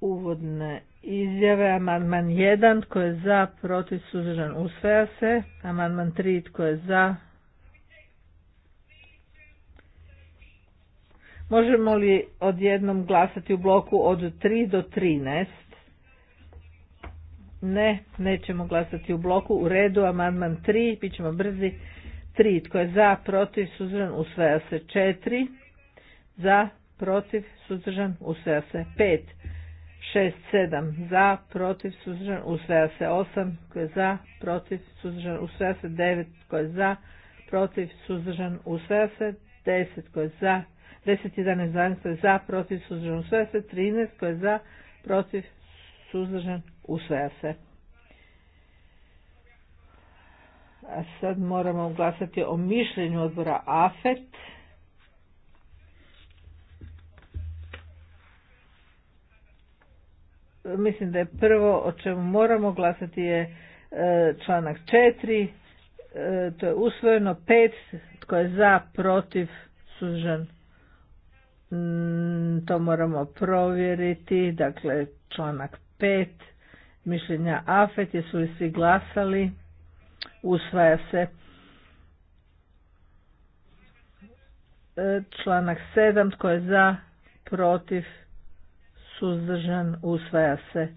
Uvodne izjave, amandman 1, tko je za, protiv, suzdržan, usvaja se. Amandman 3, tko je za, Možemo li odjednom glasati u bloku od 3 do 13? Ne, nećemo glasati u bloku. U redu, amandman 3, bit ćemo brzi. 3, tko je za, protiv, suzdržan, usvaja se 4. Za, protiv, suzdržan, usvaja se 5. 6, 7, za, protiv, suzdržan, usvaja se 8. Tko je za, protiv, suzdržan, usvaja se 9. Tko je za, protiv, suzdržan, usvaja se 10. Tko je za, 10, 11, za, protiv, suzdržan, usvaja se. 13 koje je za, protiv, suzdržan, usvaja se. A sad moramo glasati o mišljenju odbora AFET. Mislim da je prvo o čemu moramo glasati je e, članak 4, e, to je usvojeno 5, tko je za, protiv, suzdržan, Mm, to moramo provjeriti, dakle članak 5, mišljenja AFET, jesu li svi glasali, usvaja se e, članak 7, tko je za, protiv, suzdržan, usvaja se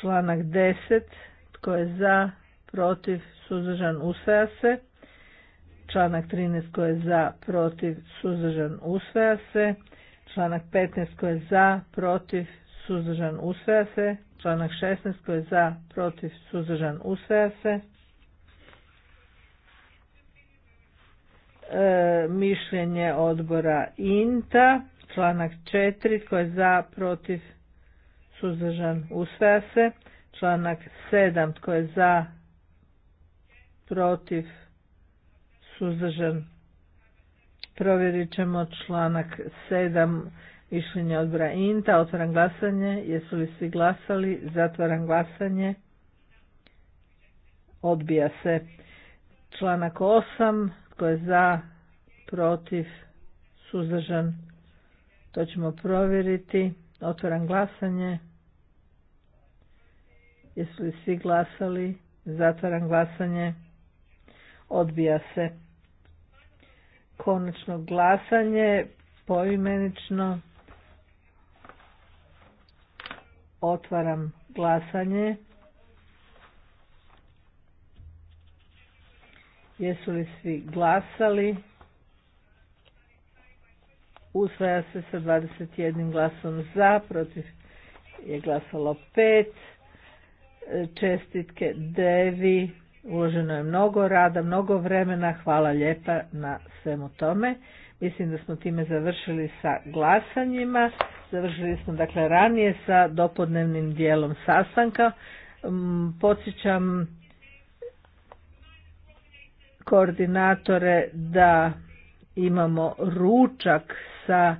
članak 10, tko je za, protiv, suzdržan, usvaja se. Članak 13 koji je za, protiv, suzdržan, usvaja se. Članak 15 koji je za, protiv, suzdržan, usvaja se. Članak 16 koji je za, protiv, suzdržan, usvaja se. E, mišljenje odbora INTA, članak 4 koji je za, protiv, suzdržan, usvaja se. Članak 7 koji je za, protiv, suzdržan. Provjerit ćemo članak 7 mišljenja odbora INTA. Otvaram glasanje. Jesu li svi glasali? Zatvaram glasanje. Odbija se. Članak 8. Tko je za, protiv, suzdržan? To ćemo provjeriti. Otvaram glasanje. Jesu li svi glasali? Zatvaram glasanje. Odbija se konačno glasanje poimenično otvaram glasanje jesu li svi glasali usvaja se sa 21 glasom za protiv je glasalo 5 čestitke Devi Uloženo je mnogo rada, mnogo vremena, hvala lijepa na svemu tome. Mislim da smo time završili sa glasanjima. Završili smo dakle ranije sa dopodnevnim dijelom sastanka. Mm, podsjećam koordinatore da imamo ručak sa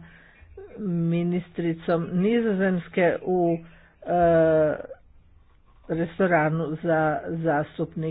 ministricom Nizozemske u e, restoranu za zastupnike.